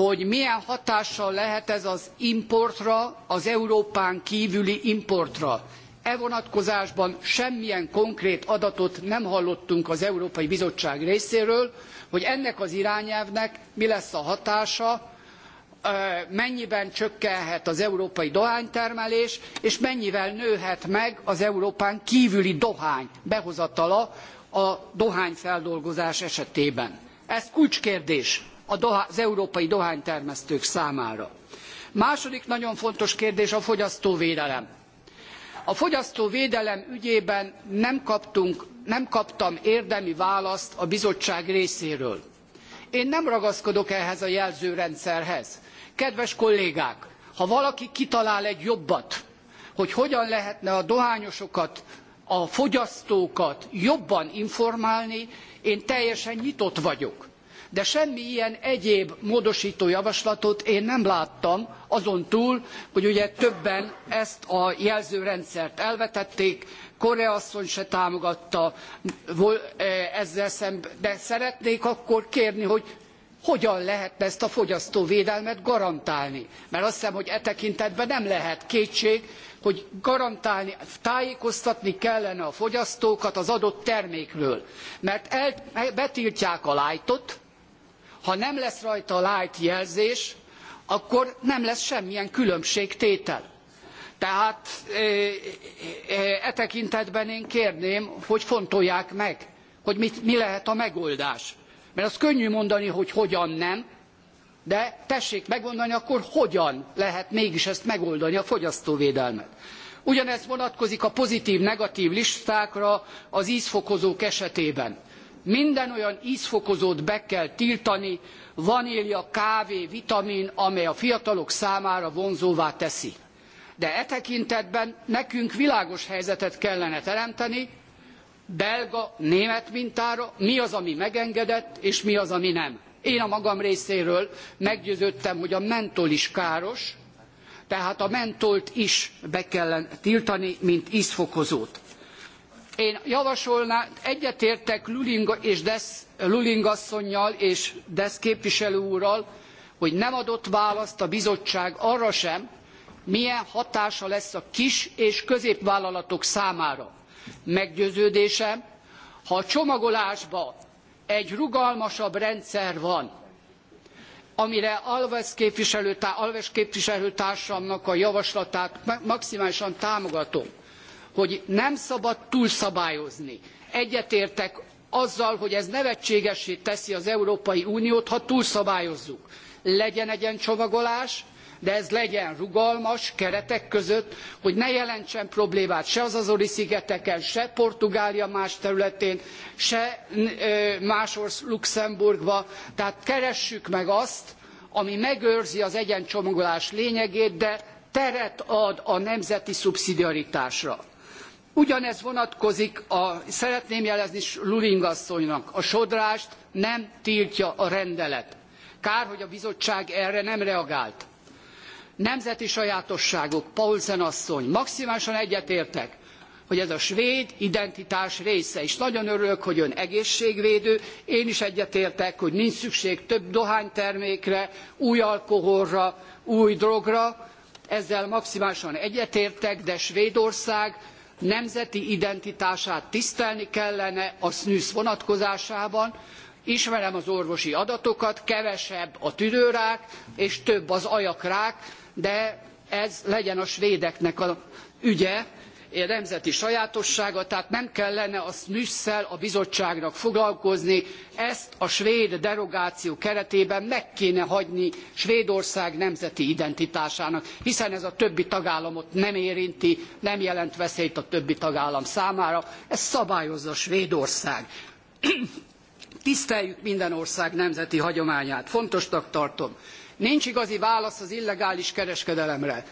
hogy milyen hatással lehet ez az importra, az Európán kívüli importra. E vonatkozásban semmilyen konkrét adatot nem hallottunk az Európai Bizottság részéről, hogy ennek az irányelvnek mi lesz a hatása, mennyiben csökkenhet az európai dohánytermelés, és mennyivel nőhet meg az Európán kívüli dohány behozatala a dohányfeldolgozás esetében. Ez kulcskérdés az európai dohánytermesztők számára. Második nagyon fontos kérdés a fogyasztóvédelem. A fogyasztóvédelem ügyében nem, kaptunk, nem kaptam érdemi választ a bizottság részéről. Én nem ragaszkodok ehhez a jelzőrendszerhez. Kedves kollégák, ha valaki kitalál egy jobbat, hogy hogyan lehetne a dohányosokat, a fogyasztókat jobban informálni, én teljesen nyitott vagyok de semmi ilyen egyéb módostó javaslatot én nem láttam, azon túl, hogy ugye többen ezt a jelzőrendszert elvetették, Korea asszony se támogatta e, ezzel szemben, de szeretnék akkor kérni, hogy hogyan lehetne ezt a fogyasztóvédelmet garantálni. Mert azt hiszem, hogy e tekintetben nem lehet kétség, hogy garantálni, tájékoztatni kellene a fogyasztókat az adott termékről. Mert el, betiltják a lightot, ha nem lesz rajta a light jelzés, akkor nem lesz semmilyen különbségtétel. Tehát e, e tekintetben én kérném, hogy fontolják meg, hogy mit, mi lehet a megoldás. Mert az könnyű mondani, hogy hogyan nem, de tessék megmondani akkor, hogyan lehet mégis ezt megoldani a fogyasztóvédelmet. Ugyanez vonatkozik a pozitív-negatív listákra az ízfokozók esetében. Minden olyan zfokozót be kell tiltani, vanília, kávé, vitamin, amely a fiatalok számára vonzóvá teszi. De e tekintetben nekünk világos helyzetet kellene teremteni, belga, német mintára, mi az, ami megengedett, és mi az, ami nem. Én a magam részéről meggyőződtem, hogy a mentol is káros, tehát a mentolt is be kell tiltani, mint ízfokozót én javasolnám, egyetértek Lulinga és Desz, Luling asszonynal és Desz képviselő úrral, hogy nem adott választ a bizottság arra sem, milyen hatása lesz a kis és középvállalatok számára. Meggyőződésem, ha a csomagolásban egy rugalmasabb rendszer van, amire Alves, képviselő, Alves képviselőtársamnak a javaslatát maximálisan támogatom, hogy nem szabad túlszabályozni. Egyetértek azzal, hogy ez nevetségessé teszi az Európai Uniót, ha túlszabályozzuk. Legyen egyencsomagolás, de ez legyen rugalmas keretek között, hogy ne jelentsen problémát se az Azori szigeteken, se Portugália más területén, se más luxemburgban Luxemburgba. Tehát keressük meg azt, ami megőrzi az egyencsomagolás lényegét, de teret ad a nemzeti szubszidiaritásra. Ugyanez vonatkozik, a, szeretném jelezni lulling asszonynak, a sodrást nem tiltja a rendelet. Kár, hogy a bizottság erre nem reagált. Nemzeti sajátosságok, Paulsen asszony, maximálisan egyetértek, hogy ez a svéd identitás része, és nagyon örülök, hogy ön egészségvédő, én is egyetértek, hogy nincs szükség több dohánytermékre, új alkoholra, új drogra, ezzel maximálisan egyetértek, de Svédország nemzeti identitását tisztelni kellene a snus vonatkozásában, ismerem az orvosi adatokat, kevesebb a tüdőrák, és több az ajakrák, de ez legyen a svédeknek a ügye, nemzeti sajátossága, tehát nem kellene azt nüsszel a bizottságnak foglalkozni, ezt a svéd derogáció keretében meg kéne hagyni Svédország nemzeti identitásának, hiszen ez a többi tagállamot nem érinti, nem jelent veszélyt a többi tagállam számára, ezt szabályozza Svédország. *clears throat* Tiszteljük minden ország nemzeti hagyományát, fontosnak tartom. Nincs igazi válasz az illegális kereskedelemre.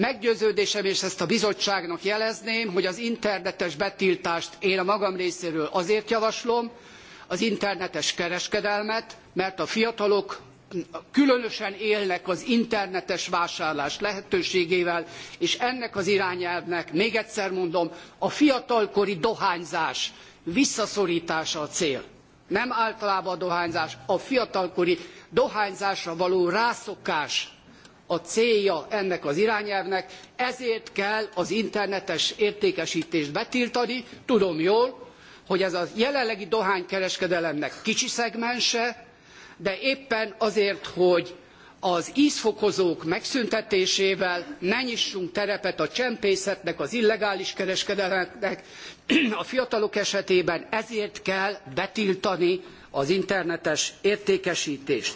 Meggyőződésem, és ezt a bizottságnak jelezném, hogy az internetes betiltást én a magam részéről azért javaslom, az internetes kereskedelmet, mert a fiatalok különösen élnek az internetes vásárlás lehetőségével, és ennek az irányelvnek, még egyszer mondom, a fiatalkori dohányzás visszaszortása a cél. Nem általában a dohányzás, a fiatalkori dohányzásra való rászokás a célja ennek az irányelvnek, ezért kell az internetes értékesítést betiltani. Tudom jól, hogy ez a jelenlegi dohánykereskedelemnek kicsi szegmense, de éppen azért, hogy az ízfokozók megszüntetésével ne nyissunk terepet a csempészetnek, az illegális kereskedelemnek, a fiatalok esetében ezért kell betiltani az internetes értékesítést.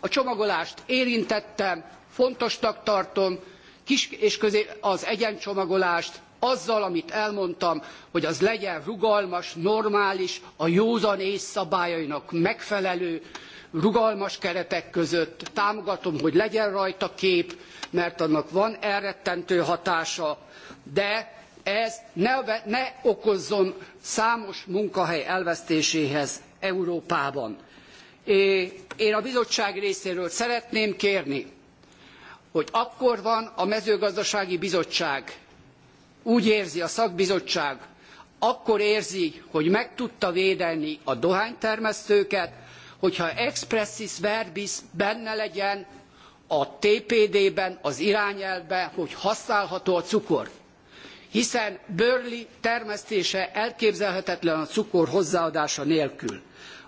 A csomagolást érintettem, Fontosnak tartom kis és közé, az egyencsomagolást azzal, amit elmondtam, hogy az legyen rugalmas, normális, a józan ész szabályainak megfelelő, rugalmas keretek között. Támogatom, hogy legyen rajta kép, mert annak van elrettentő hatása, de ez ne, ne okozzon számos munkahely elvesztéséhez Európában. Én a bizottság részéről szeretném kérni, hogy akkor van a mezőgazdasági bizottság, úgy érzi a szakbizottság, akkor érzi, hogy meg tudta védeni a dohánytermesztőket, hogyha expressis verbis benne legyen a TPD-ben, az irányelben, hogy használható a cukor. Hiszen bőrli termesztése elképzelhetetlen a cukor hozzáadása nélkül.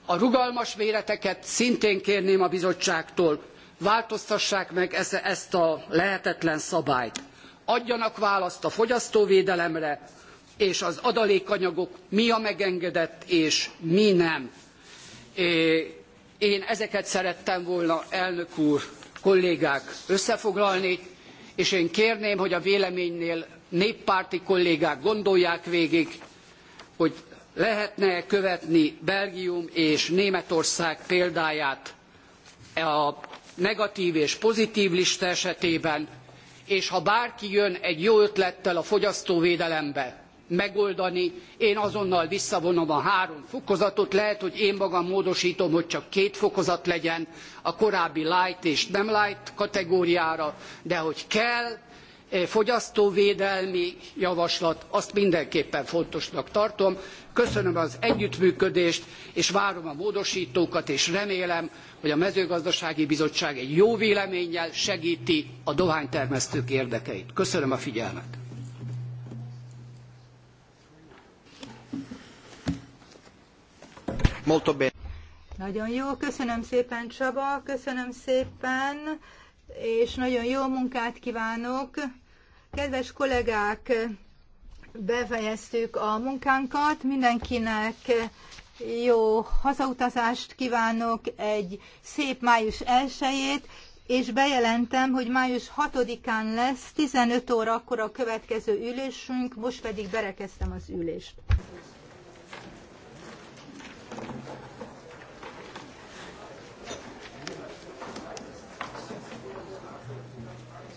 A rugalmas méreteket szintén kérném a bizottságtól, változtassák meg ezt a lehetetlen szabályt. Adjanak választ a fogyasztóvédelemre, és az adalékanyagok mi a megengedett, és mi nem. Én ezeket szerettem volna, elnök úr, kollégák, összefoglalni, és én kérném, hogy a véleménynél néppárti kollégák gondolják végig, hogy lehetne követni Belgium és Németország példáját a negatív és pozitív lista esetében, és ha bárki jön egy jó ötlettel a fogyasztóvédelembe megoldani, én azonnal visszavonom a három fokozatot, lehet, hogy én magam módosítom, hogy csak két fokozat legyen a korábbi light és nem light kategóriára, de hogy kell, eh, fogyasztóvédelmi javaslat azt mindenképpen fontosnak tartom köszönöm az együttműködést és várom a módostókat és remélem hogy a mezőgazdasági bizottság egy jó véleménnyel segti a dohánytermesztők érdekeit. köszönöm a figyelmet. Nagyon jó, köszönöm szépen Csaba, köszönöm szépen, és nagyon jó munkát kívánok. Kedves kollégák, befejeztük a munkánkat. Mindenkinek jó hazautazást kívánok, egy szép május 1 és bejelentem, hogy május 6-án lesz 15 órakor a következő ülésünk, most pedig berekeztem az ülést.